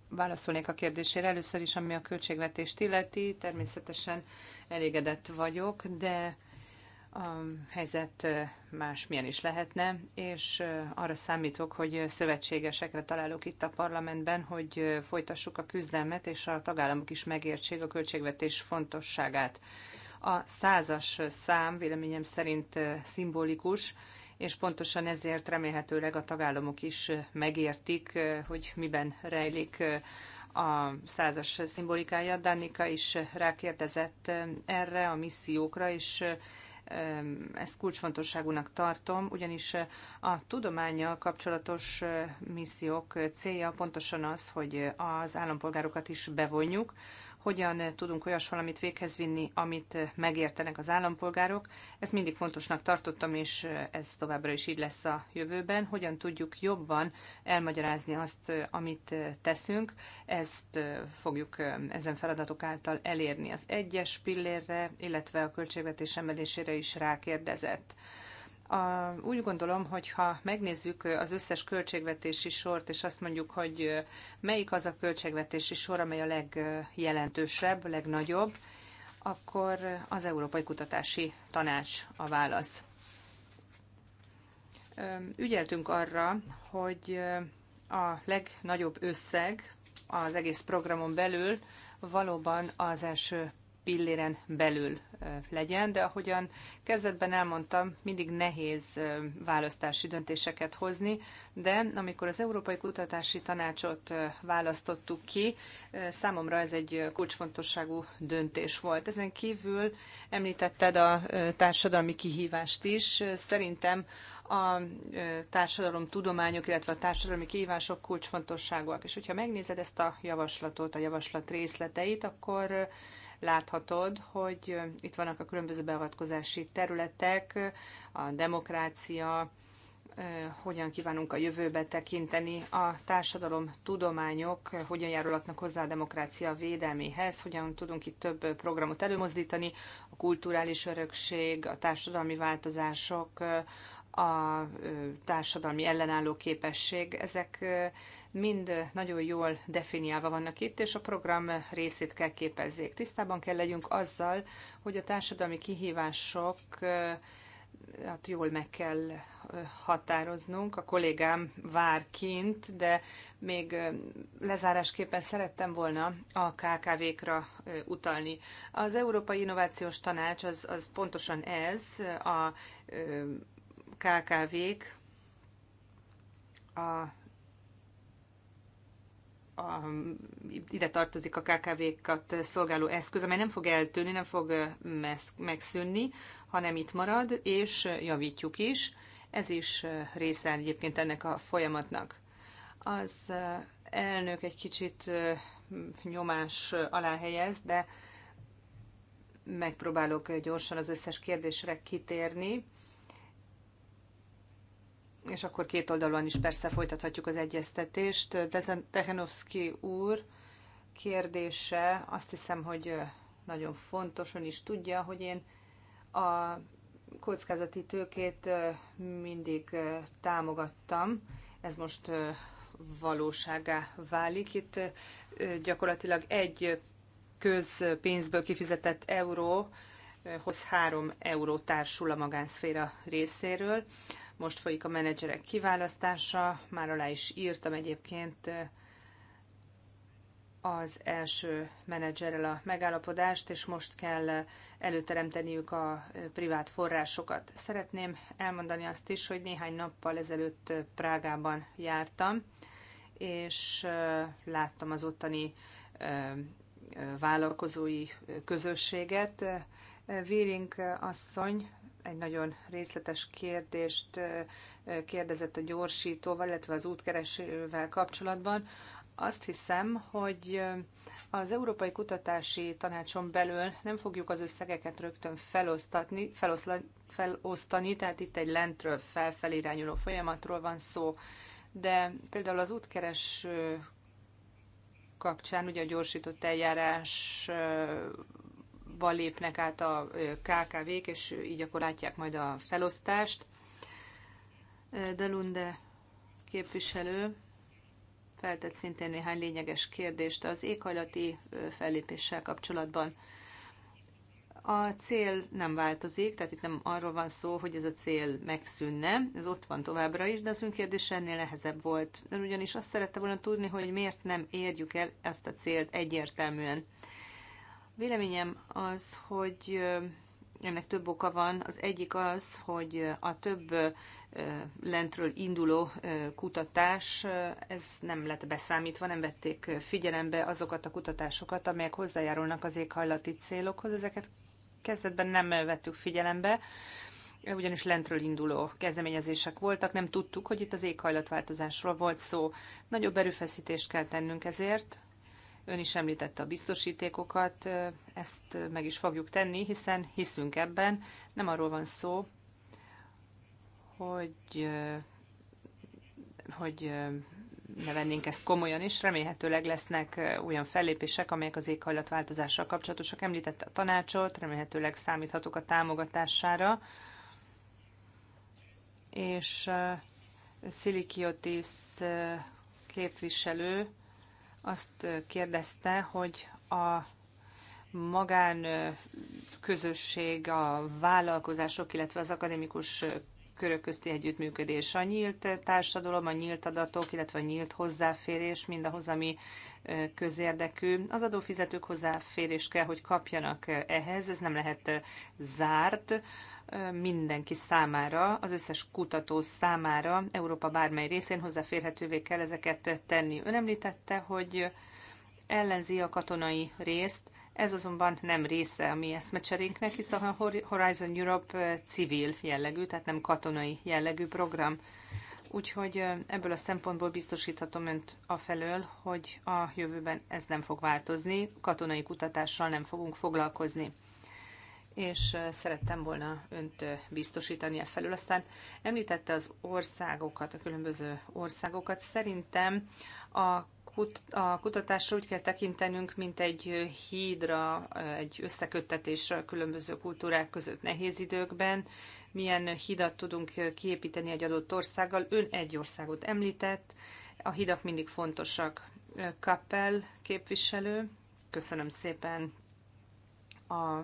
válaszolnék a kérdésére. Először is, ami a költségvetést illeti, természetesen elégedett vagyok, de a helyzet másmilyen is lehetne, és arra számítok, hogy szövetségesekre találok itt a parlamentben, hogy folytassuk a küzdelmet, és a tagállamok is megértsék a költségvetés fontosságát. A százas szám véleményem szerint szimbolikus, és pontosan ezért remélhetőleg a tagállamok is megértik, eh, hogy miben rejlik eh, a százas szimbolikája. Danika is rákérdezett eh, erre a missziókra, és ezt kulcsfontosságúnak tartom, ugyanis a tudománya kapcsolatos missziók célja pontosan az, hogy az állampolgárokat is bevonjuk, hogyan tudunk olyas valamit véghez vinni, amit megértenek az állampolgárok. Ezt mindig fontosnak tartottam, és ez továbbra is így lesz a jövőben. Hogyan tudjuk jobban elmagyarázni azt, amit teszünk, ezt fogjuk ehm, ezen feladatok által elérni. Az egyes pillérre, illetve a költségvetés emelésére is rákérdezett. A, úgy gondolom, hogy ha megnézzük az összes költségvetési sort, és azt mondjuk, hogy melyik az a költségvetési sor, amely a legjelentősebb, legnagyobb, akkor az Európai Kutatási Tanács a válasz. Ügyeltünk arra, hogy a legnagyobb összeg az egész programon belül valóban az első pilléren belül legyen, de ahogyan kezdetben elmondtam, mindig nehéz választási döntéseket hozni, de amikor az Európai Kutatási Tanácsot választottuk ki, számomra ez egy kulcsfontosságú döntés volt. Ezen kívül említetted a társadalmi kihívást is. Szerintem a társadalom tudományok, illetve a társadalmi kihívások kulcsfontosságúak. És hogyha megnézed ezt a javaslatot, a javaslat részleteit, akkor láthatod, hogy itt vannak a különböző beavatkozási területek, a demokrácia, hogyan kívánunk a jövőbe tekinteni, a társadalom tudományok hogyan járulatnak hozzá a demokrácia védelméhez, hogyan tudunk itt több programot előmozdítani, a kulturális örökség, a társadalmi változások, a társadalmi ellenálló képesség, ezek mind nagyon jól definiálva vannak itt, és a program részét kell képezzék. Tisztában kell legyünk azzal, hogy a társadalmi kihívások hát jól meg kell határoznunk. A kollégám vár kint, de még lezárásképpen szerettem volna a KKV-kra utalni. Az Európai Innovációs Tanács az, az pontosan ez, a KKV-k, a a, ide tartozik a KKV-kat szolgáló eszköz, amely nem fog eltűnni, nem fog megszűnni, hanem itt marad, és javítjuk is. Ez is része egyébként ennek a folyamatnak. Az elnök egy kicsit nyomás alá helyez, de megpróbálok gyorsan az összes kérdésre kitérni és akkor két oldalon is persze folytathatjuk az egyeztetést. Tehenovszki úr kérdése azt hiszem, hogy nagyon fontos, ön is tudja, hogy én a kockázati tőkét mindig támogattam. Ez most valóságá válik. Itt gyakorlatilag egy közpénzből kifizetett euróhoz három euró társul a magánszféra részéről. Most folyik a menedzserek kiválasztása, már alá is írtam egyébként az első menedzserrel a megállapodást, és most kell előteremteniük a privát forrásokat. Szeretném elmondani azt is, hogy néhány nappal ezelőtt Prágában jártam, és láttam az ottani vállalkozói közösséget. Véring asszony, egy nagyon részletes kérdést kérdezett a gyorsítóval, illetve az útkeresővel kapcsolatban. Azt hiszem, hogy az Európai Kutatási Tanácson belül nem fogjuk az összegeket rögtön felosztatni, feloszla, felosztani, tehát itt egy lentről felfel irányuló folyamatról van szó. De például az útkereső kapcsán ugye a gyorsított eljárás ba lépnek át a KKV-k, és így akkor látják majd a felosztást. Delunde képviselő feltett szintén néhány lényeges kérdést az éghajlati fellépéssel kapcsolatban. A cél nem változik, tehát itt nem arról van szó, hogy ez a cél megszűnne, ez ott van továbbra is, de az önkérdés ennél nehezebb volt. Ön ugyanis azt szerette volna tudni, hogy miért nem érjük el ezt a célt egyértelműen. Véleményem az, hogy ennek több oka van. Az egyik az, hogy a több lentről induló kutatás, ez nem lett beszámítva, nem vették figyelembe azokat a kutatásokat, amelyek hozzájárulnak az éghajlati célokhoz. Ezeket kezdetben nem vettük figyelembe, ugyanis lentről induló kezdeményezések voltak, nem tudtuk, hogy itt az éghajlatváltozásról volt szó. Nagyobb erőfeszítést kell tennünk ezért, Ön is említette a biztosítékokat, ezt meg is fogjuk tenni, hiszen hiszünk ebben. Nem arról van szó, hogy, hogy ne vennénk ezt komolyan, is remélhetőleg lesznek olyan fellépések, amelyek az éghajlatváltozással kapcsolatosak. Említette a tanácsot, remélhetőleg számíthatok a támogatására. És Szilikiotis képviselő azt kérdezte, hogy a magán közösség, a vállalkozások, illetve az akadémikus körök közti együttműködés, a nyílt társadalom, a nyílt adatok, illetve a nyílt hozzáférés, mindahhoz, ami közérdekű. Az adófizetők hozzáférés kell, hogy kapjanak ehhez, ez nem lehet zárt mindenki számára, az összes kutató számára Európa bármely részén hozzáférhetővé kell ezeket tenni. Ön említette, hogy ellenzi a katonai részt, ez azonban nem része a mi eszmecserénknek, hiszen a Horizon Europe civil jellegű, tehát nem katonai jellegű program. Úgyhogy ebből a szempontból biztosíthatom önt felől, hogy a jövőben ez nem fog változni, katonai kutatással nem fogunk foglalkozni és szerettem volna önt biztosítani a e felül. Aztán említette az országokat, a különböző országokat. Szerintem a a kutatásra úgy kell tekintenünk, mint egy hídra, egy összeköttetésre a különböző kultúrák között nehéz időkben. Milyen hidat tudunk kiépíteni egy adott országgal? Ön egy országot említett, a hidak mindig fontosak. Kappel képviselő, köszönöm szépen a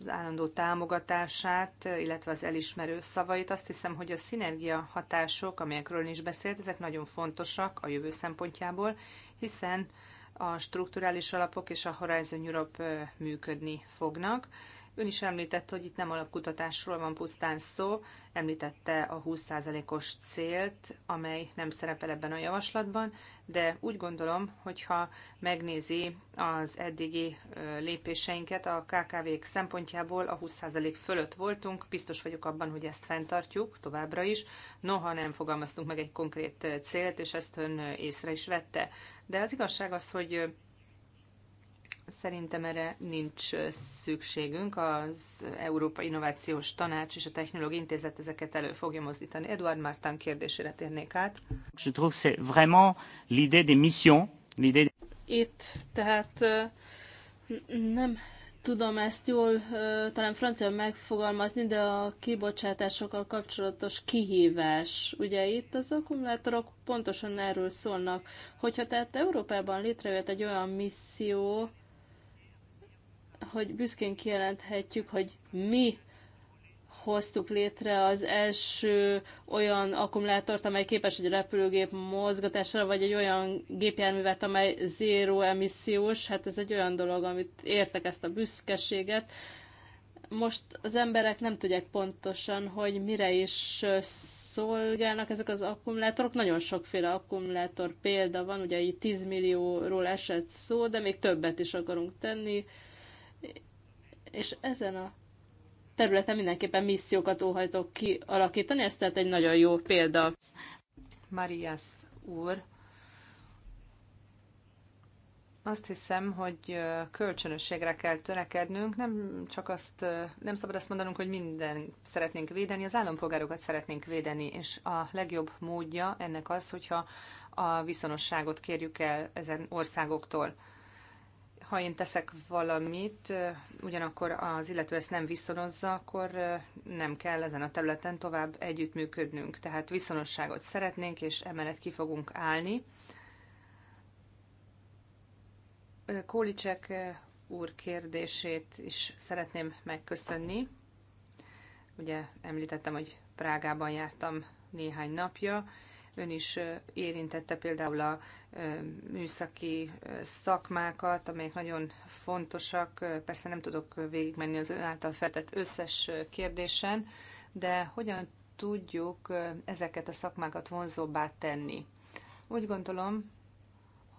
az állandó támogatását, illetve az elismerő szavait. Azt hiszem, hogy a szinergia hatások, amelyekről is beszélt, ezek nagyon fontosak a jövő szempontjából, hiszen a strukturális alapok és a Horizon Europe működni fognak, Ön is említett, hogy itt nem alapkutatásról van pusztán szó, említette a 20%-os célt, amely nem szerepel ebben a javaslatban, de úgy gondolom, hogyha megnézi az eddigi lépéseinket a KKV-k szempontjából, a 20% fölött voltunk, biztos vagyok abban, hogy ezt fenntartjuk továbbra is, noha nem fogalmaztunk meg egy konkrét célt, és ezt ön észre is vette. De az igazság az, hogy Szerintem erre nincs szükségünk. Az Európai Innovációs Tanács és a Technológiai Intézet ezeket elő fogja mozdítani. Eduard Mártán kérdésére térnék át. Je trouve c'est vraiment l'idée des missions, l'idée Itt tehát nem tudom ezt jól talán francia megfogalmazni, de a kibocsátásokkal kapcsolatos kihívás. Ugye itt az akkumulátorok pontosan erről szólnak, hogyha tehát Európában létrejött egy olyan misszió, hogy büszkén kijelenthetjük, hogy mi hoztuk létre az első olyan akkumulátort, amely képes egy repülőgép mozgatásra, vagy egy olyan gépjárművet, amely zéró emissziós. Hát ez egy olyan dolog, amit értek ezt a büszkeséget. Most az emberek nem tudják pontosan, hogy mire is szolgálnak ezek az akkumulátorok. Nagyon sokféle akkumulátor példa van, ugye így 10 millióról esett szó, de még többet is akarunk tenni és ezen a területen mindenképpen missziókat óhajtok kialakítani, ez tehát egy nagyon jó példa. Marias úr, azt hiszem, hogy kölcsönösségre kell törekednünk, nem csak azt, nem szabad azt mondanunk, hogy minden szeretnénk védeni, az állampolgárokat szeretnénk védeni, és a legjobb módja ennek az, hogyha a viszonosságot kérjük el ezen országoktól ha én teszek valamit, ugyanakkor az illető ezt nem viszonozza, akkor nem kell ezen a területen tovább együttműködnünk. Tehát viszonosságot szeretnénk, és emellett ki fogunk állni. Kólicsek úr kérdését is szeretném megköszönni. Ugye említettem, hogy Prágában jártam néhány napja, Ön is érintette például a műszaki szakmákat, amelyek nagyon fontosak. Persze nem tudok végigmenni az ön által feltett összes kérdésen, de hogyan tudjuk ezeket a szakmákat vonzóbbá tenni? Úgy gondolom,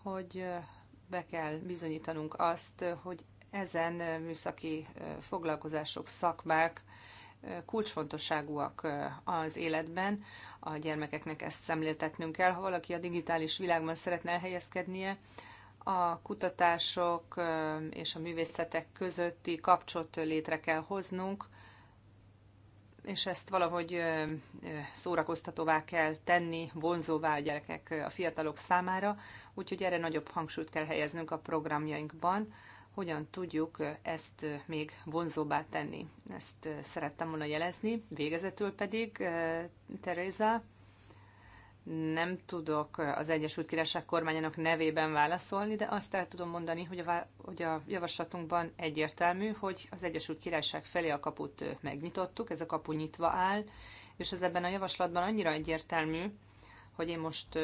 hogy be kell bizonyítanunk azt, hogy ezen műszaki foglalkozások, szakmák kulcsfontosságúak az életben. A gyermekeknek ezt szemléltetnünk kell. Ha valaki a digitális világban szeretne elhelyezkednie, a kutatások és a művészetek közötti kapcsot létre kell hoznunk, és ezt valahogy szórakoztatóvá kell tenni, vonzóvá a gyerekek, a fiatalok számára, úgyhogy erre nagyobb hangsúlyt kell helyeznünk a programjainkban hogyan tudjuk ezt még vonzóbbá tenni. Ezt szerettem volna jelezni. Végezetül pedig, Teresa, nem tudok az Egyesült Királyság kormányának nevében válaszolni, de azt el tudom mondani, hogy a, hogy a javaslatunkban egyértelmű, hogy az Egyesült Királyság felé a kaput megnyitottuk, ez a kapu nyitva áll, és ez ebben a javaslatban annyira egyértelmű, hogy én most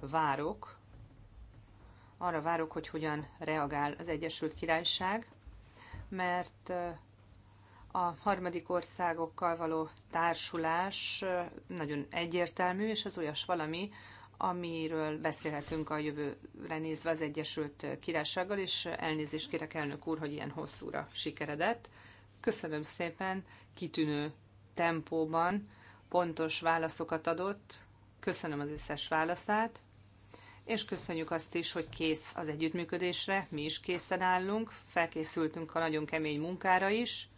várok arra várok, hogy hogyan reagál az Egyesült Királyság, mert a harmadik országokkal való társulás nagyon egyértelmű, és az olyas valami, amiről beszélhetünk a jövőre nézve az Egyesült Királysággal, és elnézést kérek elnök úr, hogy ilyen hosszúra sikeredett. Köszönöm szépen, kitűnő tempóban pontos válaszokat adott, köszönöm az összes válaszát és köszönjük azt is, hogy kész az együttműködésre, mi is készen állunk, felkészültünk a nagyon kemény munkára is,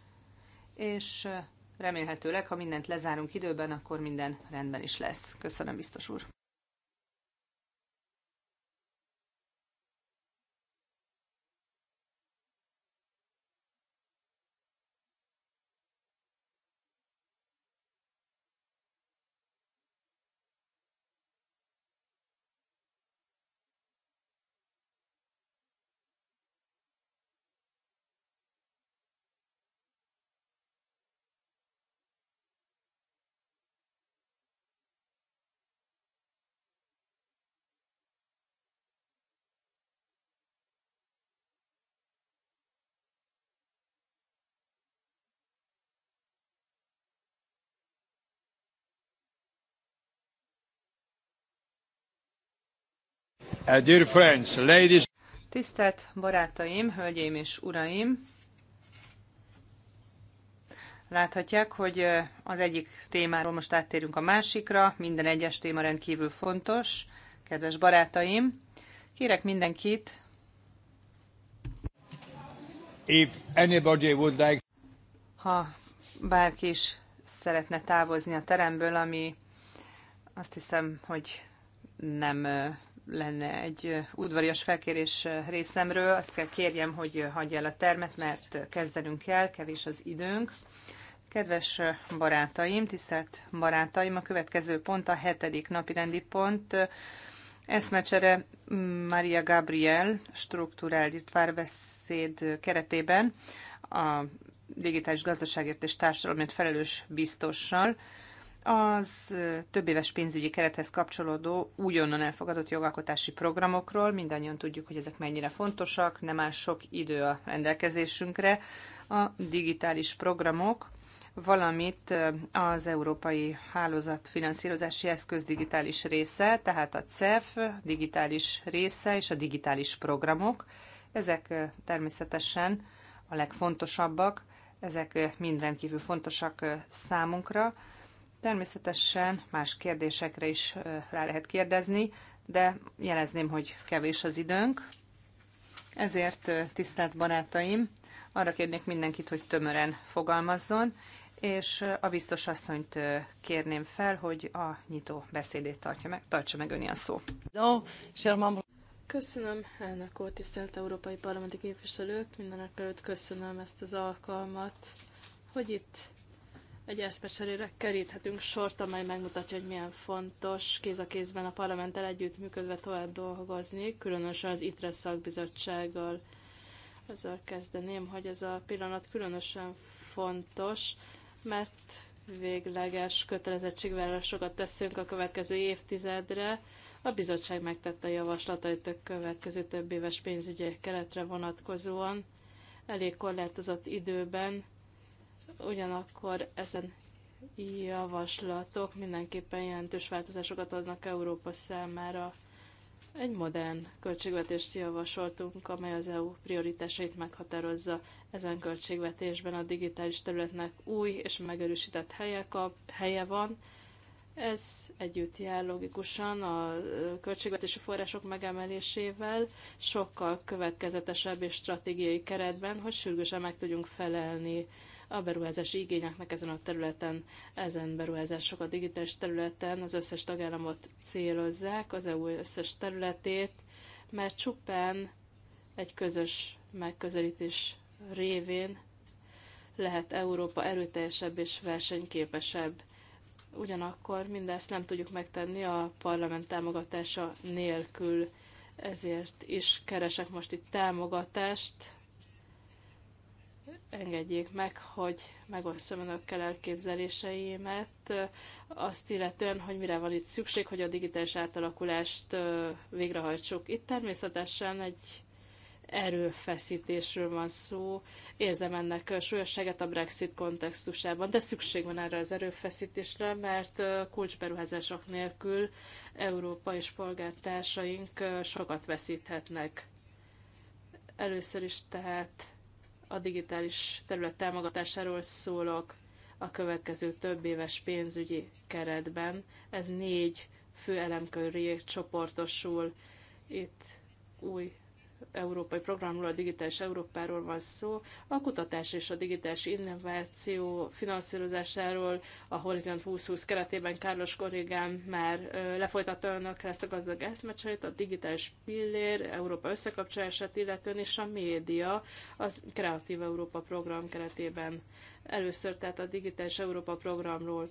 és eh, remélhetőleg, ha mindent lezárunk időben, akkor minden rendben is lesz. Köszönöm, biztos úr. Uh, dear friends, ladies... Tisztelt barátaim, hölgyeim és uraim! Láthatják, hogy uh, az egyik témáról most áttérünk a másikra, minden egyes téma rendkívül fontos. Kedves barátaim, kérek mindenkit, If anybody would like... ha bárki is szeretne távozni a teremből, ami azt hiszem, hogy nem uh, lenne egy udvarias felkérés részemről. Azt kell kérjem, hogy hagyja el a termet, mert kezdenünk kell, kevés az időnk. Kedves barátaim, tisztelt barátaim, a következő pont a hetedik napi rendi pont. Eszmecsere Maria Gabriel struktúrált párbeszéd keretében a digitális gazdaságért és társadalomért felelős biztossal az több éves pénzügyi kerethez kapcsolódó újonnan elfogadott jogalkotási programokról. Mindannyian tudjuk, hogy ezek mennyire fontosak, nem áll sok idő a rendelkezésünkre. A digitális programok, valamint az Európai Hálózat finanszírozási eszköz digitális része, tehát a CEF digitális része és a digitális programok. Ezek természetesen a legfontosabbak, ezek mind rendkívül fontosak számunkra Természetesen más kérdésekre is rá lehet kérdezni, de jelezném, hogy kevés az időnk. Ezért, tisztelt barátaim, arra kérnék mindenkit, hogy tömören fogalmazzon, és a biztos asszonyt kérném fel, hogy a nyitó beszédét tartja meg, tartsa meg öni a szó. Köszönöm, elnök úr, tisztelt európai parlamenti képviselők, mindenek előtt köszönöm ezt az alkalmat, hogy itt egy eszpecserére keríthetünk sort, amely megmutatja, hogy milyen fontos kéz a kézben a parlamenttel együttműködve tovább dolgozni, különösen az ITRE szakbizottsággal. Azzal kezdeném, hogy ez a pillanat különösen fontos, mert végleges kötelezettségvállalásokat teszünk a következő évtizedre. A bizottság megtette a javaslatait a következő több éves pénzügyi keretre vonatkozóan. Elég korlátozott időben Ugyanakkor ezen javaslatok mindenképpen jelentős változásokat hoznak Európa számára. Egy modern költségvetést javasoltunk, amely az EU prioritásait meghatározza. Ezen költségvetésben a digitális területnek új és megerősített helye, kap, helye van. Ez együtt jár logikusan a költségvetési források megemelésével, sokkal következetesebb és stratégiai keretben, hogy sürgősen meg tudjunk felelni a beruházási igényeknek ezen a területen, ezen beruházások a digitális területen az összes tagállamot célozzák, az EU összes területét, mert csupán egy közös megközelítés révén lehet Európa erőteljesebb és versenyképesebb. Ugyanakkor mindezt nem tudjuk megtenni a parlament támogatása nélkül, ezért is keresek most itt támogatást engedjék meg, hogy megosszam önökkel elképzeléseimet azt illetően, hogy mire van itt szükség, hogy a digitális átalakulást végrehajtsuk. Itt természetesen egy erőfeszítésről van szó. Érzem ennek súlyosságát a Brexit kontextusában, de szükség van erre az erőfeszítésre, mert kulcsberuházások nélkül Európa és polgártársaink sokat veszíthetnek. Először is tehát a digitális terület támogatásáról szólok a következő több éves pénzügyi keretben. Ez négy fő elem köré csoportosul. Itt új európai programról, a digitális Európáról van szó, a kutatás és a digitális innováció finanszírozásáról, a Horizont 2020 keretében Carlos kollégám már lefolytatta önök ezt a gazdag eszmecserét, a digitális pillér, Európa összekapcsolását illetően, és a média, az Kreatív Európa program keretében. Először tehát a digitális Európa programról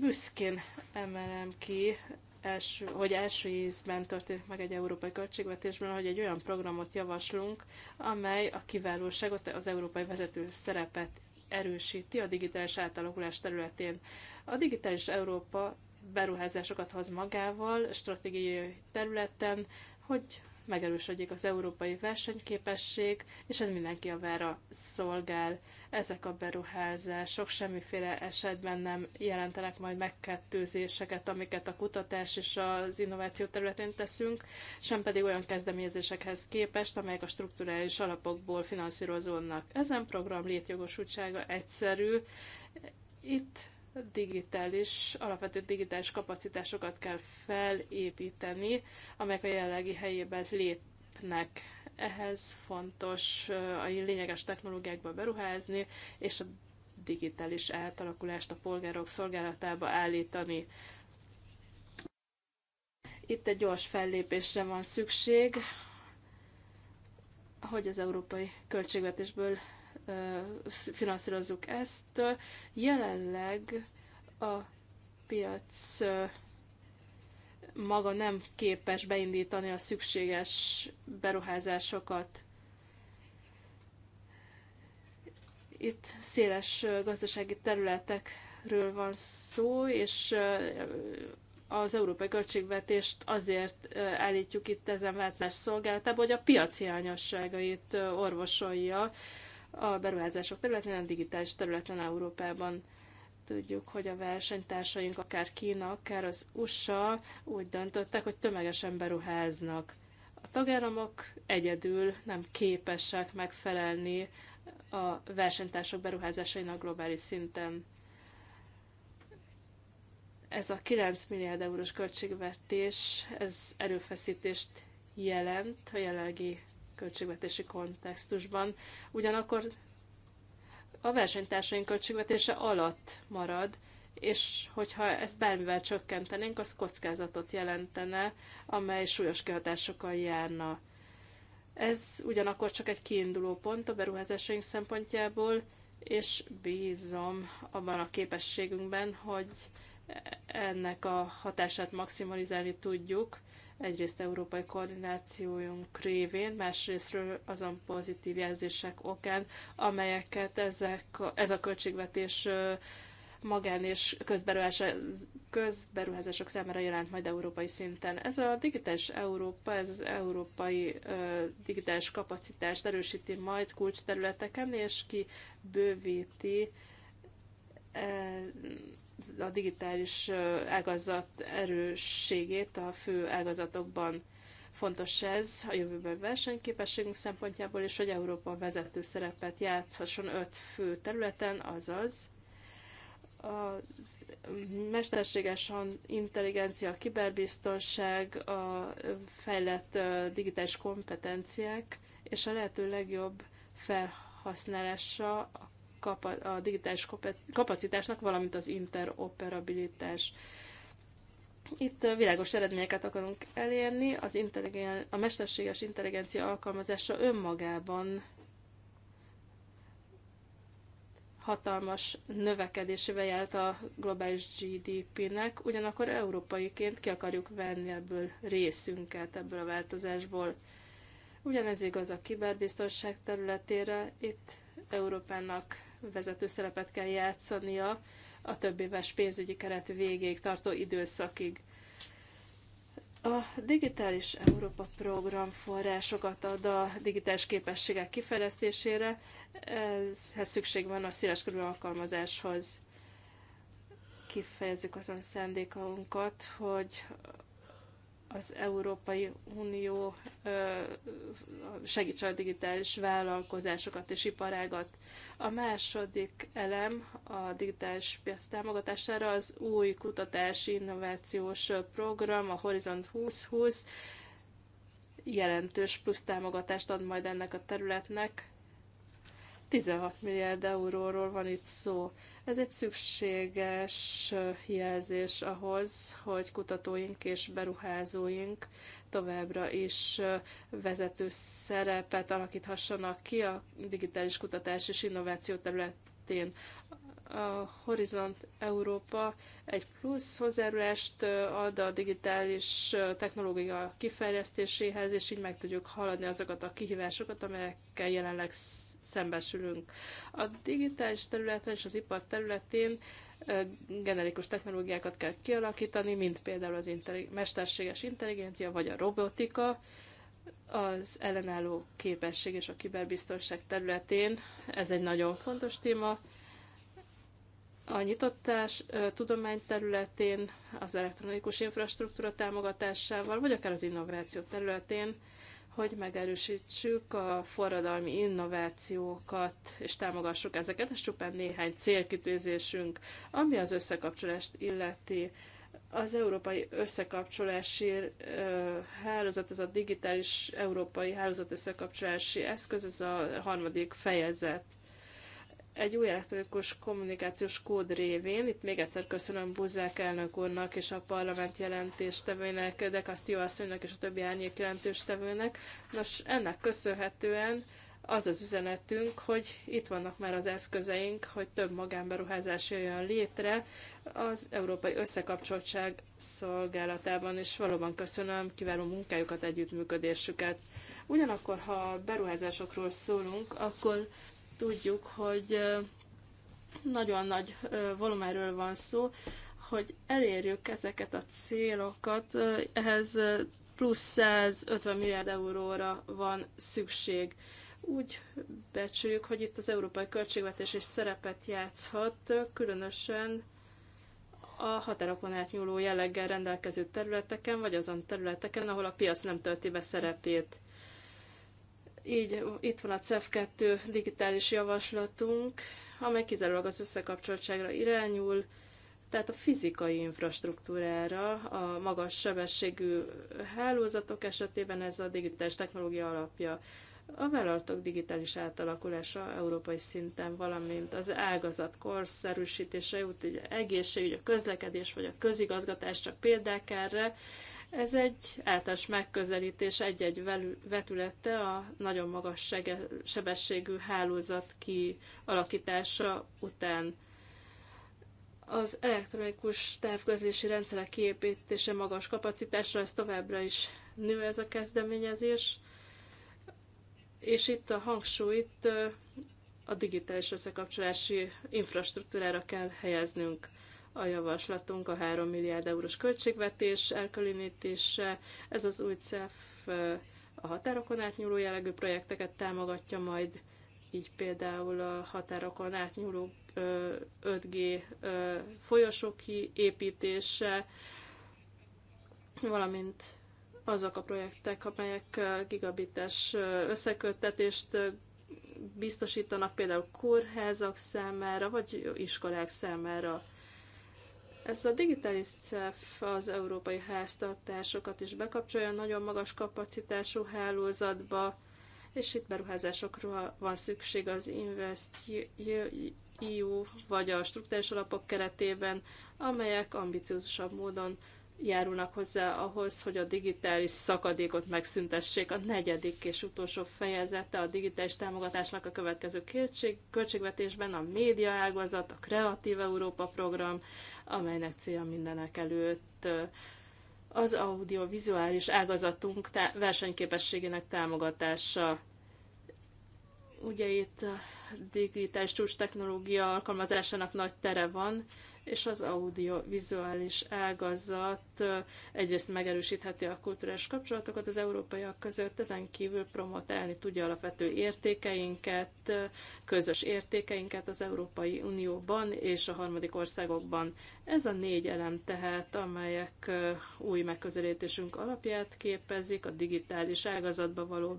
büszkén emelem ki első, hogy első ízben történik meg egy európai költségvetésben, hogy egy olyan programot javaslunk, amely a kiválóságot, az európai vezető szerepet erősíti a digitális átalakulás területén. A digitális Európa beruházásokat hoz magával, stratégiai területen, hogy megerősödjék az európai versenyképesség, és ez mindenki javára szolgál. Ezek a beruházások semmiféle esetben nem jelentenek majd megkettőzéseket, amiket a kutatás és az innováció területén teszünk, sem pedig olyan kezdeményezésekhez képest, amelyek a strukturális alapokból finanszírozódnak. Ezen program létjogosultsága egyszerű. Itt digitális, alapvető digitális kapacitásokat kell felépíteni, amelyek a jelenlegi helyében lépnek. Ehhez fontos a lényeges technológiákba beruházni, és a digitális átalakulást a polgárok szolgálatába állítani. Itt egy gyors fellépésre van szükség, hogy az európai költségvetésből finanszírozzuk ezt. Jelenleg a piac maga nem képes beindítani a szükséges beruházásokat. Itt széles gazdasági területekről van szó, és az európai költségvetést azért állítjuk itt ezen változás szolgálatába, hogy a piac hiányosságait orvosolja, a beruházások területén, a digitális területen Európában tudjuk, hogy a versenytársaink, akár Kína, akár az USA úgy döntöttek, hogy tömegesen beruháznak. A tagállamok egyedül nem képesek megfelelni a versenytársak beruházásainak globális szinten. Ez a 9 milliárd eurós költségvetés, ez erőfeszítést jelent a jelenlegi költségvetési kontextusban. Ugyanakkor a versenytársaink költségvetése alatt marad, és hogyha ezt bármivel csökkentenénk, az kockázatot jelentene, amely súlyos kihatásokkal járna. Ez ugyanakkor csak egy kiinduló pont a beruházásaink szempontjából, és bízom abban a képességünkben, hogy ennek a hatását maximalizálni tudjuk, egyrészt európai koordinációjunk révén, másrésztről azon pozitív jelzések okán, amelyeket ezek, ez a költségvetés magán és közberuházások számára jelent majd európai szinten. Ez a digitális Európa, ez az európai ö, digitális kapacitást erősíti majd kulcsterületeken, és ki bővíti a digitális ágazat erősségét a fő ágazatokban. Fontos ez a jövőben versenyképességünk szempontjából, és hogy Európa vezető szerepet játszhasson öt fő területen, azaz a mesterséges intelligencia, a kiberbiztonság, a fejlett digitális kompetenciák és a lehető legjobb felhasználása a a digitális kapacitásnak, valamint az interoperabilitás. Itt világos eredményeket akarunk elérni, az intelligen, a mesterséges intelligencia alkalmazása önmagában hatalmas növekedésével járt a globális GDP-nek, ugyanakkor európaiként ki akarjuk venni ebből részünket, ebből a változásból. Ugyanez igaz a kiberbiztonság területére, itt Európának vezető szerepet kell játszania a több éves pénzügyi keret végéig tartó időszakig. A Digitális Európa Program forrásokat ad a digitális képességek kifejlesztésére, ehhez szükség van a széleskörű alkalmazáshoz. Kifejezzük azon szándékunkat, hogy az Európai Unió segítse a digitális vállalkozásokat és iparágat. A második elem a digitális piac támogatására az új kutatási innovációs program, a Horizont 2020 jelentős plusz támogatást ad majd ennek a területnek, 16 milliárd euróról van itt szó. Ez egy szükséges jelzés ahhoz, hogy kutatóink és beruházóink továbbra is vezető szerepet alakíthassanak ki a digitális kutatás és innováció területén. A Horizont Európa egy plusz hozzájárulást ad a digitális technológia kifejlesztéséhez, és így meg tudjuk haladni azokat a kihívásokat, amelyekkel jelenleg szembesülünk. A digitális területen és az ipar területén generikus technológiákat kell kialakítani, mint például az intelli- mesterséges intelligencia vagy a robotika, az ellenálló képesség és a kiberbiztonság területén. Ez egy nagyon fontos téma. A nyitottás tudomány területén, az elektronikus infrastruktúra támogatásával, vagy akár az innováció területén hogy megerősítsük a forradalmi innovációkat, és támogassuk ezeket, és csupán néhány célkitűzésünk, ami az összekapcsolást illeti. Az európai összekapcsolási hálózat, ez a digitális európai hálózat összekapcsolási eszköz, ez a harmadik fejezet egy új elektronikus kommunikációs kód révén, itt még egyszer köszönöm Buzák elnök úrnak és a parlament jelentéstevőnek, de Castillo asszonynak és a többi árnyék jelentéstevőnek. Nos, ennek köszönhetően az az üzenetünk, hogy itt vannak már az eszközeink, hogy több magánberuházás jöjjön létre az Európai Összekapcsoltság szolgálatában, és valóban köszönöm kiváló munkájukat, együttműködésüket. Ugyanakkor, ha beruházásokról szólunk, akkor Tudjuk, hogy nagyon nagy volumenről van szó, hogy elérjük ezeket a célokat, ehhez plusz 150 milliárd euróra van szükség. Úgy becsüljük, hogy itt az európai költségvetés is szerepet játszhat, különösen a határokon átnyúló jelleggel rendelkező területeken, vagy azon területeken, ahol a piac nem tölti be szerepét. Így itt van a CEF2 digitális javaslatunk, amely kizárólag az összekapcsoltságra irányul, tehát a fizikai infrastruktúrára, a magas sebességű hálózatok esetében ez a digitális technológia alapja, a vállalatok digitális átalakulása európai szinten, valamint az ágazat korszerűsítése, úgy hogy egészségügy, a közlekedés vagy a közigazgatás csak példák erre, ez egy általános megközelítés egy-egy vetülete a nagyon magas sebességű hálózat kialakítása után. Az elektronikus távközlési rendszerek kiépítése magas kapacitásra, ez továbbra is nő ez a kezdeményezés, és itt a hangsúlyt a digitális összekapcsolási infrastruktúrára kell helyeznünk a javaslatunk a 3 milliárd eurós költségvetés elkülönítése. Ez az új CEF a határokon átnyúló jellegű projekteket támogatja majd, így például a határokon átnyúló 5G folyosó kiépítése, valamint azok a projektek, amelyek gigabites összeköttetést biztosítanak például kórházak számára, vagy iskolák számára. Ez a digitális CEF az európai háztartásokat is bekapcsolja nagyon magas kapacitású hálózatba, és itt beruházásokra van szükség az Invest EU vagy a struktúrás alapok keretében, amelyek ambiciózusabb módon járulnak hozzá ahhoz, hogy a digitális szakadékot megszüntessék. A negyedik és utolsó fejezete a digitális támogatásnak a következő költség, költségvetésben a média ágazat, a Kreatív Európa program, amelynek célja mindenek előtt az audiovizuális ágazatunk tá- versenyképességének támogatása. Ugye itt a digitális csúcs technológia alkalmazásának nagy tere van, és az audiovizuális ágazat egyrészt megerősítheti a kulturális kapcsolatokat az európaiak között, ezen kívül promotálni tudja alapvető értékeinket, közös értékeinket az Európai Unióban és a harmadik országokban. Ez a négy elem tehát, amelyek új megközelítésünk alapját képezik, a digitális ágazatba való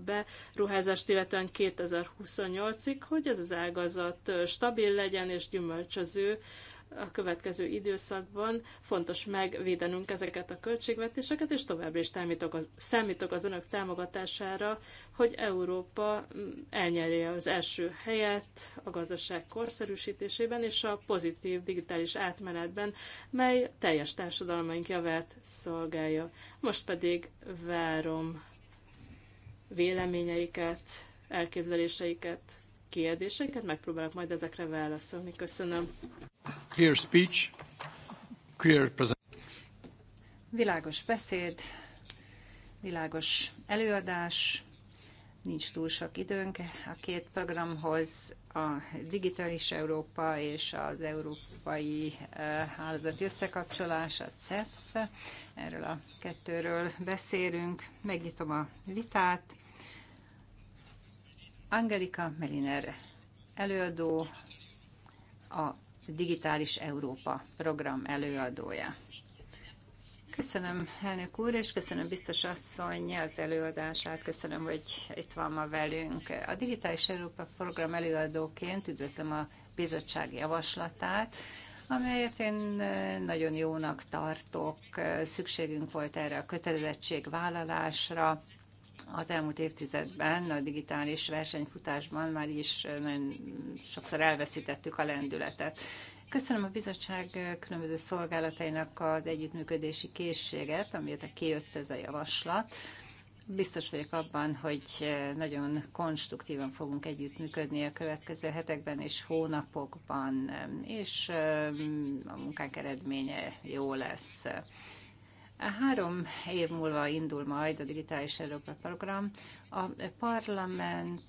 beruházást, illetően 2028-ig, hogy ez az ágazat stabil legyen és gyümölcsöző, a következő időszakban fontos megvédenünk ezeket a költségvetéseket, és továbbra is számítok az, számítok az önök támogatására, hogy Európa mm, elnyerje az első helyet a gazdaság korszerűsítésében és a pozitív digitális átmenetben, mely teljes társadalmaink javát szolgálja. Most pedig várom véleményeiket, elképzeléseiket kérdéseket, megpróbálok majd ezekre válaszolni. Köszönöm. Clear speech, clear present. Világos beszéd, világos előadás, nincs túl sok időnk a két programhoz, a Digitális Európa és az Európai eh, Hálózati Összekapcsolás, a CEF. Erről a kettőről beszélünk. Megnyitom a vitát. Angelika Meliner előadó, a Digitális Európa program előadója. Köszönöm, elnök úr, és köszönöm biztos asszony az előadását, köszönöm, hogy itt van ma velünk. A Digitális Európa program előadóként üdvözlöm a bizottság javaslatát, amelyet én nagyon jónak tartok. Szükségünk volt erre a kötelezettségvállalásra, az elmúlt évtizedben a digitális versenyfutásban már is nagyon sokszor elveszítettük a lendületet. Köszönöm a bizottság különböző szolgálatainak az együttműködési készséget, amiért kijött ez a javaslat. Biztos vagyok abban, hogy nagyon konstruktívan fogunk együttműködni a következő hetekben és hónapokban, és a munkánk eredménye jó lesz. Három év múlva indul majd a Digitális Európa Program. A parlament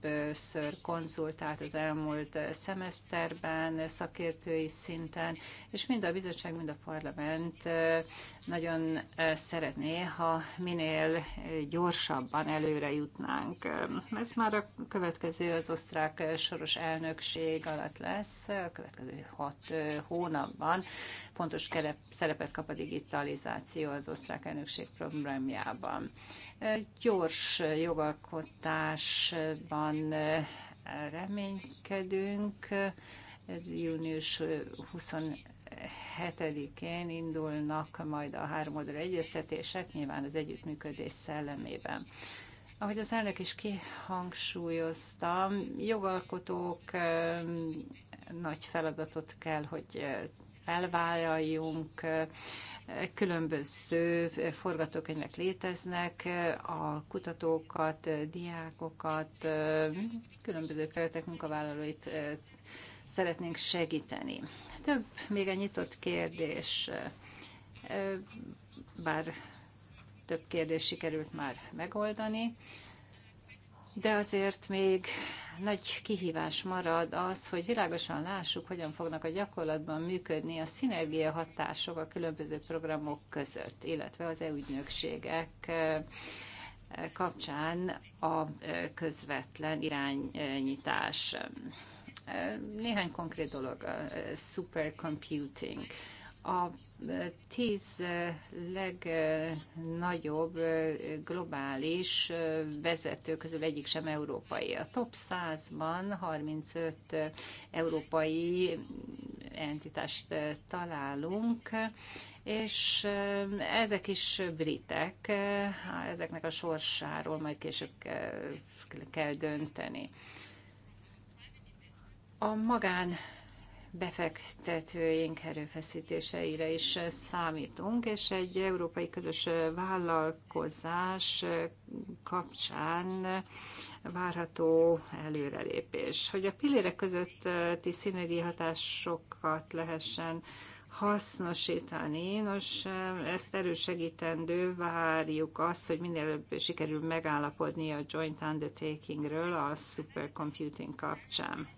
többször konzultált az elmúlt szemeszterben, szakértői szinten, és mind a bizottság, mind a parlament nagyon szeretné, ha minél gyorsabban előre jutnánk. Ez már a következő, az osztrák soros elnökség alatt lesz, a következő hat hónapban Pontos szerepet kap a digitalizáció az osztrák elnökség programjában. Gyors jogalkotás júniusban eh, reménykedünk. Ez június 27-én indulnak majd a háromodra egyeztetések, nyilván az együttműködés szellemében. Ahogy az elnök is kihangsúlyozta, jogalkotók eh, nagy feladatot kell, hogy eh, elvállaljunk, Különböző forgatókönyvek léteznek, a kutatókat, diákokat, különböző területek munkavállalóit szeretnénk segíteni. Több még a nyitott kérdés, bár több kérdés sikerült már megoldani de azért még nagy kihívás marad az, hogy világosan lássuk, hogyan fognak a gyakorlatban működni a szinergia hatások a különböző programok között, illetve az EU ügynökségek eh, kapcsán a eh, közvetlen irányítás. Eh, néhány konkrét dolog, a supercomputing a tíz legnagyobb globális vezető közül egyik sem európai. A top 100-ban 35 európai entitást találunk, és ezek is britek, ezeknek a sorsáról majd később kell dönteni. A magán befektetőink erőfeszítéseire is számítunk, és egy európai közös vállalkozás kapcsán várható előrelépés. Hogy a pillérek közötti szinergi hatásokat lehessen hasznosítani. Nos, ezt erősegítendő várjuk azt, hogy minél előbb sikerül megállapodni a joint undertakingről a supercomputing kapcsán.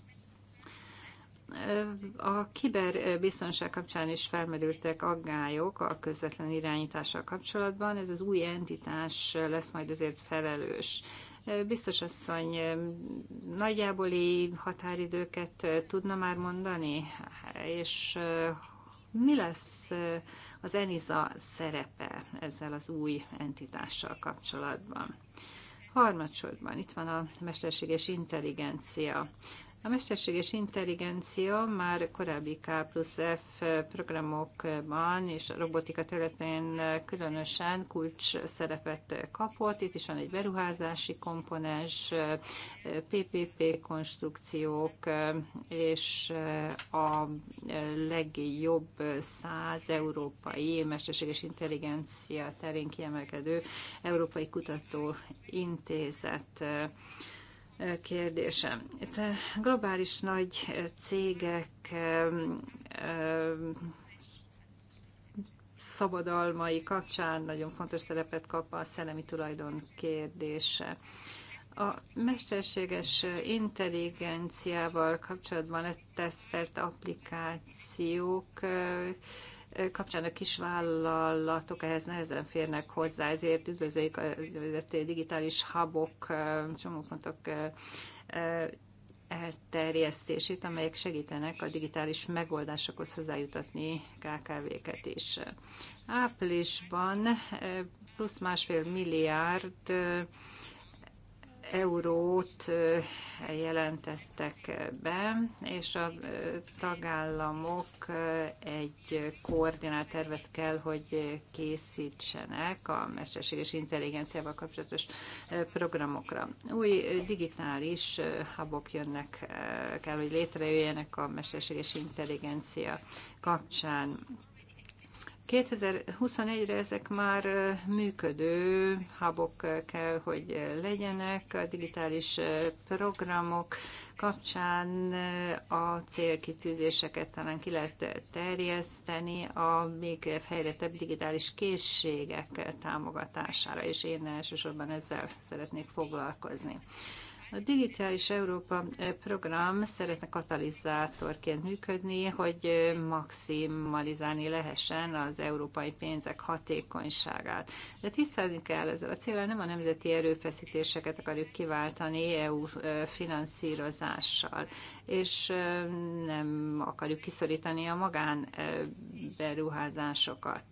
A kiberbiztonság kapcsán is felmerültek aggályok a közvetlen irányítással kapcsolatban. Ez az új entitás lesz majd ezért felelős. Biztos asszony, nagyjáboli határidőket tudna már mondani, és uh, mi lesz uh, az ENISA szerepe ezzel az új entitással kapcsolatban? Harmadsorban itt van a mesterséges intelligencia. A mesterséges intelligencia már korábbi K plusz F programokban és a robotika területén különösen kulcs szerepet kapott. Itt is van egy beruházási komponens, PPP konstrukciók és a legjobb száz európai mesterséges intelligencia terén kiemelkedő Európai Kutató Intézet kérdésem. Itt globális nagy cégek szabadalmai kapcsán nagyon fontos szerepet kap a szellemi tulajdon kérdése. A mesterséges intelligenciával kapcsolatban tesztelt applikációk kapcsán a kisvállalatok ehhez nehezen férnek hozzá, ezért üdvözöljük a digitális hubok, csomópontok elterjesztését, amelyek segítenek a digitális megoldásokhoz hozzájutatni KKV-ket is. Áprilisban plusz másfél milliárd eurót jelentettek be, és a tagállamok egy koordinált tervet kell, hogy készítsenek a mesterséges intelligenciával kapcsolatos programokra. Új digitális habok jönnek, kell, hogy létrejöjjenek a mesterséges intelligencia kapcsán 2021-re ezek már működő hábok kell, hogy legyenek. A digitális programok kapcsán a célkitűzéseket talán ki lehet terjeszteni a még fejlettebb digitális készségek támogatására, és én elsősorban ezzel szeretnék foglalkozni. A Digitális Európa eh, program szeretne katalizátorként működni, hogy eh, maximalizálni lehessen az európai pénzek hatékonyságát. De tisztázni kell ezzel a célral, nem a nemzeti erőfeszítéseket akarjuk kiváltani EU eh, finanszírozással, és nem akarjuk kiszorítani a magánberuházásokat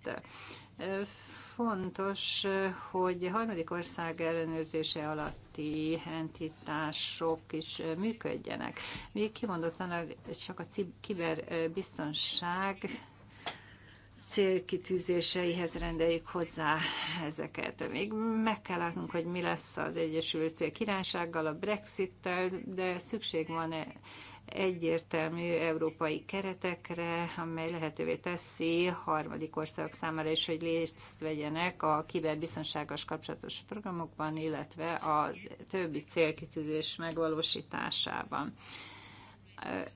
fontos, hogy a harmadik ország ellenőrzése alatti entitások is működjenek. Még kimondottan csak a kiberbiztonság célkitűzéseihez rendeljük hozzá ezeket. Még meg kell látnunk, hogy mi lesz az Egyesült Királysággal, a Brexittel, de szükség van -e egyértelmű európai keretekre, amely lehetővé teszi harmadik országok számára is, hogy részt vegyenek a kiberbiztonságos kapcsolatos programokban, illetve a többi célkitűzés megvalósításában.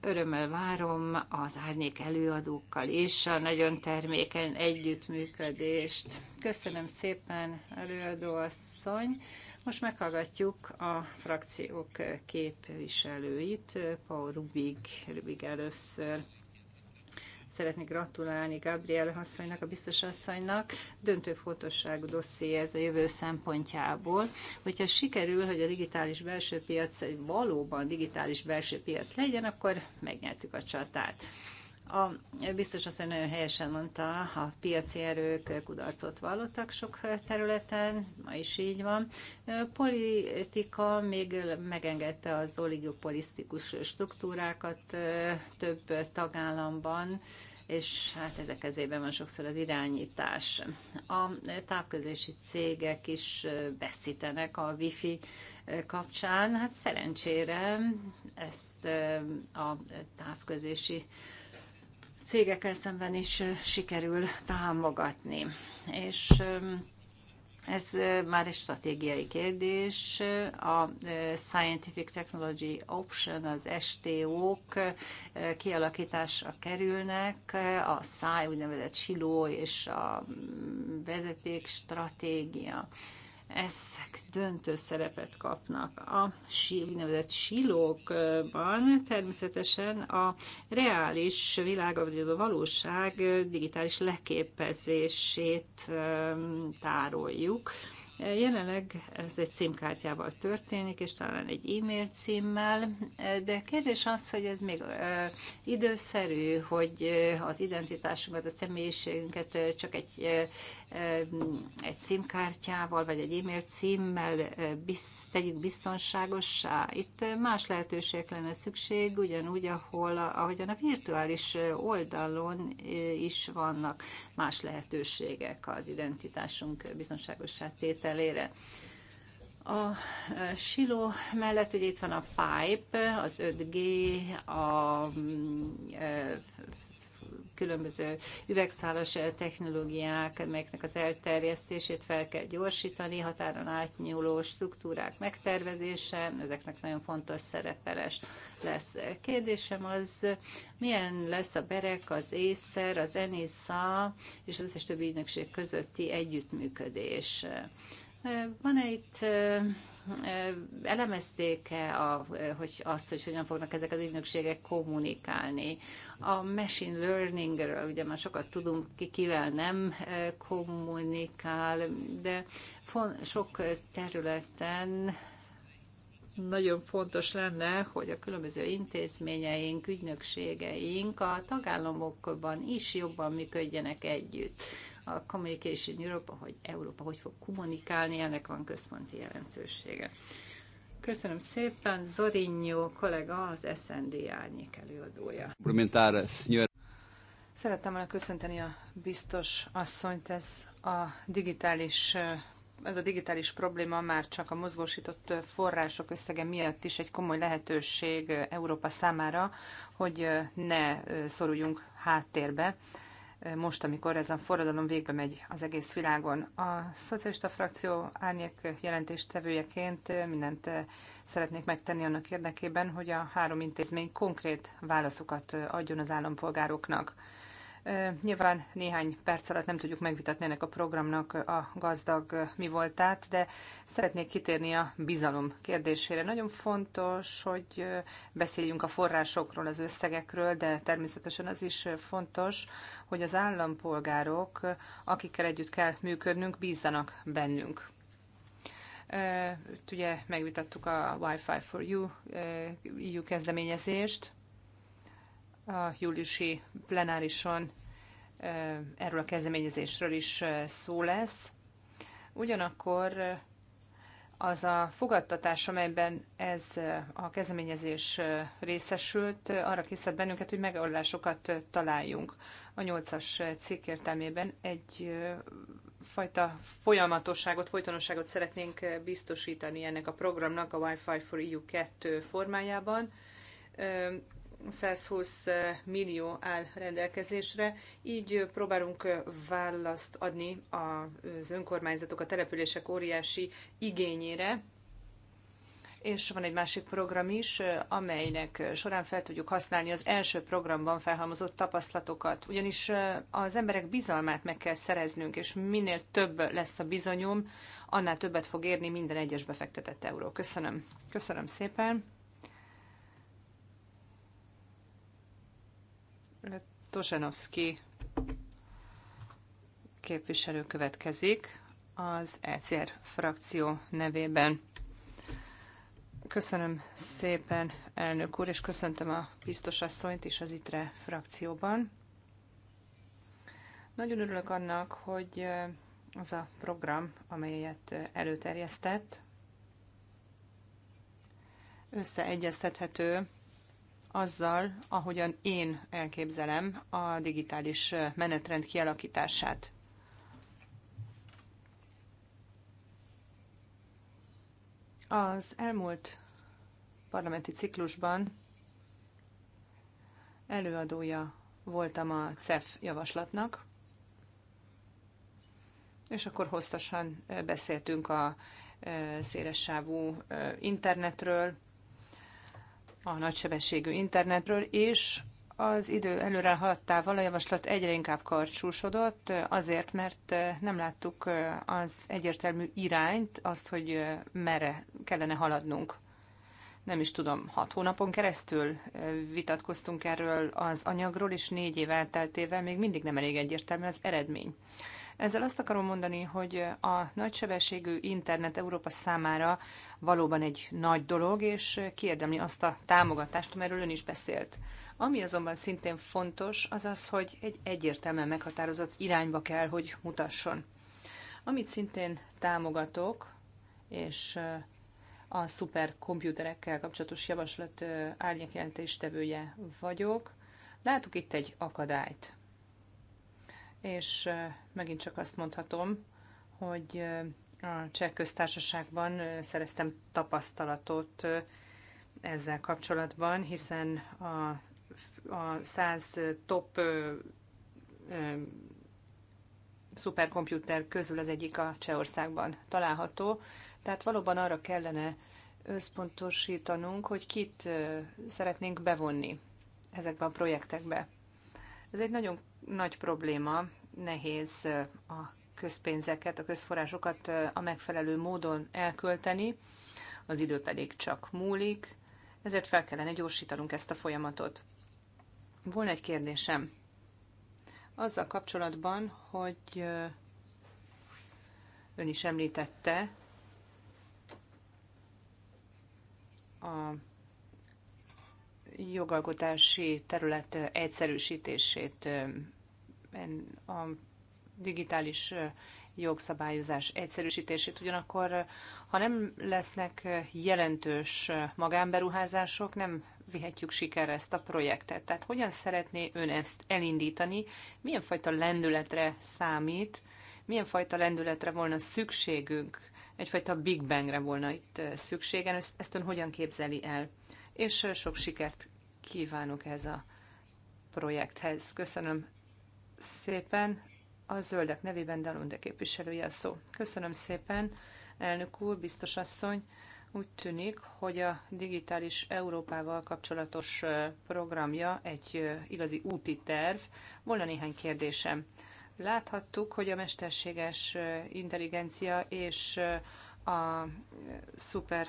Örömmel várom az árnyék előadókkal is a nagyon termékeny együttműködést. Köszönöm szépen, előadó Asszony! Most meghallgatjuk a frakciók képviselőit, Paul Rubig, Rubig először. Szeretnék gratulálni Gabriel asszonynak, a biztos asszonynak. Döntő fontosságú dosszié ez a jövő szempontjából. Hogyha sikerül, hogy a digitális belső piac egy valóban digitális belső piac legyen, akkor megnyertük a csatát. A biztos azt nagyon helyesen mondta, a piaci erők kudarcot vallottak sok területen, ma is így van. A politika még megengedte az oligopolisztikus struktúrákat több tagállamban, és hát ezek kezében van sokszor az irányítás. A távközlési cégek is veszítenek a wifi kapcsán. Hát szerencsére ezt a távközlési cégekkel szemben is sikerül támogatni. És ez már egy stratégiai kérdés. A Scientific Technology Option, az STO-k kialakításra kerülnek, a SZÁJ úgynevezett siló és a mm, vezeték stratégia ezek döntő szerepet kapnak. A úgynevezett silókban természetesen a reális világ, vagy a valóság digitális leképezését ehm, tároljuk Jelenleg ez egy címkártyával történik, és talán egy e-mail címmel, de kérdés az, hogy ez még időszerű, hogy az identitásunkat, a személyiségünket csak egy, egy címkártyával, vagy egy e-mail címmel tegyük biztonságossá. Itt más lehetőségek lenne szükség, ugyanúgy, ahol, ahogyan a virtuális oldalon is vannak más lehetőségek az identitásunk biztonságossá tétel vételére. A siló mellett ugye itt van a pipe, az 5G, a mm, különböző üvegszálas technológiák, melyeknek az elterjesztését fel kell gyorsítani, határon átnyúló struktúrák megtervezése, ezeknek nagyon fontos szerepeles lesz. Kérdésem az, milyen lesz a BEREK, az ÉSZER, az ENISZA és az összes többi ügynökség közötti együttműködés? Van-e itt elemezték-e a, hogy azt, hogy hogyan fognak ezek az ügynökségek kommunikálni? A machine learningről ugye már sokat tudunk, ki kivel nem kommunikál, de sok területen nagyon fontos lenne, hogy a különböző intézményeink, ügynökségeink a tagállamokban is jobban működjenek együtt a Communication Europe, hogy Európa hogy fog kommunikálni, ennek van központi jelentősége. Köszönöm szépen, Zorinyó kollega, az SND árnyék előadója. Szerettem volna köszönteni a biztos asszonyt, ez a digitális ez a digitális probléma már csak a mozgósított források összege miatt is egy komoly lehetőség Európa számára, hogy ne szoruljunk háttérbe most, amikor ez a forradalom végbe megy az egész világon. A szocialista frakció árnyék jelentéstevőjeként mindent eh, szeretnék megtenni annak érdekében, hogy a három intézmény konkrét válaszokat adjon az állampolgároknak Nyilván néhány perc alatt nem tudjuk megvitatni ennek a programnak a gazdag mi voltát, de szeretnék kitérni a bizalom kérdésére. Nagyon fontos, hogy beszéljünk a forrásokról, az összegekről, de természetesen az is fontos, hogy az állampolgárok, akikkel együtt kell működnünk, bízzanak bennünk. Ugye megvitattuk a Wi-Fi for You EU kezdeményezést, a júliusi plenárison erről a kezdeményezésről is szó lesz. Ugyanakkor az a fogadtatás, amelyben ez a kezdeményezés részesült, arra készített bennünket, hogy megoldásokat találjunk. A nyolcas cikk értelmében egy fajta folyamatosságot, folytonosságot szeretnénk biztosítani ennek a programnak a Wi-Fi for EU 2 formájában. 120 millió áll rendelkezésre, így próbálunk választ adni az önkormányzatok, a települések óriási igényére, és van egy másik program is, amelynek során fel tudjuk használni az első programban felhalmozott tapasztalatokat. Ugyanis az emberek bizalmát meg kell szereznünk, és minél több lesz a bizonyom, annál többet fog érni minden egyes befektetett euró. Köszönöm. Köszönöm szépen. Tosanovszki képviselő következik az ECR frakció nevében. Köszönöm szépen, elnök úr, és köszöntöm a biztos asszonyt is az ITRE frakcióban. Nagyon örülök annak, hogy az a program, amelyet előterjesztett, összeegyeztethető azzal, ahogyan én elképzelem a digitális menetrend kialakítását. Az elmúlt parlamenti ciklusban előadója voltam a CEF javaslatnak, és akkor hosszasan beszéltünk a szélessávú internetről, a nagysebességű internetről, és az idő előre haladtával a javaslat egyre inkább karcsúsodott, azért, mert eh, nem láttuk eh, az egyértelmű irányt, azt, hogy eh, merre kellene haladnunk. Nem is tudom, hat hónapon keresztül vitatkoztunk erről az anyagról, és négy év elteltével még mindig nem elég egyértelmű az eredmény. Ezzel azt akarom mondani, hogy a nagysebességű internet Európa számára valóban egy nagy dolog, és kiérdemli azt a támogatást, amiről ön is beszélt. Ami azonban szintén fontos, az az, hogy egy egyértelműen meghatározott irányba kell, hogy mutasson. Amit szintén támogatok, és a szuperkomputerekkel kapcsolatos javaslat árnyékjelentéstevője vagyok. Látok itt egy akadályt és megint csak azt mondhatom, hogy a cseh köztársaságban szereztem tapasztalatot ezzel kapcsolatban, hiszen a, a 100 top ö, ö, szuperkomputer közül az egyik a Csehországban található. Tehát valóban arra kellene összpontosítanunk, hogy kit szeretnénk bevonni ezekbe a projektekbe. Ez egy nagyon nagy probléma, nehéz a közpénzeket, a közforrásokat a megfelelő módon elkölteni, az idő pedig csak múlik, ezért fel kellene gyorsítanunk ezt a folyamatot. Volna egy kérdésem azzal kapcsolatban, hogy ön is említette a jogalkotási terület egyszerűsítését, a digitális jogszabályozás egyszerűsítését. Ugyanakkor, ha nem lesznek jelentős magánberuházások, nem vihetjük sikerre ezt a projektet. Tehát hogyan szeretné ön ezt elindítani, milyen fajta lendületre számít, milyen fajta lendületre volna szükségünk, egyfajta Big Bangre volna itt szükségen, ezt ön hogyan képzeli el? és sok sikert kívánok ez a projekthez. Köszönöm szépen. A zöldek nevében Dalunde képviselője a szó. Köszönöm szépen, elnök úr, biztos asszony. Úgy tűnik, hogy a digitális Európával kapcsolatos programja egy igazi úti terv. Volna néhány kérdésem. Láthattuk, hogy a mesterséges intelligencia és a szuper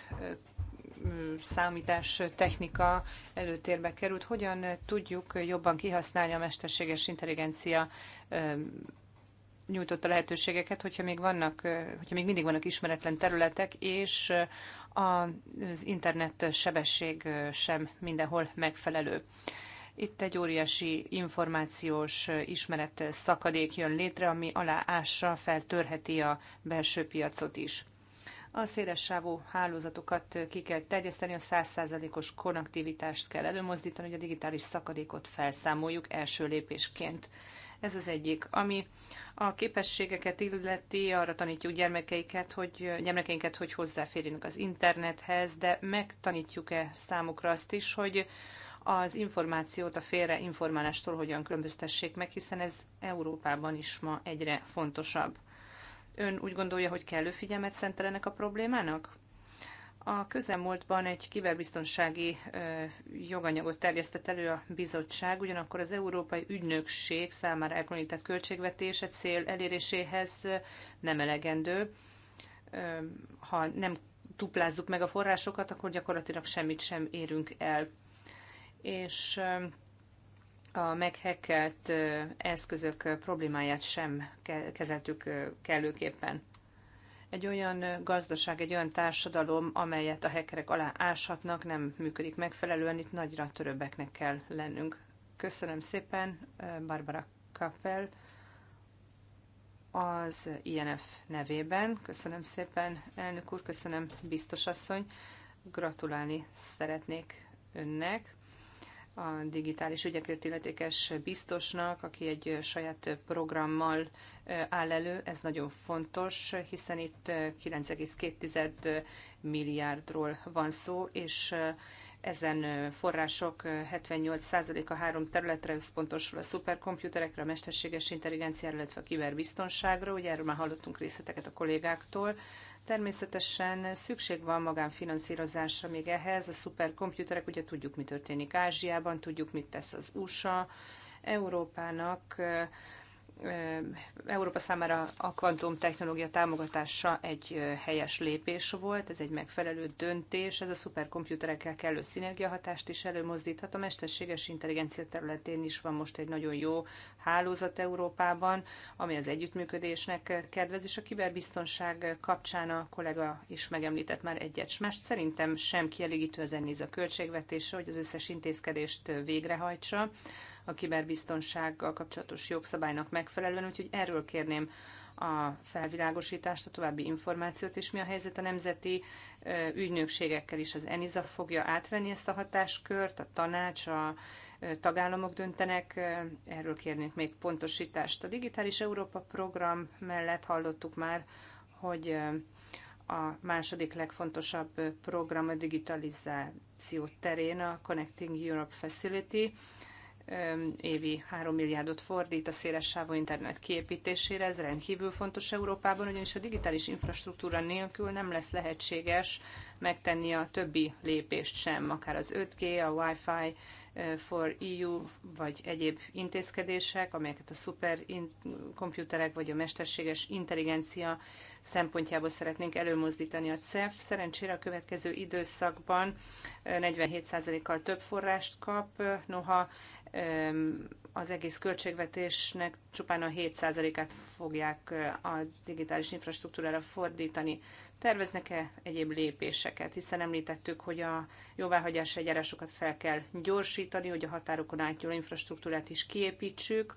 számítás technika előtérbe került, hogyan tudjuk jobban kihasználni a mesterséges intelligencia nyújtotta lehetőségeket, hogyha még, vannak, hogyha még mindig vannak ismeretlen területek, és az internet sebesség sem mindenhol megfelelő. Itt egy óriási információs ismeret szakadék jön létre, ami aláássa, feltörheti a belső piacot is. A széles sávú hálózatokat ki kell terjeszteni, a 100%-os konnektivitást kell előmozdítani, hogy a digitális szakadékot felszámoljuk első lépésként. Ez az egyik. Ami a képességeket illeti, arra tanítjuk gyermekeiket, hogy, gyermekeinket, hogy hozzáférjenek az internethez, de megtanítjuk-e számukra azt is, hogy az információt a informálástól hogyan különböztessék meg, hiszen ez Európában is ma egyre fontosabb. Ön úgy gondolja, hogy kellő figyelmet szentelenek a problémának? A közelmúltban egy kiberbiztonsági joganyagot terjesztett elő a bizottság, ugyanakkor az Európai Ügynökség számára elkülönített költségvetése cél eléréséhez nem elegendő. Ha nem duplázzuk meg a forrásokat, akkor gyakorlatilag semmit sem érünk el. És a meghekkelt eszközök problémáját sem kezeltük kellőképpen. Egy olyan gazdaság, egy olyan társadalom, amelyet a hekerek alá áshatnak, nem működik megfelelően, itt nagyra törőbbeknek kell lennünk. Köszönöm szépen, Barbara Kappel az INF nevében. Köszönöm szépen, elnök úr, köszönöm, biztos asszony. Gratulálni szeretnék önnek a digitális ügyekért illetékes biztosnak, aki egy saját programmal áll elő. Ez nagyon fontos, hiszen itt 9,2 milliárdról van szó, és ezen források 78%-a három területre összpontosul a szuperkomputerekre, a mesterséges intelligenciára, illetve a kiberbiztonságra. Ugye erről már hallottunk részleteket a kollégáktól. Természetesen szükség van magánfinanszírozásra még ehhez. A szuperkomputerek, ugye tudjuk, mi történik Ázsiában, tudjuk, mit tesz az USA. Európának Európa számára a kvantum technológia támogatása egy helyes lépés volt, ez egy megfelelő döntés, ez a szuperkomputerekkel kellő szinergiahatást is előmozdíthat. A mesterséges intelligencia területén is van most egy nagyon jó hálózat Európában, ami az együttműködésnek kedvez, és a kiberbiztonság kapcsán a kollega is megemlített már egyet s Szerintem sem kielégítő az ennéz a költségvetése, hogy az összes intézkedést végrehajtsa a kiberbiztonsággal kapcsolatos jogszabálynak megfelelően, úgyhogy erről kérném a felvilágosítást, a további információt, és mi a helyzet a nemzeti ügynökségekkel is. Az ENISA fogja átvenni ezt a hatáskört, a tanács, a tagállamok döntenek, erről kérnék még pontosítást. A Digitális Európa program mellett hallottuk már, hogy a második legfontosabb program a digitalizáció terén a Connecting Europe Facility évi 3 milliárdot fordít a széles sávú internet kiépítésére. Ez rendkívül fontos Európában, ugyanis a digitális infrastruktúra nélkül nem lesz lehetséges megtenni a többi lépést sem, akár az 5G, a Wi-Fi for EU, vagy egyéb intézkedések, amelyeket a szuperkomputerek vagy a mesterséges intelligencia szempontjából szeretnénk előmozdítani a CEF. Szerencsére a következő időszakban 47%-kal több forrást kap, noha az egész költségvetésnek csupán a 7%-át fogják a digitális infrastruktúrára fordítani. Terveznek-e egyéb lépéseket? Hiszen említettük, hogy a jóváhagyás eljárásokat fel kell gyorsítani, hogy a határokon átnyúló infrastruktúrát is kiépítsük,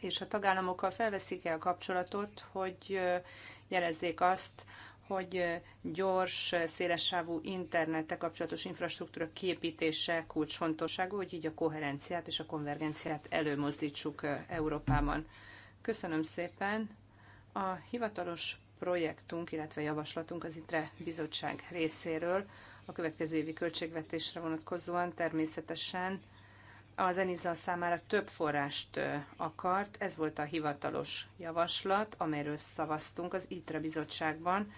és a tagállamokkal felveszik-e a kapcsolatot, hogy jelezzék azt, hogy gyors, szélessávú internettel kapcsolatos infrastruktúra képítése kulcsfontosságú, hogy így a koherenciát és a konvergenciát előmozdítsuk Európában. Köszönöm szépen! A hivatalos projektunk, illetve javaslatunk az ITRE bizottság részéről a következő évi költségvetésre vonatkozóan természetesen az ENISA számára több forrást akart. Ez volt a hivatalos javaslat, amelyről szavaztunk az ITRE bizottságban,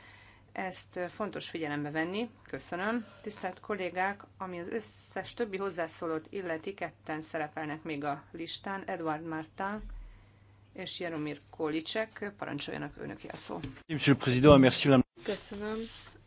ezt fontos figyelembe venni. Köszönöm. Tisztelt kollégák, ami az összes többi hozzászólót illeti, ketten szerepelnek még a listán. Edward Martin és Jaromir Kolicek. Parancsoljanak önöki a szó. Köszönöm.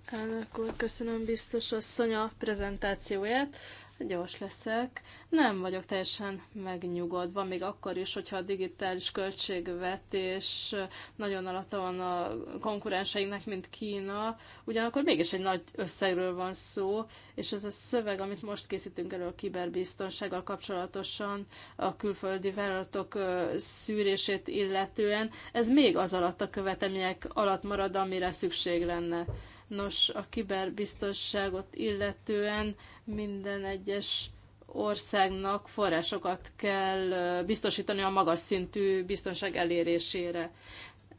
Elnök úr, köszönöm biztos asszony a prezentációját gyors leszek. Nem vagyok teljesen megnyugodva, még akkor is, hogyha a digitális költségvetés nagyon alatta van a konkurenseinknek, mint Kína, ugyanakkor mégis egy nagy összegről van szó, és ez a szöveg, amit most készítünk elő a kiberbiztonsággal kapcsolatosan, a külföldi vállalatok szűrését illetően, ez még az alatt a követemények alatt marad, amire szükség lenne. Nos, a kiberbiztonságot illetően minden egyes országnak forrásokat kell biztosítani a magas szintű biztonság elérésére.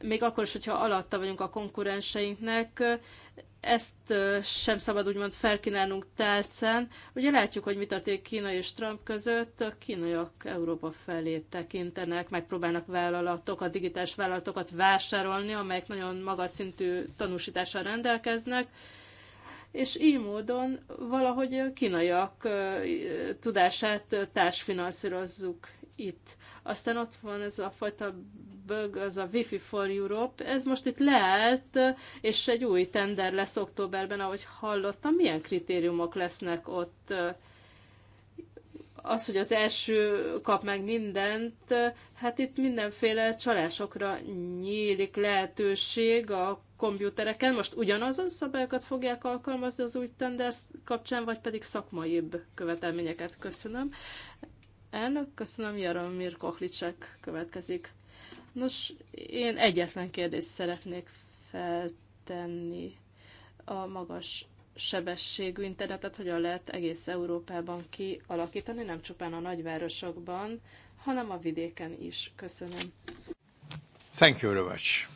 Még akkor is, hogyha alatta vagyunk a konkurenseinknek, ezt sem szabad úgymond felkínálnunk tálcán. Ugye látjuk, hogy mi történik Kína és Trump között. A kínaiak Európa felé tekintenek, megpróbálnak vállalatokat, digitális vállalatokat vásárolni, amelyek nagyon magas szintű tanúsítással rendelkeznek és így módon valahogy a kínaiak tudását társfinanszírozzuk itt. Aztán ott van ez a fajta bög, az a Wi-Fi for Europe, ez most itt leállt, és egy új tender lesz októberben, ahogy hallottam, milyen kritériumok lesznek ott az, hogy az első kap meg mindent, hát itt mindenféle csalásokra nyílik lehetőség a komputereken. Most a szabályokat fogják alkalmazni az új tender kapcsán, vagy pedig szakmaibb követelményeket? Köszönöm. Elnök, köszönöm, Jaromir Kohlicek következik. Nos, én egyetlen kérdést szeretnék feltenni a magas sebességű internetet hogyan lehet egész Európában kialakítani, nem csupán a nagyvárosokban, hanem a vidéken is. Köszönöm. Thank you very much.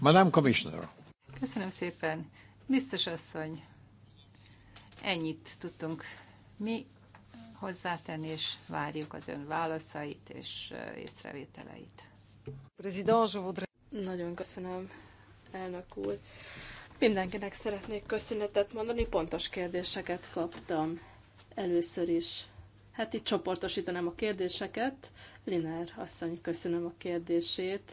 Madame Commissioner. Köszönöm szépen. Biztos asszony, ennyit tudtunk mi hozzátenni, és várjuk az ön válaszait és észrevételeit. Nagyon köszönöm, elnök úr. Mindenkinek szeretnék köszönetet mondani, pontos kérdéseket kaptam először is. Hát itt csoportosítanám a kérdéseket. Linár asszony, köszönöm a kérdését.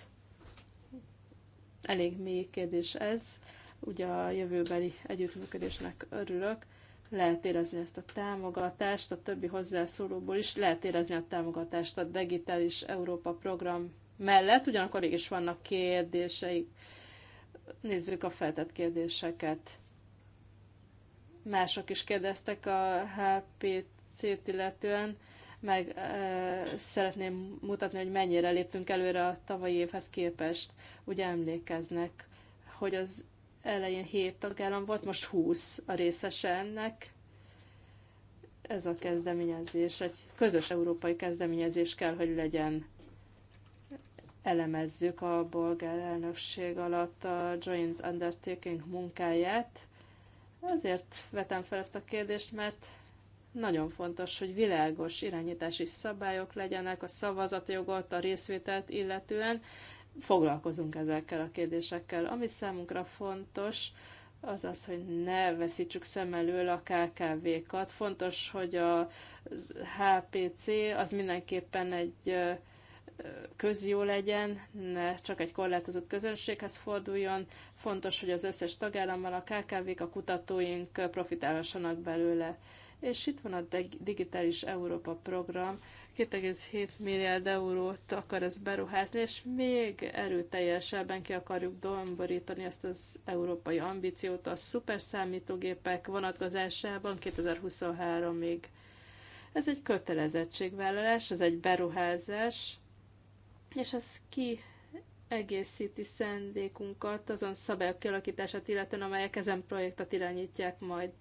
Elég mély kérdés ez. Ugye a jövőbeli együttműködésnek örülök lehet érezni ezt a támogatást, a többi hozzászólóból is lehet érezni a támogatást a Digitális Európa program mellett, ugyanakkor is vannak kérdéseik. Nézzük a feltett kérdéseket. Mások is kérdeztek a HPC-t illetően, meg e, szeretném mutatni, hogy mennyire léptünk előre a tavalyi évhez képest. Ugye emlékeznek, hogy az elején 7 tagállam volt, most 20 a részese ennek. Ez a kezdeményezés, egy közös európai kezdeményezés kell, hogy legyen. Elemezzük a bolgár elnökség alatt a Joint Undertaking munkáját. Azért vetem fel ezt a kérdést, mert nagyon fontos, hogy világos irányítási szabályok legyenek a szavazatjogot, a részvételt illetően, foglalkozunk ezekkel a kérdésekkel. Ami számunkra fontos, az az, hogy ne veszítsük szem elől a KKV-kat. Fontos, hogy a HPC az mindenképpen egy közjó legyen, ne csak egy korlátozott közönséghez forduljon. Fontos, hogy az összes tagállammal a KKV-k, a kutatóink profitálhassanak belőle. És itt van a Digitális Európa program, 2,7 milliárd eurót akar ez beruházni, és még erőteljesebben ki akarjuk domborítani ezt az európai ambíciót a szuperszámítógépek vonatkozásában 2023-ig. Ez egy kötelezettségvállalás, ez egy beruházás, és ez ki egészíti szendékunkat azon szabályok kialakítását illetően, amelyek ezen projektet irányítják majd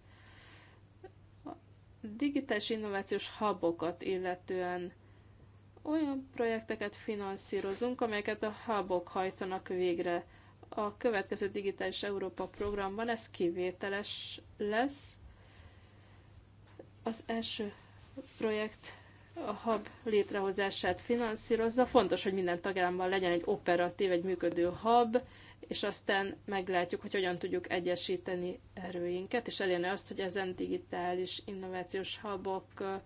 digitális innovációs habokat illetően olyan projekteket finanszírozunk, amelyeket a hubok hajtanak végre. A következő Digitális Európa programban ez kivételes lesz. Az első projekt a hab létrehozását finanszírozza. Fontos, hogy minden tagállamban legyen egy operatív, egy működő hab, és aztán meglátjuk, hogy hogyan tudjuk egyesíteni erőinket, és elérni azt, hogy ezen digitális innovációs habok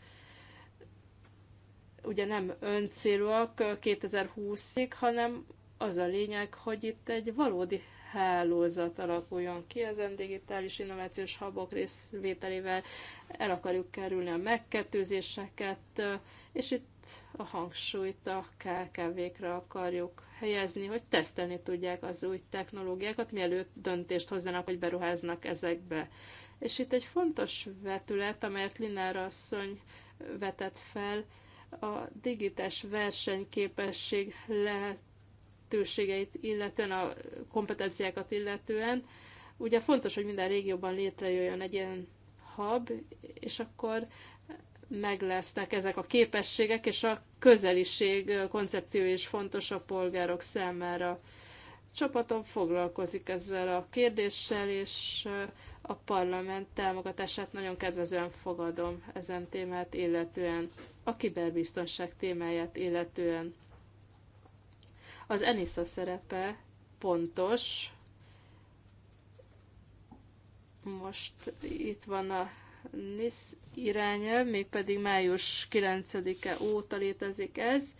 ugye nem öncélúak 2020-ig, hanem az a lényeg, hogy itt egy valódi hálózat alakuljon ki ezen digitális innovációs habok részvételével, el akarjuk kerülni a megkettőzéseket, és itt a hangsúlyt a KKV-kre akarjuk helyezni, hogy tesztelni tudják az új technológiákat, mielőtt döntést hozzanak, hogy beruháznak ezekbe. És itt egy fontos vetület, amelyet Linára asszony vetett fel, a digitális versenyképesség lehet lehetőségeit illetően, a kompetenciákat illetően. Ugye fontos, hogy minden régióban létrejöjjön egy ilyen hub, és akkor meg lesznek ezek a képességek, és a közeliség koncepció is fontos a polgárok számára. Csapatom foglalkozik ezzel a kérdéssel, és a parlament támogatását nagyon kedvezően fogadom ezen témát illetően, a kiberbiztonság témáját illetően. Az Enisza szerepe pontos. Most itt van a NISZ irányelv, mégpedig május 9-e óta létezik ez.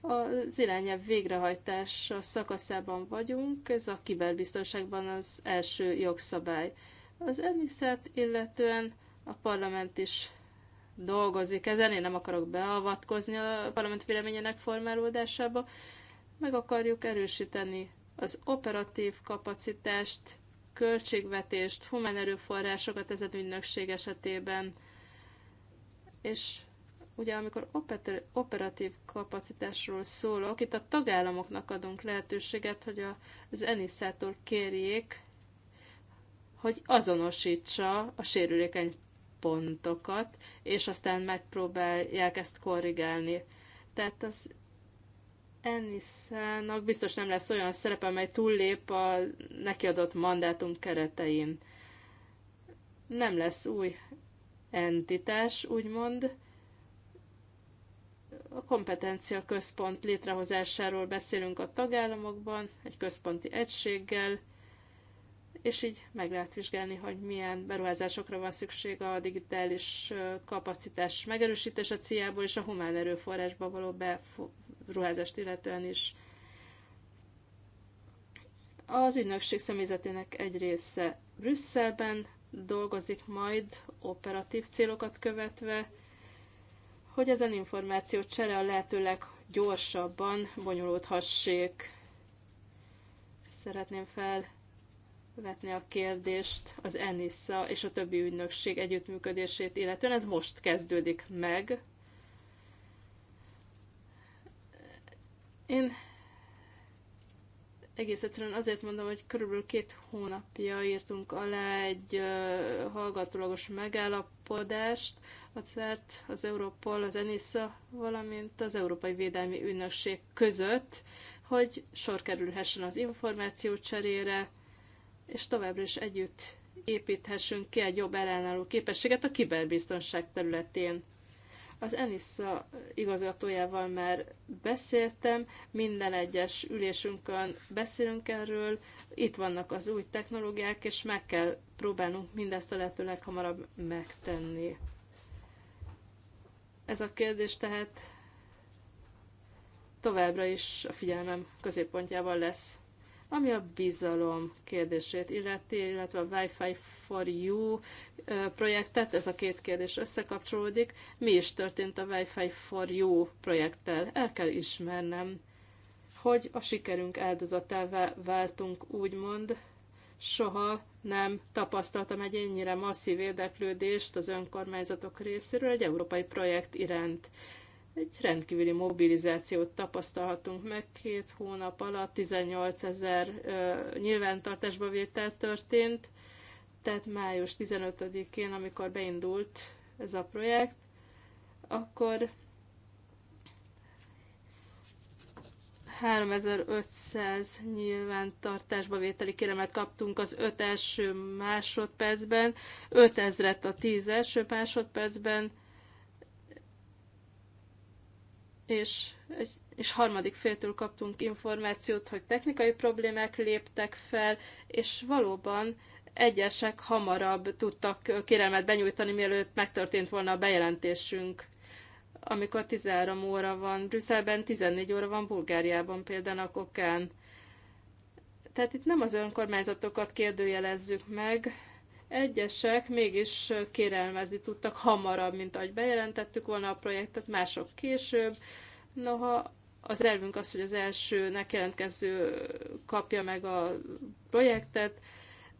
Az irányelv végrehajtása szakaszában vagyunk, ez a kiberbiztonságban az első jogszabály. Az emiszet illetően a parlament is dolgozik ezen, én nem akarok beavatkozni a parlament véleményének formálódásába, meg akarjuk erősíteni az operatív kapacitást, költségvetést, humán erőforrásokat az ügynökség esetében. És ugye amikor operatív kapacitásról szólok, itt a tagállamoknak adunk lehetőséget, hogy az Eniszától kérjék, hogy azonosítsa a sérülékeny pontokat, és aztán megpróbálják ezt korrigálni. Tehát az Ennisnak biztos nem lesz olyan szerepe, amely túllép a neki adott mandátum keretein. Nem lesz új entitás, úgymond. A kompetencia központ létrehozásáról beszélünk a tagállamokban, egy központi egységgel, és így meg lehet vizsgálni, hogy milyen beruházásokra van szükség a digitális kapacitás megerősítése céljából, és a humán erőforrásba való beruházást illetően is. Az ügynökség személyzetének egy része Brüsszelben dolgozik majd operatív célokat követve, hogy ezen információt csere a lehetőleg gyorsabban bonyolódhassék. Szeretném fel vetni a kérdést az ENISZA és a többi ügynökség együttműködését illetően. Ez most kezdődik meg. Én egész egyszerűen azért mondom, hogy körülbelül két hónapja írtunk alá egy uh, hallgatólagos megállapodást, a CERT, az Európol, az ENISZA, valamint az Európai Védelmi Ügynökség között, hogy sor kerülhessen az információ cserére, és továbbra is együtt építhessünk ki egy jobb ellenálló képességet a kiberbiztonság területén. Az ENISZA igazgatójával már beszéltem, minden egyes ülésünkön beszélünk erről, itt vannak az új technológiák, és meg kell próbálnunk mindezt a lehető leghamarabb megtenni. Ez a kérdés tehát továbbra is a figyelmem középpontjában lesz. Ami a bizalom kérdését illeti, illetve a Wi-Fi for You projektet, ez a két kérdés összekapcsolódik. Mi is történt a Wi-Fi for You projekttel? El kell ismernem, hogy a sikerünk áldozatává váltunk, úgymond, soha nem tapasztaltam egy ennyire masszív érdeklődést az önkormányzatok részéről egy európai projekt iránt egy rendkívüli mobilizációt tapasztalhatunk meg. Két hónap alatt 18 ezer nyilvántartásba vétel történt, tehát május 15-én, amikor beindult ez a projekt, akkor 3500 nyilvántartásba vételi kéremet kaptunk az 5 első másodpercben, 5000-et a 10 első másodpercben, és, és harmadik féltől kaptunk információt, hogy technikai problémák léptek fel, és valóban egyesek hamarabb tudtak kérelmet benyújtani, mielőtt megtörtént volna a bejelentésünk. Amikor 13 óra van Brüsszelben, 14 óra van Bulgáriában például a kokán. Tehát itt nem az önkormányzatokat kérdőjelezzük meg, Egyesek mégis kérelmezni tudtak hamarabb, mint ahogy bejelentettük volna a projektet, mások később. Noha az elvünk az, hogy az elsőnek jelentkező kapja meg a projektet,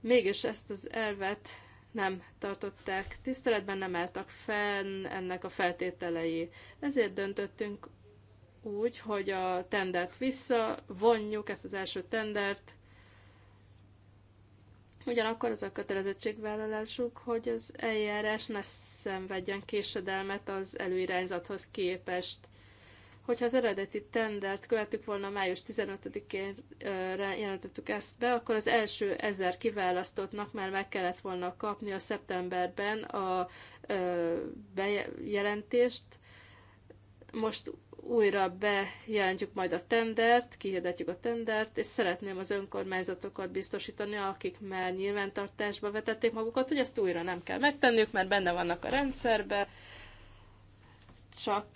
mégis ezt az elvet nem tartották tiszteletben, nem álltak fenn ennek a feltételei. Ezért döntöttünk úgy, hogy a tendert visszavonjuk, ezt az első tendert, Ugyanakkor az a kötelezettségvállalásuk, hogy az eljárás ne szenvedjen késedelmet az előirányzathoz képest. Hogyha az eredeti tendert követtük volna május 15-én jelentettük ezt be, akkor az első ezer kiválasztottnak már meg kellett volna kapni a szeptemberben a bejelentést. Most újra bejelentjük majd a tendert, kihirdetjük a tendert, és szeretném az önkormányzatokat biztosítani, akik már nyilvántartásba vetették magukat, hogy ezt újra nem kell megtenniük, mert benne vannak a rendszerbe, csak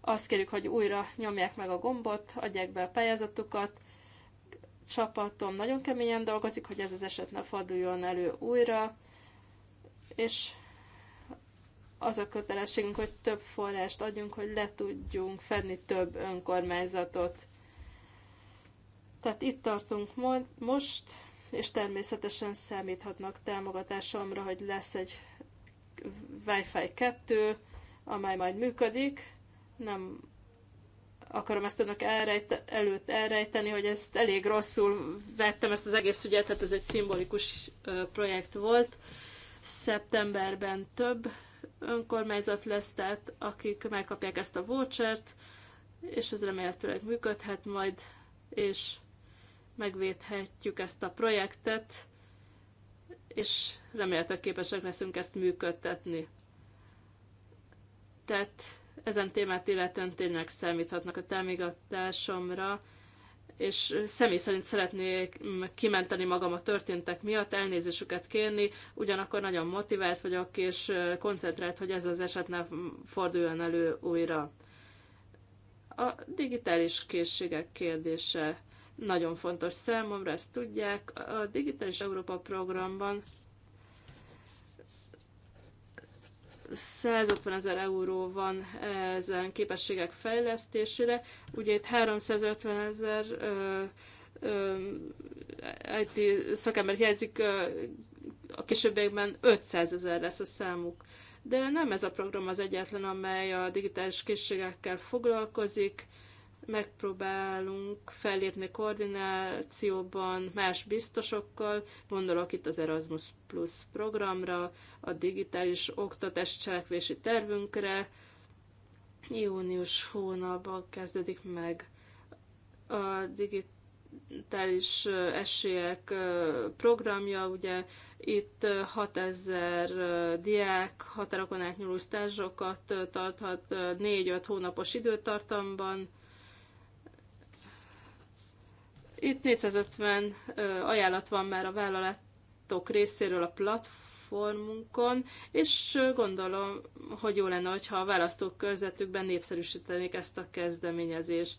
azt kérjük, hogy újra nyomják meg a gombot, adják be a pályázatukat. Csapatom nagyon keményen dolgozik, hogy ez az eset ne forduljon elő újra, és az a kötelességünk, hogy több forrást adjunk, hogy le tudjunk fedni több önkormányzatot. Tehát itt tartunk most, és természetesen számíthatnak támogatásomra, hogy lesz egy Wi-Fi 2, amely majd működik. Nem akarom ezt önök elrejte, előtt elrejteni, hogy ezt elég rosszul vettem ezt az egész ügyet, tehát ez egy szimbolikus projekt volt. Szeptemberben több önkormányzat lesz, tehát akik megkapják ezt a vouchert, és ez remélhetőleg működhet majd, és megvédhetjük ezt a projektet, és remélhetőleg képesek leszünk ezt működtetni. Tehát ezen témát illetően tényleg számíthatnak a támogatásomra, és személy szerint szeretnék mm, kimenteni magam a történtek miatt, elnézésüket kérni, ugyanakkor nagyon motivált vagyok, és koncentrált, hogy ez az eset ne forduljon elő újra. A digitális készségek kérdése nagyon fontos számomra, ezt tudják. A Digitális Európa programban 150 ezer euró van ezen képességek fejlesztésére. Ugye itt 350 ezer IT szakember hiányzik, a későbbiekben 500 ezer lesz a számuk. De nem ez a program az egyetlen, amely a digitális készségekkel foglalkozik megpróbálunk fellépni koordinációban más biztosokkal, gondolok itt az Erasmus Plus programra, a digitális oktatás cselekvési tervünkre. Június hónapban kezdődik meg a digitális esélyek programja, ugye itt 6000 diák határokon átnyúló stázsokat tarthat 4-5 hónapos időtartamban, itt 450 ajánlat van már a vállalatok részéről a platformunkon, és gondolom, hogy jó lenne, hogyha a választók körzetükben népszerűsítenék ezt a kezdeményezést.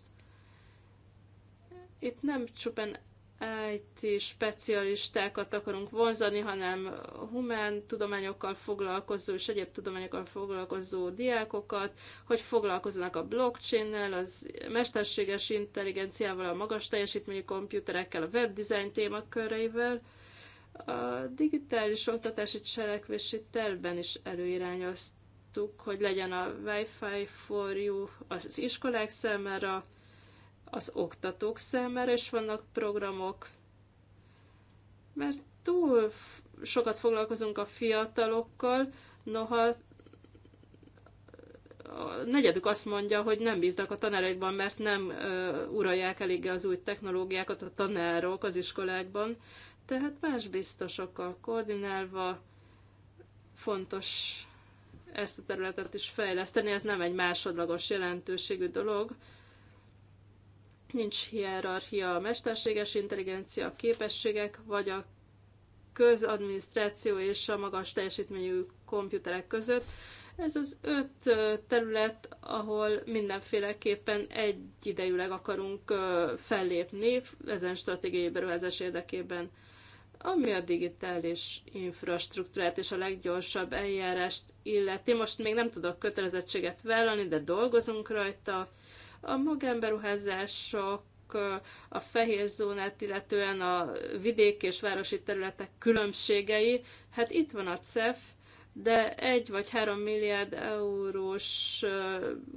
Itt nem csupán IT specialistákat akarunk vonzani, hanem humán tudományokkal foglalkozó és egyéb tudományokkal foglalkozó diákokat, hogy foglalkozzanak a blockchain-nel, az mesterséges intelligenciával, a magas teljesítményű komputerekkel, a webdesign témaköreivel. A digitális oktatási cselekvési tervben is előirányoztuk, hogy legyen a Wi-Fi for you az iskolák számára, az oktatók számára is vannak programok, mert túl sokat foglalkozunk a fiatalokkal, noha a negyedük azt mondja, hogy nem bíznak a tanárokban, mert nem ö, uralják eléggé az új technológiákat a tanárok az iskolákban. Tehát más biztosokkal koordinálva fontos ezt a területet is fejleszteni. Ez nem egy másodlagos jelentőségű dolog, Nincs hierarchia a mesterséges intelligencia, a képességek vagy a közadminisztráció és a magas teljesítményű komputerek között. Ez az öt terület, ahol mindenféleképpen egyidejűleg akarunk fellépni ezen stratégiai beruházás érdekében, ami a digitális infrastruktúrát és a leggyorsabb eljárást illeti. Most még nem tudok kötelezettséget vállalni, de dolgozunk rajta a magánberuházások a fehér zónát, illetően a vidéki és városi területek különbségei. Hát itt van a CEF, de egy vagy három milliárd eurós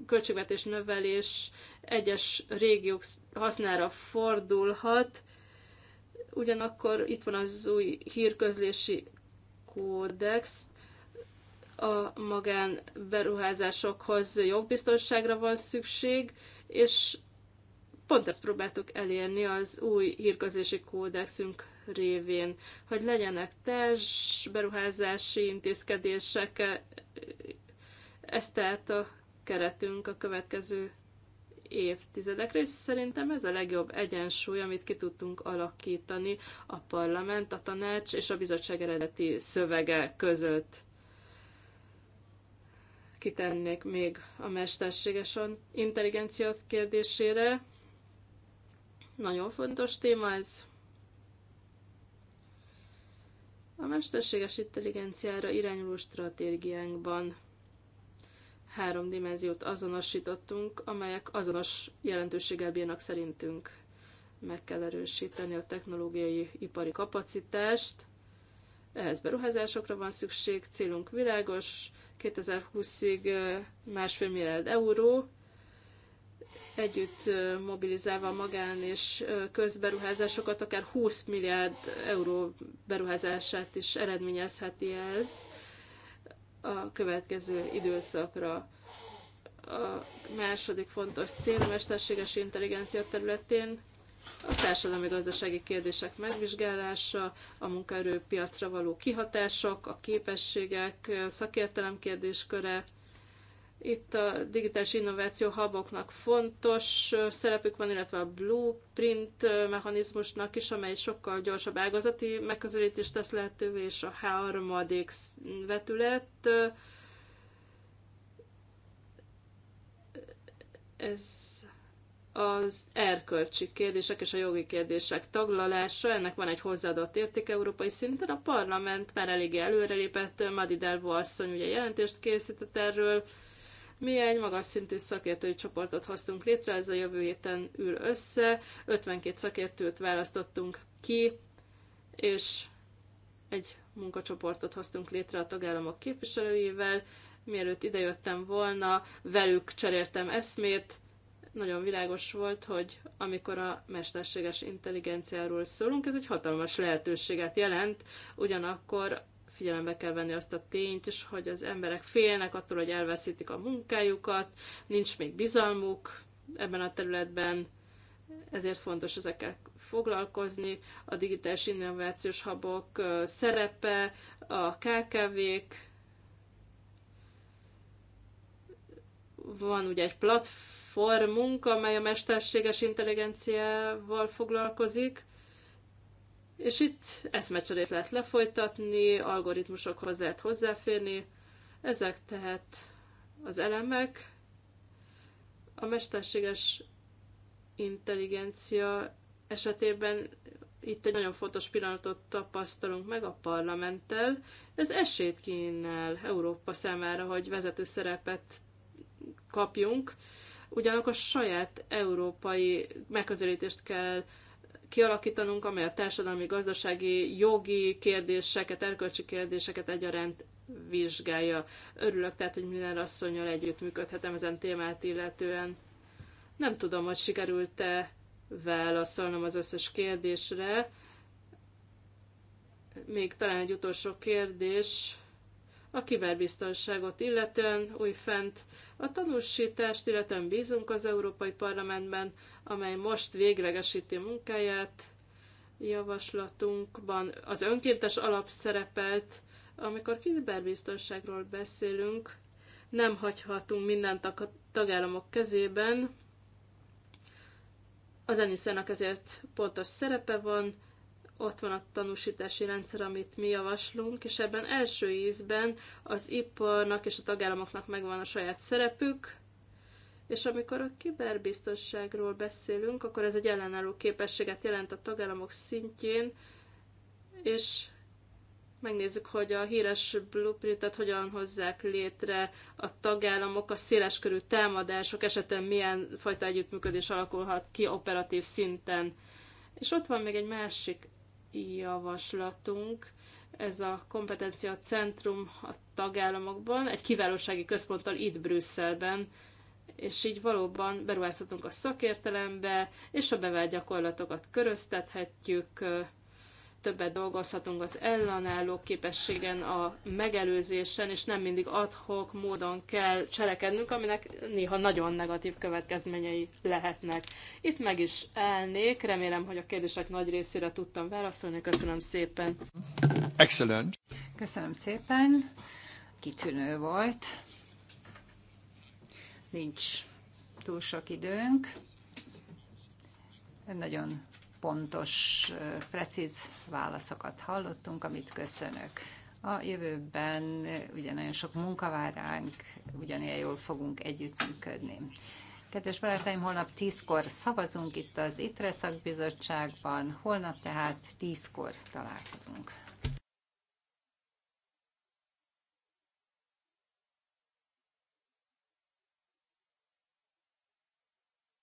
költségvetés növelés egyes régiók hasznára fordulhat. Ugyanakkor itt van az új hírközlési kódex, a magán beruházásokhoz jogbiztonságra van szükség, és pont ezt próbáltuk elérni az új hírközési kódexünk révén, hogy legyenek társ beruházási intézkedések, e, ez tehát a keretünk a következő évtizedekre, és szerintem ez a legjobb egyensúly, amit ki tudtunk alakítani a parlament, a tanács és a bizottság eredeti szövege között kitennék még a mesterséges intelligencia kérdésére. Nagyon fontos téma ez. A mesterséges intelligenciára irányuló stratégiánkban három dimenziót azonosítottunk, amelyek azonos jelentőséggel bírnak szerintünk. Meg kell erősíteni a technológiai ipari kapacitást, ehhez beruházásokra van szükség, célunk világos, 2020-ig másfél milliárd euró, együtt mobilizálva a magán és közberuházásokat, akár 20 milliárd euró beruházását is eredményezheti ez a következő időszakra. A második fontos cél a mesterséges intelligencia területén a társadalmi-gazdasági kérdések megvizsgálása, a munkaerőpiacra való kihatások, a képességek, szakértelem kérdésköre. Itt a digitális innováció haboknak fontos szerepük van, illetve a blueprint mechanizmusnak is, amely sokkal gyorsabb ágazati megközelítést tesz lehetővé, és a harmadik vetület ez az erkölcsi kérdések és a jogi kérdések taglalása, ennek van egy hozzáadott érték európai szinten. A parlament már eléggé előrelépett, Madi Delvo asszony ugye jelentést készített erről. Mi egy magas szintű szakértői csoportot hoztunk létre, ez a jövő héten ül össze. 52 szakértőt választottunk ki, és egy munkacsoportot hoztunk létre a tagállamok képviselőivel. Mielőtt idejöttem volna, velük cseréltem eszmét, nagyon világos volt, hogy amikor a mesterséges intelligenciáról szólunk, ez egy hatalmas lehetőséget jelent, ugyanakkor figyelembe kell venni azt a tényt is, hogy az emberek félnek attól, hogy elveszítik a munkájukat, nincs még bizalmuk ebben a területben, ezért fontos ezekkel foglalkozni, a digitális innovációs habok szerepe, a KKV-k, van ugye egy platform, formunk, amely a mesterséges intelligenciával foglalkozik, és itt eszmecserét lehet lefolytatni, algoritmusokhoz lehet hozzáférni, ezek tehát az elemek. A mesterséges intelligencia esetében itt egy nagyon fontos pillanatot tapasztalunk meg a parlamenttel. Ez esélyt kínál Európa számára, hogy vezető szerepet kapjunk, Ugyanakkor saját európai megközelítést kell kialakítanunk, amely a társadalmi, gazdasági, jogi kérdéseket, erkölcsi kérdéseket egyaránt vizsgálja. Örülök tehát, hogy minden asszonyjal együttműködhetem ezen témát illetően. Nem tudom, hogy sikerült-e válaszolnom az összes kérdésre. Még talán egy utolsó kérdés. A kiberbiztonságot illetően újfent a tanúsítást illetően bízunk az Európai Parlamentben, amely most véglegesíti munkáját. Javaslatunkban az önkéntes alap szerepelt, amikor kiberbiztonságról beszélünk, nem hagyhatunk mindent a tagállamok kezében. Az Eniszenek ezért pontos szerepe van, ott van a tanúsítási rendszer, amit mi javaslunk, és ebben első ízben az iparnak és a tagállamoknak megvan a saját szerepük, és amikor a kiberbiztonságról beszélünk, akkor ez egy ellenálló képességet jelent a tagállamok szintjén, és megnézzük, hogy a híres blueprintet hogyan hozzák létre a tagállamok, a széleskörű támadások esetén milyen fajta együttműködés alakulhat ki operatív szinten. És ott van még egy másik javaslatunk. Ez a kompetencia centrum a tagállamokban, egy kiválósági központtal itt Brüsszelben, és így valóban beruházhatunk a szakértelembe, és a bevált gyakorlatokat köröztethetjük, többet dolgozhatunk az ellenálló képességen, a megelőzésen, és nem mindig adhok módon kell cselekednünk, aminek néha nagyon negatív következményei lehetnek. Itt meg is elnék, remélem, hogy a kérdések nagy részére tudtam válaszolni. Köszönöm szépen! Excellent! Köszönöm szépen! Kitűnő volt. Nincs túl sok időnk. Nagyon pontos, precíz válaszokat hallottunk, amit köszönök. A jövőben ugye nagyon sok munka vár ránk, ugyanilyen jól fogunk együttműködni. Kedves barátaim, holnap 10-kor szavazunk itt az ITRE szakbizottságban, holnap tehát 10-kor találkozunk.